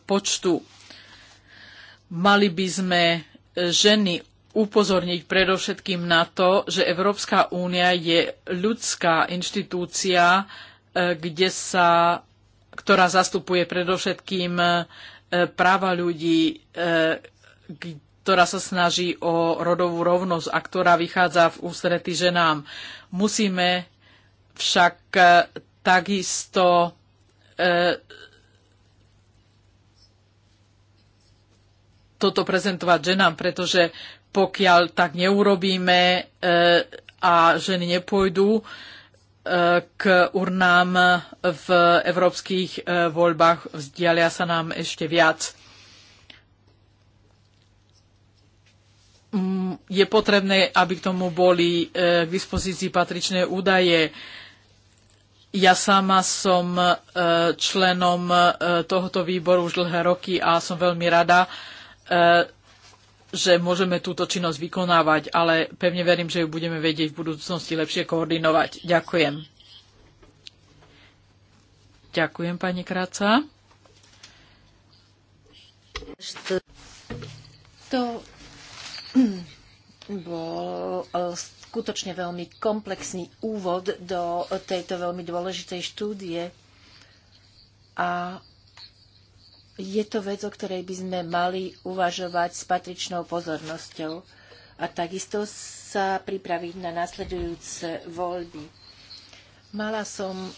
počtu. Mali by sme ženy upozorniť predovšetkým na to, že Európska únia je ľudská inštitúcia, kde sa, ktorá zastupuje predovšetkým práva ľudí, ktorá sa snaží o rodovú rovnosť a ktorá vychádza v ústrety ženám. Musíme však e, takisto e, toto prezentovať ženám, pretože pokiaľ tak neurobíme e, a ženy nepôjdu e, k urnám v európskych e, voľbách, vzdialia sa nám ešte viac. Mm, je potrebné, aby k tomu boli e, k dispozícii patričné údaje. Ja sama som e, členom e, tohoto výboru už dlhé roky a som veľmi rada, že môžeme túto činnosť vykonávať, ale pevne verím, že ju budeme vedieť v budúcnosti lepšie koordinovať. Ďakujem. Ďakujem, pani Kráca. To bol e, skutočne veľmi komplexný úvod do tejto veľmi dôležitej štúdie. A je to vec, o ktorej by sme mali uvažovať s patričnou pozornosťou a takisto sa pripraviť na nasledujúce voľby. Mala som e,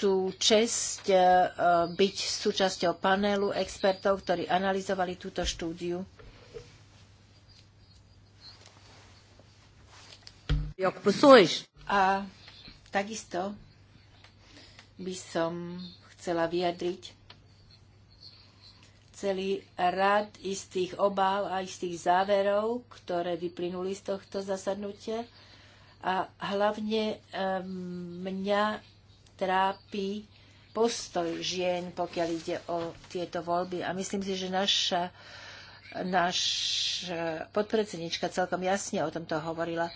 tú čest e, byť súčasťou panelu expertov, ktorí analyzovali túto štúdiu. A takisto by som chcela vyjadriť celý rad istých obáv a istých záverov, ktoré vyplynuli z tohto zasadnutia. A hlavne mňa trápi postoj žien, pokiaľ ide o tieto voľby. A myslím si, že naša naša podpredsednička celkom jasne o tomto hovorila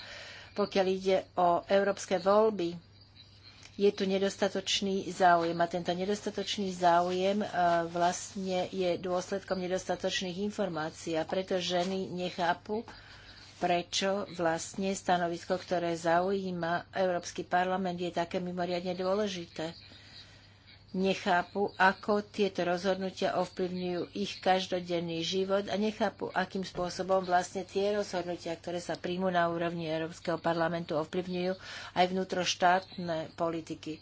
pokiaľ ide o európske voľby, je tu nedostatočný záujem a tento nedostatočný záujem e, vlastne je dôsledkom nedostatočných informácií a preto ženy nechápu, prečo vlastne stanovisko, ktoré zaujíma Európsky parlament, je také mimoriadne dôležité nechápu, ako tieto rozhodnutia ovplyvňujú ich každodenný život a nechápu, akým spôsobom vlastne tie rozhodnutia, ktoré sa príjmu na úrovni Európskeho parlamentu, ovplyvňujú aj vnútroštátne politiky.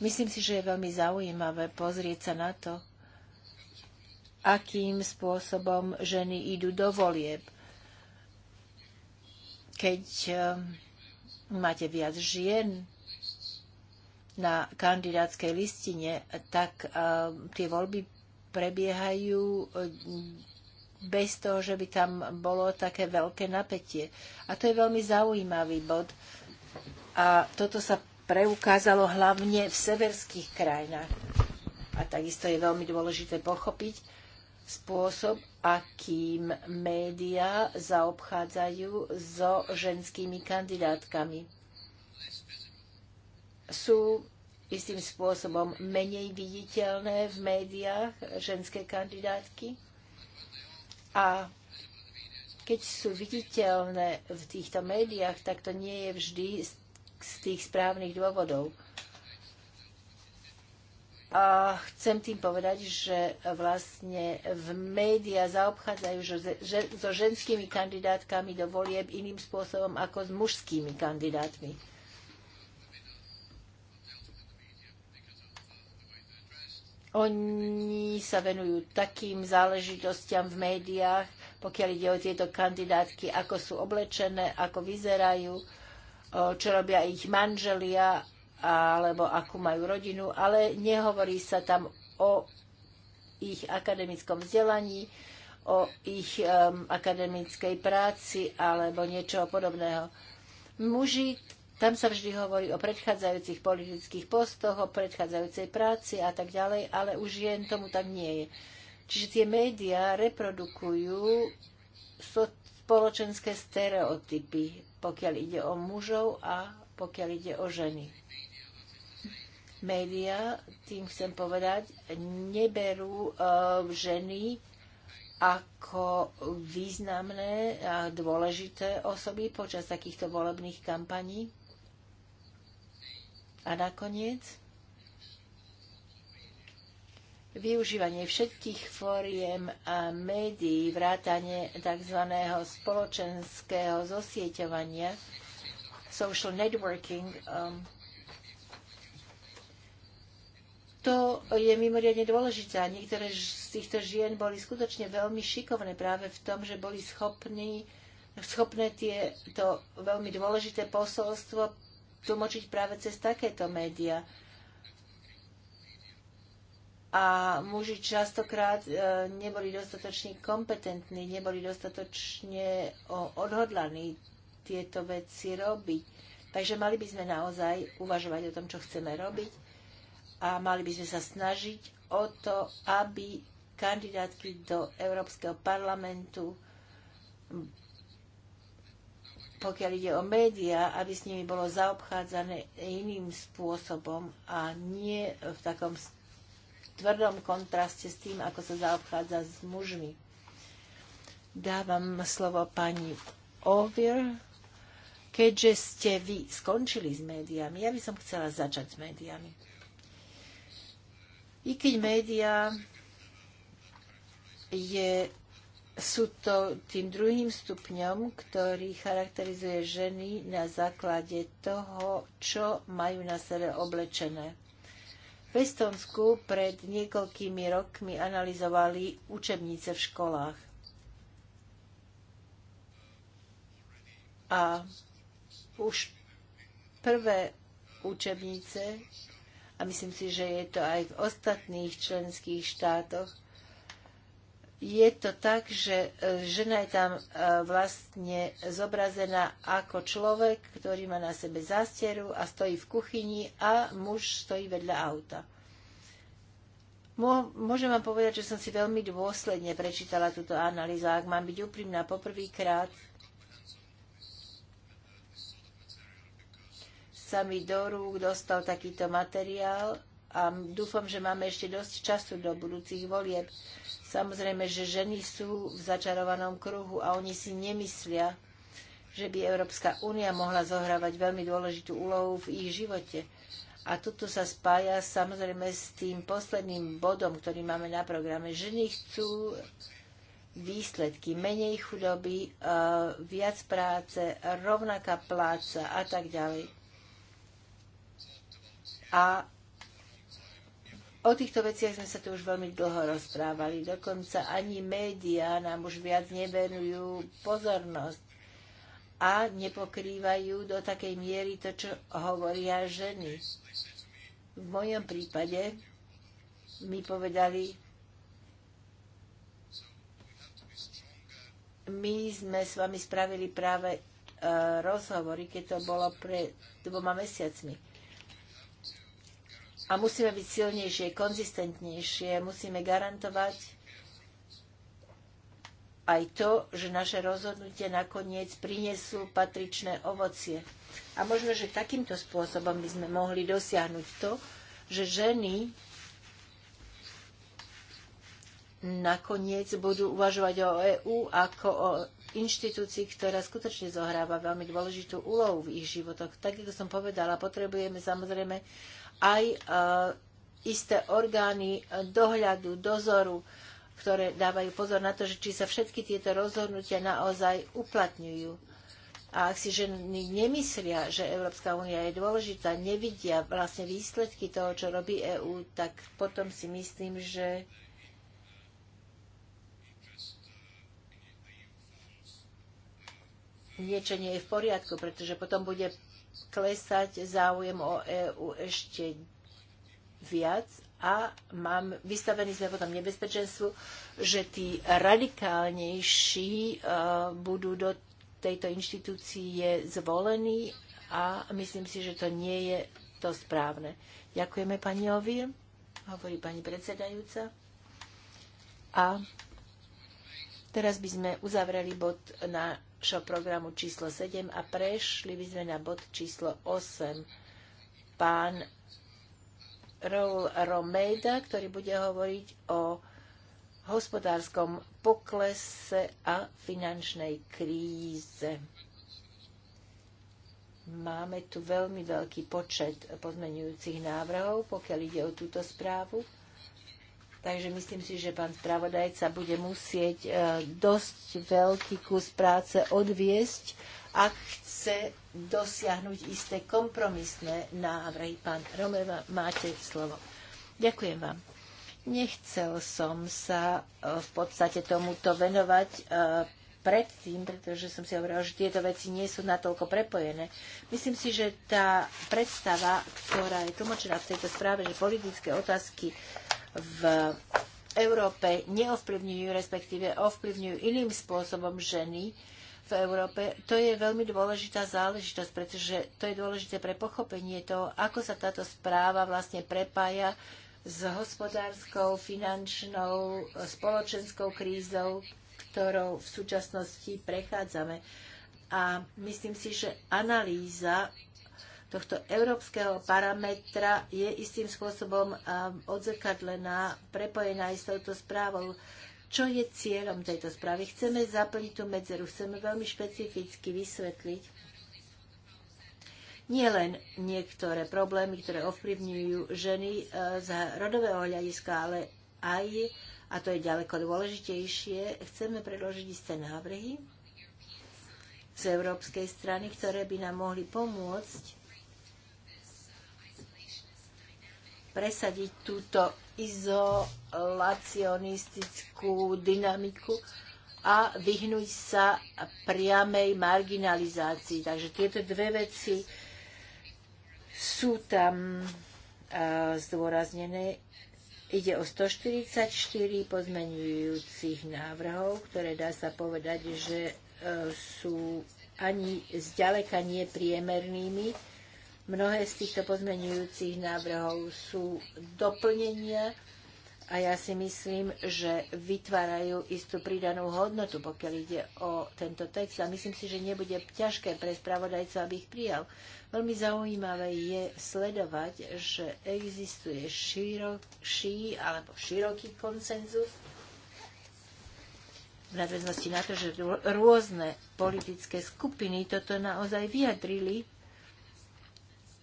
Myslím si, že je veľmi zaujímavé pozrieť sa na to, akým spôsobom ženy idú do volieb. Keď ehm, máte viac žien na kandidátskej listine, tak eh, tie voľby prebiehajú eh, bez toho, že by tam bolo také veľké napätie. A to je veľmi zaujímavý bod. A toto sa preukázalo hlavne v severských krajinách. A takisto je veľmi dôležité pochopiť spôsob, akým médiá zaobchádzajú so ženskými kandidátkami sú istým spôsobom menej viditeľné v médiách ženské kandidátky. A keď sú viditeľné v týchto médiách, tak to nie je vždy z tých správnych dôvodov. A chcem tým povedať, že vlastne v médiá zaobchádzajú so ženskými kandidátkami do volieb iným spôsobom ako s mužskými kandidátmi. Oni sa venujú takým záležitostiam v médiách, pokiaľ ide o tieto kandidátky, ako sú oblečené, ako vyzerajú, čo robia ich manželia, alebo akú majú rodinu, ale nehovorí sa tam o ich akademickom vzdelaní, o ich um, akademickej práci alebo niečoho podobného. Muži, tam sa vždy hovorí o predchádzajúcich politických postoch, o predchádzajúcej práci a tak ďalej, ale už jen tomu tak nie je. Čiže tie médiá reprodukujú spoločenské stereotypy, pokiaľ ide o mužov a pokiaľ ide o ženy. Média, tým chcem povedať, neberú uh, ženy ako významné a dôležité osoby počas takýchto volebných kampaní. A nakoniec využívanie všetkých fóriem a médií, vrátanie tzv. spoločenského zosieťovania, social networking, um, to je mimoriadne dôležité. A niektoré z týchto žien boli skutočne veľmi šikovné práve v tom, že boli schopní, schopné tieto veľmi dôležité posolstvo tlmočiť práve cez takéto médiá. A muži častokrát e, neboli dostatočne kompetentní, neboli dostatočne odhodlaní tieto veci robiť. Takže mali by sme naozaj uvažovať o tom, čo chceme robiť a mali by sme sa snažiť o to, aby kandidátky do Európskeho parlamentu pokiaľ ide o médiá, aby s nimi bolo zaobchádzane iným spôsobom a nie v takom tvrdom kontraste s tým, ako sa zaobchádza s mužmi. Dávam slovo pani Ovir. Keďže ste vy skončili s médiami, ja by som chcela začať s médiami. I keď média je sú to tým druhým stupňom, ktorý charakterizuje ženy na základe toho, čo majú na sebe oblečené. V Estonsku pred niekoľkými rokmi analyzovali učebnice v školách. A už prvé učebnice, a myslím si, že je to aj v ostatných členských štátoch, je to tak, že e, žena je tam e, vlastne zobrazená ako človek, ktorý má na sebe zásteru a stojí v kuchyni a muž stojí vedľa auta. Môžem vám povedať, že som si veľmi dôsledne prečítala túto analýzu. Ak mám byť úprimná, poprvýkrát sa mi do rúk dostal takýto materiál a dúfam, že máme ešte dosť času do budúcich volieb Samozrejme, že ženy sú v začarovanom kruhu a oni si nemyslia, že by Európska únia mohla zohrávať veľmi dôležitú úlohu v ich živote. A toto sa spája samozrejme s tým posledným bodom, ktorý máme na programe. Ženy chcú výsledky, menej chudoby, e, viac práce, rovnaká pláca a tak ďalej. A O týchto veciach sme sa tu už veľmi dlho rozprávali. Dokonca ani médiá nám už viac nevenujú pozornosť a nepokrývajú do takej miery to, čo hovoria ženy. V mojom prípade mi povedali, my sme s vami spravili práve e, rozhovory, keď to bolo pred dvoma mesiacmi a musíme byť silnejšie, konzistentnejšie, musíme garantovať aj to, že naše rozhodnutie nakoniec prinesú patričné ovocie. A možno, že takýmto spôsobom by sme mohli dosiahnuť to, že ženy nakoniec budú uvažovať o EÚ ako o inštitúcii, ktorá skutočne zohráva veľmi dôležitú úlohu v ich životoch. Tak, ako som povedala, potrebujeme samozrejme aj e, isté orgány dohľadu, dozoru, ktoré dávajú pozor na to, že či sa všetky tieto rozhodnutia naozaj uplatňujú. A ak si ženy nemyslia, že Európska únia je dôležitá, nevidia vlastne výsledky toho, čo robí EÚ, tak potom si myslím, že niečo nie je v poriadku, pretože potom bude klesať záujem o EÚ ešte viac a mám, vystavený sme potom nebezpečenstvu, že tí radikálnejší e, budú do tejto inštitúcie zvolení a myslím si, že to nie je to správne. Ďakujeme pani Ovi, hovorí pani predsedajúca. A teraz by sme uzavreli bod na nášho programu číslo 7 a prešli by sme na bod číslo 8. Pán Raul Romeda, ktorý bude hovoriť o hospodárskom poklese a finančnej kríze. Máme tu veľmi veľký počet pozmenujúcich návrhov, pokiaľ ide o túto správu. Takže myslím si, že pán spravodajca bude musieť e, dosť veľký kus práce odviesť, ak chce dosiahnuť isté kompromisné návrhy. Pán Romeva, máte slovo. Ďakujem vám. Nechcel som sa e, v podstate tomuto venovať e, predtým, pretože som si hovorila, že tieto veci nie sú natoľko prepojené. Myslím si, že tá predstava, ktorá je tlmočená v tejto správe, že politické otázky v Európe neovplyvňujú, respektíve ovplyvňujú iným spôsobom ženy v Európe, to je veľmi dôležitá záležitosť, pretože to je dôležité pre pochopenie toho, ako sa táto správa vlastne prepája s hospodárskou, finančnou, spoločenskou krízou, ktorou v súčasnosti prechádzame. A myslím si, že analýza tohto európskeho parametra je istým spôsobom odzrkadlená, prepojená aj s touto správou. Čo je cieľom tejto správy? Chceme zaplniť tú medzeru, chceme veľmi špecificky vysvetliť, nie len niektoré problémy, ktoré ovplyvňujú ženy e, z rodového hľadiska, ale aj, a to je ďaleko dôležitejšie, chceme predložiť isté návrhy z európskej strany, ktoré by nám mohli pomôcť presadiť túto izolacionistickú dynamiku a vyhnúť sa priamej marginalizácii. Takže tieto dve veci sú tam e, zdôraznené. Ide o 144 pozmenujúcich návrhov, ktoré dá sa povedať, že e, sú ani zďaleka nie priemernými Mnohé z týchto pozmenujúcich návrhov sú doplnenia a ja si myslím, že vytvárajú istú pridanú hodnotu, pokiaľ ide o tento text a myslím si, že nebude ťažké pre spravodajcov, aby ich prijal. Veľmi zaujímavé je sledovať, že existuje široký alebo široký konsenzus v nadväznosti na to, že rôzne politické skupiny toto naozaj vyjadrili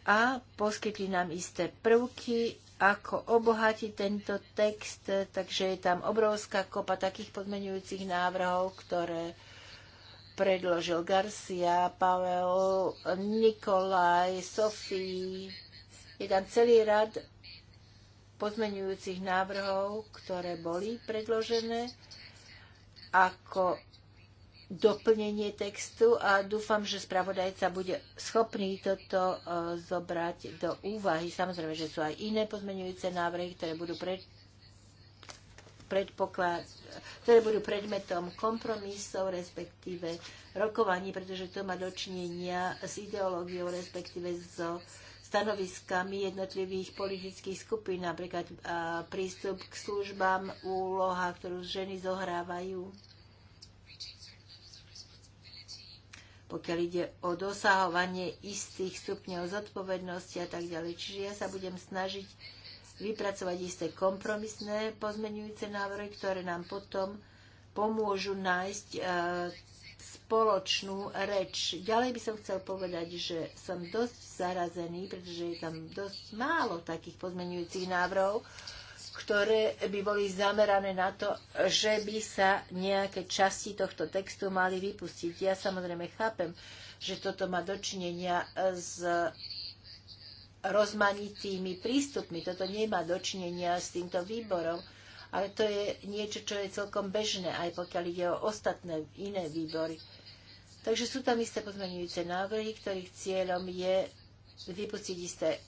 a poskytli nám isté prvky, ako obohatiť tento text, takže je tam obrovská kopa takých podmenujúcich návrhov, ktoré predložil Garcia, Pavel, Nikolaj, Sofii. Je tam celý rad pozmenujúcich návrhov, ktoré boli predložené, ako doplnenie textu a dúfam, že spravodajca bude schopný toto e, zobrať do úvahy. Samozrejme, že sú aj iné pozmenujúce návrhy, ktoré budú pred, predpoklad, ktoré budú predmetom kompromisov, respektíve rokovaní, pretože to má dočinenia s ideológiou, respektíve so stanoviskami jednotlivých politických skupín, napríklad e, prístup k službám, úloha, ktorú ženy zohrávajú pokiaľ ide o dosahovanie istých stupňov zodpovednosti a tak ďalej. Čiže ja sa budem snažiť vypracovať isté kompromisné pozmenujúce návrhy, ktoré nám potom pomôžu nájsť e, spoločnú reč. Ďalej by som chcel povedať, že som dosť zarazený, pretože je tam dosť málo takých pozmenujúcich návrhov, ktoré by boli zamerané na to, že by sa nejaké časti tohto textu mali vypustiť. Ja samozrejme chápem, že toto má dočinenia s rozmanitými prístupmi. Toto nemá dočinenia s týmto výborom, ale to je niečo, čo je celkom bežné, aj pokiaľ ide o ostatné iné výbory. Takže sú tam isté pozmenujúce návrhy, ktorých cieľom je vypustiť isté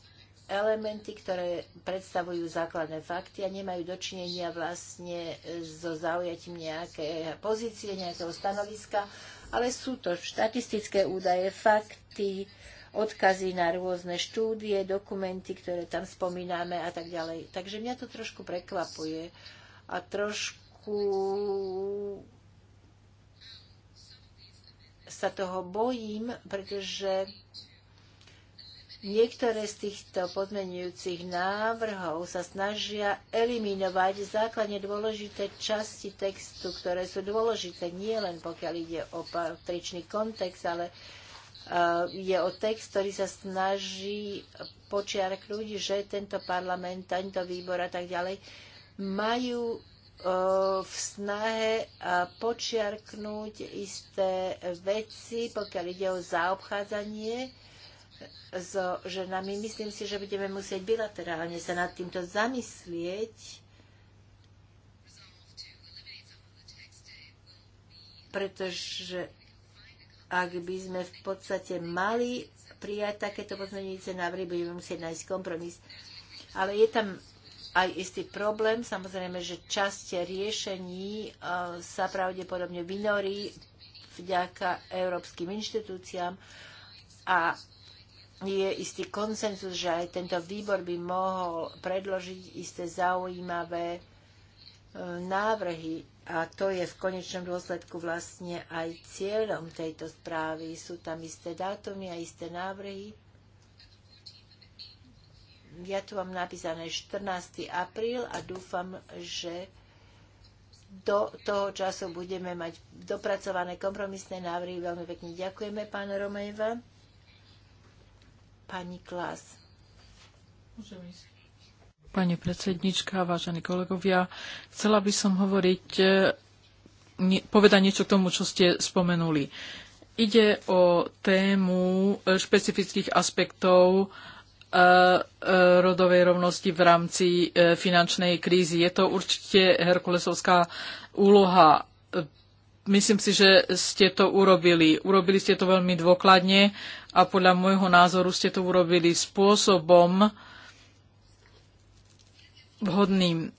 elementy, ktoré predstavujú základné fakty a nemajú dočinenia vlastne so zaujatím nejaké pozície, nejakého stanoviska, ale sú to štatistické údaje, fakty, odkazy na rôzne štúdie, dokumenty, ktoré tam spomíname a tak ďalej. Takže mňa to trošku prekvapuje a trošku sa toho bojím, pretože Niektoré z týchto podmenujúcich návrhov sa snažia eliminovať základne dôležité časti textu, ktoré sú dôležité nie len pokiaľ ide o patričný kontext, ale e, je o text, ktorý sa snaží počiarknúť, že tento parlament, tento výbor a tak ďalej majú e, v snahe e, počiarknúť isté veci, pokiaľ ide o zaobchádzanie so ženami. Myslím si, že budeme musieť bilaterálne sa nad týmto zamyslieť, pretože ak by sme v podstate mali prijať takéto pozmeňujúce návrhy, budeme musieť nájsť kompromis. Ale je tam aj istý problém. Samozrejme, že časť riešení e, sa pravdepodobne vynorí vďaka európskym inštitúciám a je istý konsenzus, že aj tento výbor by mohol predložiť isté zaujímavé e, návrhy. A to je v konečnom dôsledku vlastne aj cieľom tejto správy. Sú tam isté dátumy a isté návrhy. Ja tu mám napísané 14. apríl a dúfam, že do toho času budeme mať dopracované kompromisné návrhy. Veľmi pekne ďakujeme, pán Romejva pani Klas. Pani predsednička, vážení kolegovia, chcela by som hovoriť, e, povedať niečo k tomu, čo ste spomenuli. Ide o tému e, špecifických aspektov e, rodovej rovnosti v rámci finančnej krízy. Je to určite herkulesovská úloha myslím si, že ste to urobili. Urobili ste to veľmi dôkladne a podľa môjho názoru ste to urobili spôsobom vhodným.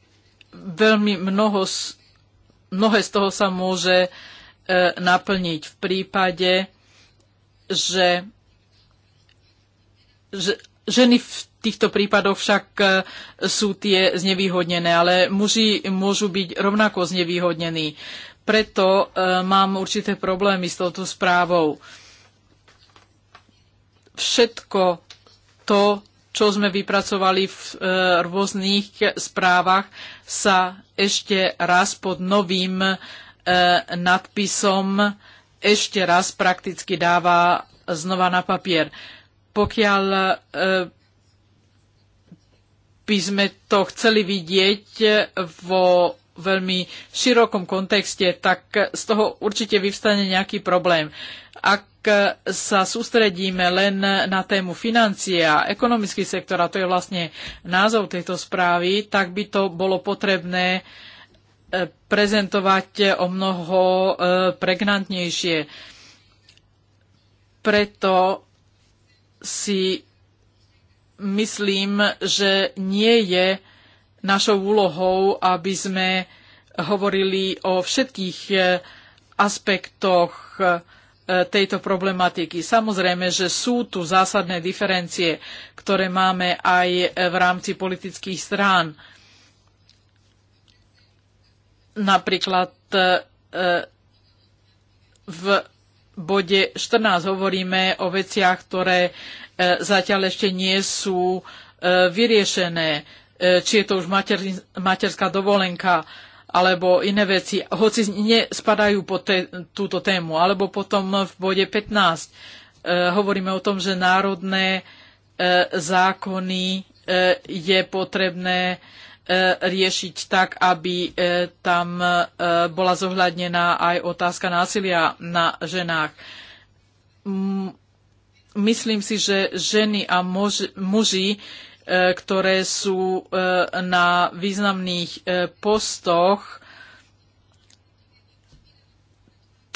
Veľmi mnoho, mnohé z toho sa môže e, naplniť v prípade, že, že ženy v týchto prípadoch však e, sú tie znevýhodnené, ale muži môžu byť rovnako znevýhodnení preto e, mám určité problémy s touto správou. Všetko to, čo sme vypracovali v e, rôznych správach, sa ešte raz pod novým e, nadpisom ešte raz prakticky dáva znova na papier. Pokiaľ by sme to chceli vidieť vo veľmi širokom kontexte, tak z toho určite vyvstane nejaký problém. Ak sa sústredíme len na tému financie a ekonomický sektor, a to je vlastne názov tejto správy, tak by to bolo potrebné e, prezentovať o mnoho e, pregnantnejšie. Preto si myslím, že nie je našou úlohou, aby sme hovorili o všetkých eh, aspektoch eh, tejto problematiky. Samozrejme, že sú tu zásadné diferencie, ktoré máme aj eh, v rámci politických strán. Napríklad v bode 14 hovoríme o veciach, ktoré zatiaľ ešte nie sú vyriešené E, či je to už mater, materská dovolenka alebo iné veci, hoci nespadajú pod te, túto tému. Alebo potom v bode 15 e, hovoríme o tom, že národné e, zákony e, je potrebné e, riešiť tak, aby e, tam e, bola zohľadnená aj otázka násilia na ženách. M- myslím si, že ženy a muži, muži E, ktoré sú e, na významných e, postoch.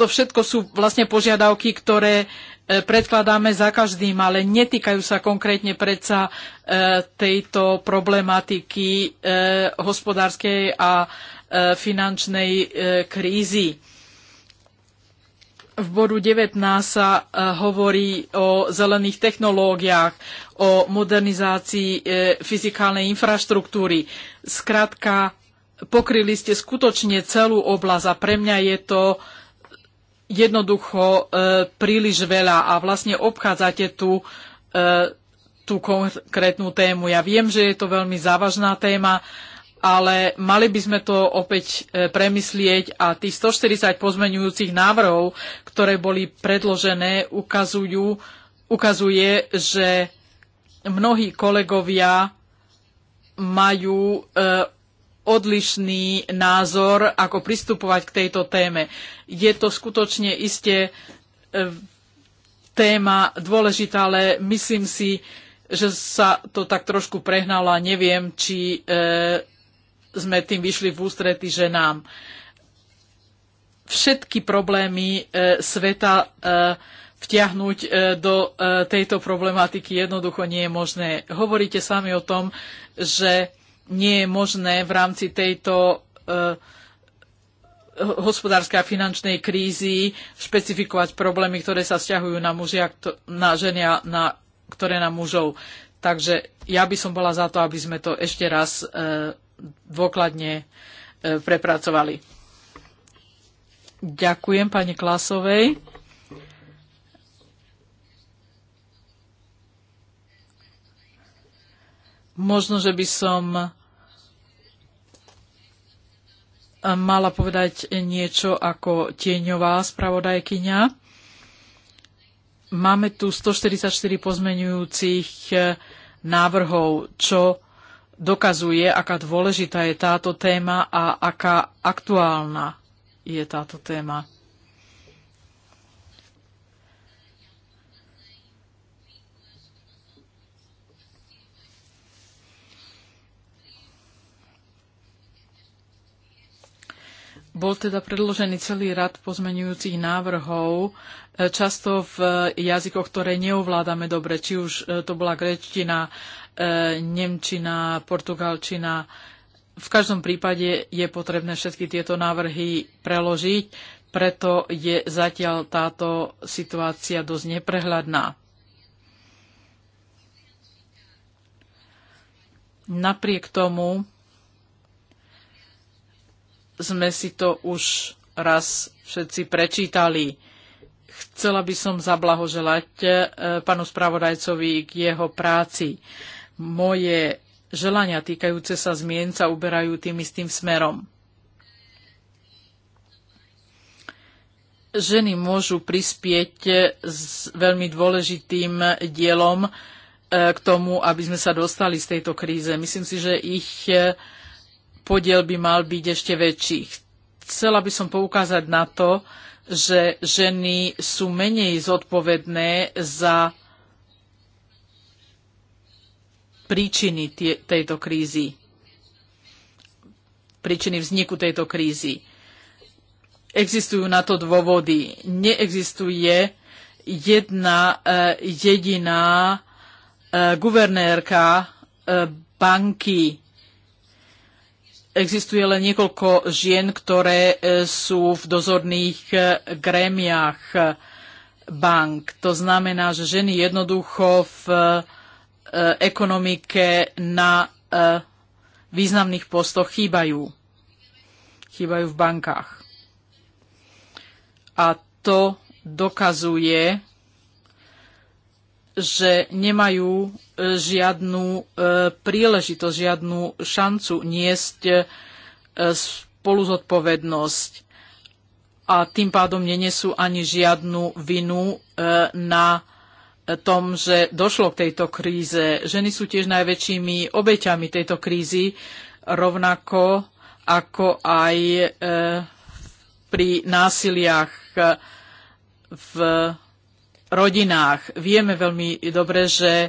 To všetko sú vlastne požiadavky, ktoré predkladáme za každým, ale netýkajú sa konkrétne predsa tejto problematiky hospodárskej a finančnej krízy v bodu 19 sa e, hovorí o zelených technológiách, o modernizácii e, fyzikálnej infraštruktúry. Skrátka, pokryli ste skutočne celú oblasť a pre mňa je to jednoducho e, príliš veľa a vlastne obchádzate tú, tú konkrétnu tému. Ja viem, že je to veľmi závažná téma, ale mali by sme to opäť e, premyslieť a tých 140 pozmenujúcich návrhov, ktoré boli predložené, ukazujú, ukazuje, že mnohí kolegovia majú e, odlišný názor, ako pristupovať k tejto téme. Je to skutočne iste e, téma dôležitá, ale myslím si, že sa to tak trošku prehnalo a neviem, či sme tým vyšli v ústrety ženám. Všetky problémy e, sveta e, vtiahnuť e, do e, tejto problematiky jednoducho nie je možné. Hovoríte sami o tom, že nie je možné v rámci tejto e, hospodárskej a finančnej krízy špecifikovať problémy, ktoré sa stiahujú na, mužia, na ženy a na, ktoré na mužov. Takže ja by som bola za to, aby sme to ešte raz dôkladne e, prepracovali. Ďakujem pani Klasovej. Možno, že by som e, mala povedať niečo ako tieňová spravodajkyňa. Máme tu 144 pozmenujúcich e, návrhov, čo dokazuje, aká dôležitá je táto téma a aká aktuálna je táto téma. Bol teda predložený celý rad pozmenujúcich návrhov, e, často v e, jazykoch, ktoré neovládame dobre, či už e, to bola grečtina, E, nemčina, portugalčina. V každom prípade je potrebné všetky tieto návrhy preložiť, preto je zatiaľ táto situácia dosť neprehľadná. Napriek tomu sme si to už raz všetci prečítali. Chcela by som zablahoželať e, panu spravodajcovi k jeho práci moje želania týkajúce sa zmien sa uberajú tým istým smerom. Ženy môžu prispieť s veľmi dôležitým dielom e, k tomu, aby sme sa dostali z tejto kríze. Myslím si, že ich e, podiel by mal byť ešte väčší. Chcela by som poukázať na to, že ženy sú menej zodpovedné za príčiny tejto krízy, príčiny vzniku tejto krízy. Existujú na to dôvody. Neexistuje jedna e, jediná e, guvernérka e, banky. Existuje len niekoľko žien, ktoré sú v dozorných grémiach bank. To znamená, že ženy jednoducho v Eh, ekonomike na eh, významných postoch chýbajú. Chýbajú v bankách. A to dokazuje, že nemajú eh, žiadnu príležitosť, žiadnu šancu niesť zodpovednosť a tým pádom nenesú ani žiadnu vinu na tom, že došlo k tejto kríze. Ženy sú tiež najväčšími obeťami tejto krízy, rovnako ako aj e, pri násiliach e, v rodinách. Vieme veľmi dobre, že e,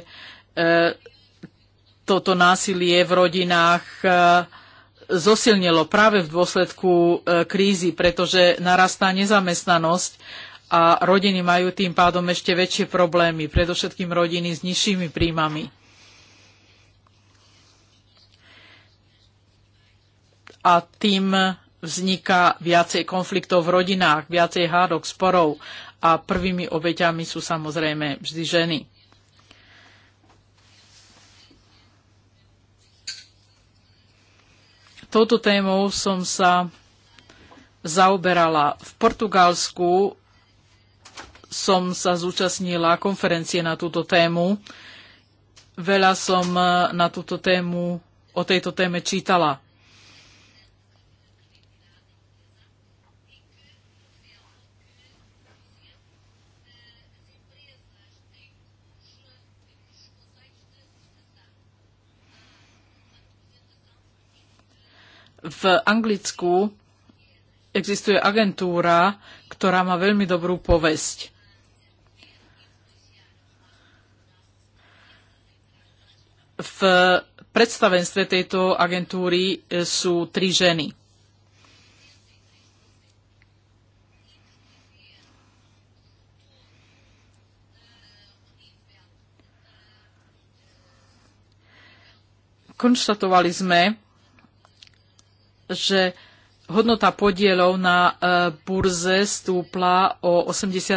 toto násilie v rodinách zosilnilo práve v dôsledku krízy, pretože narastá nezamestnanosť a rodiny majú tým pádom ešte väčšie problémy, predovšetkým rodiny s nižšími príjmami. A tým vzniká viacej konfliktov v rodinách, viacej hádok, sporov a prvými obeťami sú samozrejme vždy ženy. Touto témou som sa zaoberala v Portugalsku som sa zúčastnila konferencie na túto tému. Veľa som e, na túto tému, o tejto téme čítala. v Anglicku existuje agentúra, ktorá má veľmi dobrú povesť. v predstavenstve tejto agentúry e, sú tri ženy. Konštatovali sme, že hodnota podielov na e, burze stúpla o 83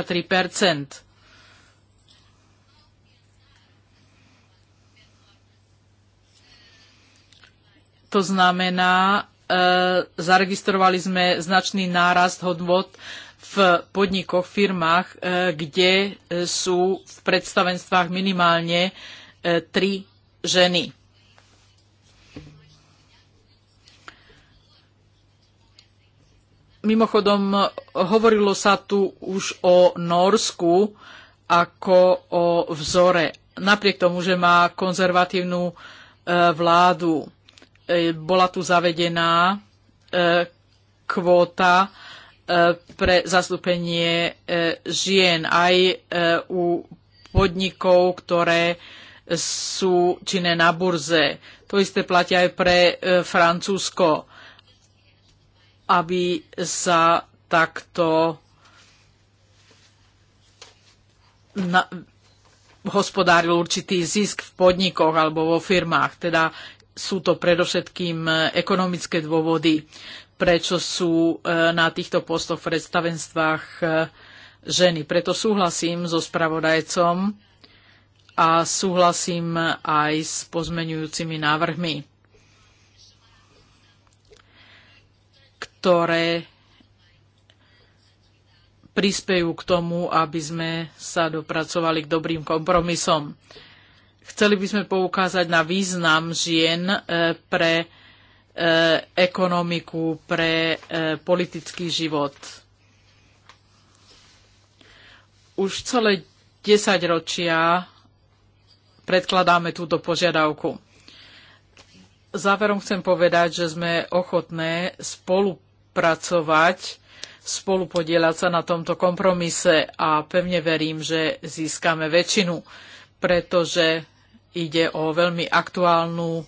To znamená, e, zaregistrovali sme značný nárast hodnot v podnikoch, firmách, e, kde e, sú v predstavenstvách minimálne tri ženy. Mimochodom, hovorilo sa tu už o Norsku ako o vzore, napriek tomu, že má konzervatívnu vládu. E, bola tu zavedená e, kvóta e, pre zastúpenie žien aj u podnikov, ktoré sú činné na burze. To isté platia aj pre Francúzsko, aby sa takto na, hospodáril určitý zisk v podnikoch alebo vo firmách. Teda sú to predovšetkým e, ekonomické dôvody, prečo sú e, na týchto postoch v predstavenstvách e, ženy. Preto súhlasím so spravodajcom a súhlasím aj s pozmenujúcimi návrhmi, ktoré prispejú k tomu, aby sme sa dopracovali k dobrým kompromisom. Chceli by sme poukázať na význam žien e, pre e, ekonomiku, pre e, politický život. Už celé desaťročia predkladáme túto požiadavku. Záverom chcem povedať, že sme ochotné spolupracovať, spolupodielať sa na tomto kompromise a pevne verím, že získame väčšinu, pretože ide o veľmi aktuálnu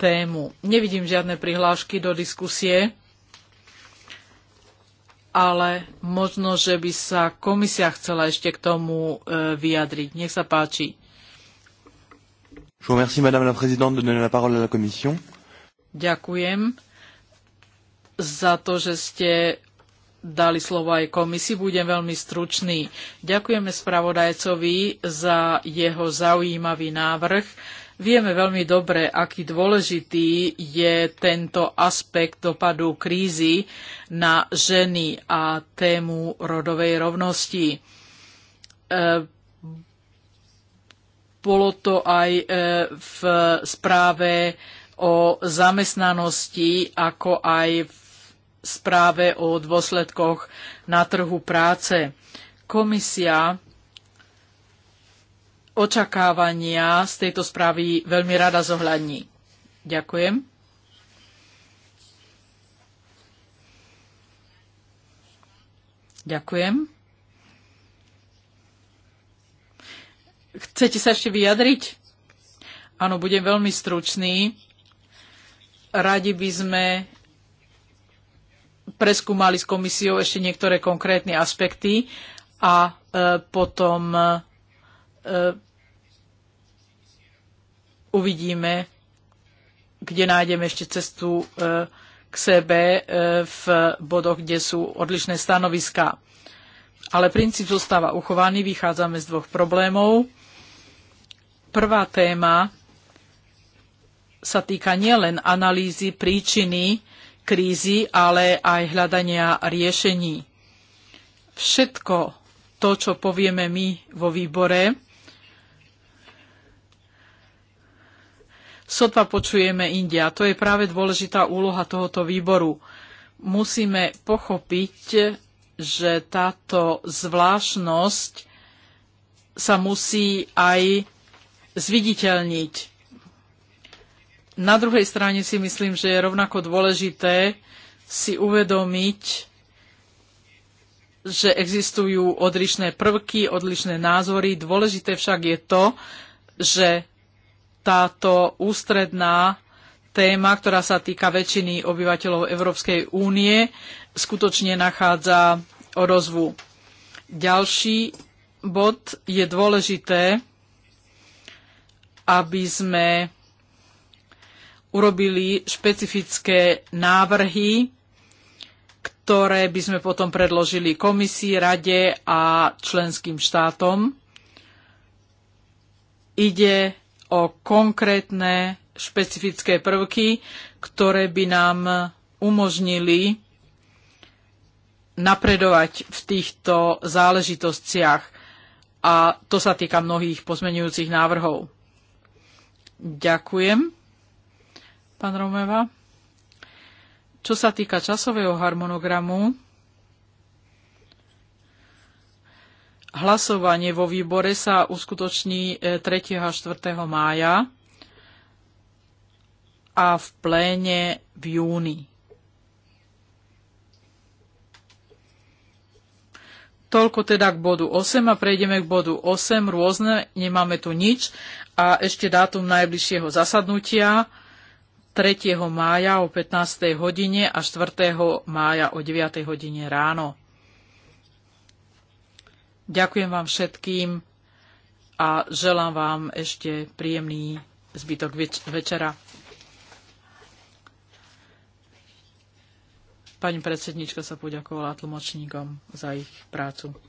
tému. Nevidím žiadne prihlášky do diskusie, ale možno, že by sa komisia chcela ešte k tomu e, vyjadriť. Nech sa páči. Ďakujem za to, že ste dali slovo aj komisi. Budem veľmi stručný. Ďakujeme spravodajcovi za jeho zaujímavý návrh. Vieme veľmi dobre, aký dôležitý je tento aspekt dopadu krízy na ženy a tému rodovej rovnosti. E, bolo to aj e, v správe o zamestnanosti, ako aj v správe o dôsledkoch na trhu práce. Komisia očakávania z tejto správy veľmi rada zohľadní. Ďakujem. Ďakujem. Chcete sa ešte vyjadriť? Áno, budem veľmi stručný. Radi by sme preskúmali s komisiou ešte niektoré konkrétne aspekty a e, potom e, e, uvidíme, kde nájdeme ešte cestu k sebe v bodoch, kde sú odlišné stanoviská. Ale princíp zostáva uchovaný, vychádzame z dvoch problémov. Prvá téma sa týka nielen analýzy príčiny krízy, ale aj hľadania riešení. Všetko to, čo povieme my vo výbore, sotva počujeme India. To je práve dôležitá úloha tohoto výboru. Musíme pochopiť, že táto zvláštnosť sa musí aj zviditeľniť na druhej strane si myslím, že je rovnako dôležité si uvedomiť, že existujú odlišné prvky, odlišné názory. Dôležité však je to, že táto ústredná téma, ktorá sa týka väčšiny obyvateľov Európskej únie, skutočne nachádza rozvu. Ďalší bod je dôležité, aby sme urobili špecifické návrhy, ktoré by sme potom predložili komisii, rade a členským štátom. Ide o konkrétne špecifické prvky, ktoré by nám umožnili napredovať v týchto záležitostiach. A to sa týka mnohých pozmenujúcich návrhov. Ďakujem pán Romeva. Čo sa týka časového harmonogramu, hlasovanie vo výbore sa uskutoční 3. E, a 4. mája a v pléne v júni. Toľko teda k bodu 8 a prejdeme k bodu 8. Rôzne, nemáme tu nič. A ešte dátum najbližšieho zasadnutia. 3. mája o 15. hodine a 4. mája o 9. hodine ráno. Ďakujem vám všetkým a želám vám ešte príjemný zbytok več- večera. Pani predsednička sa poďakovala tlmočníkom za ich prácu.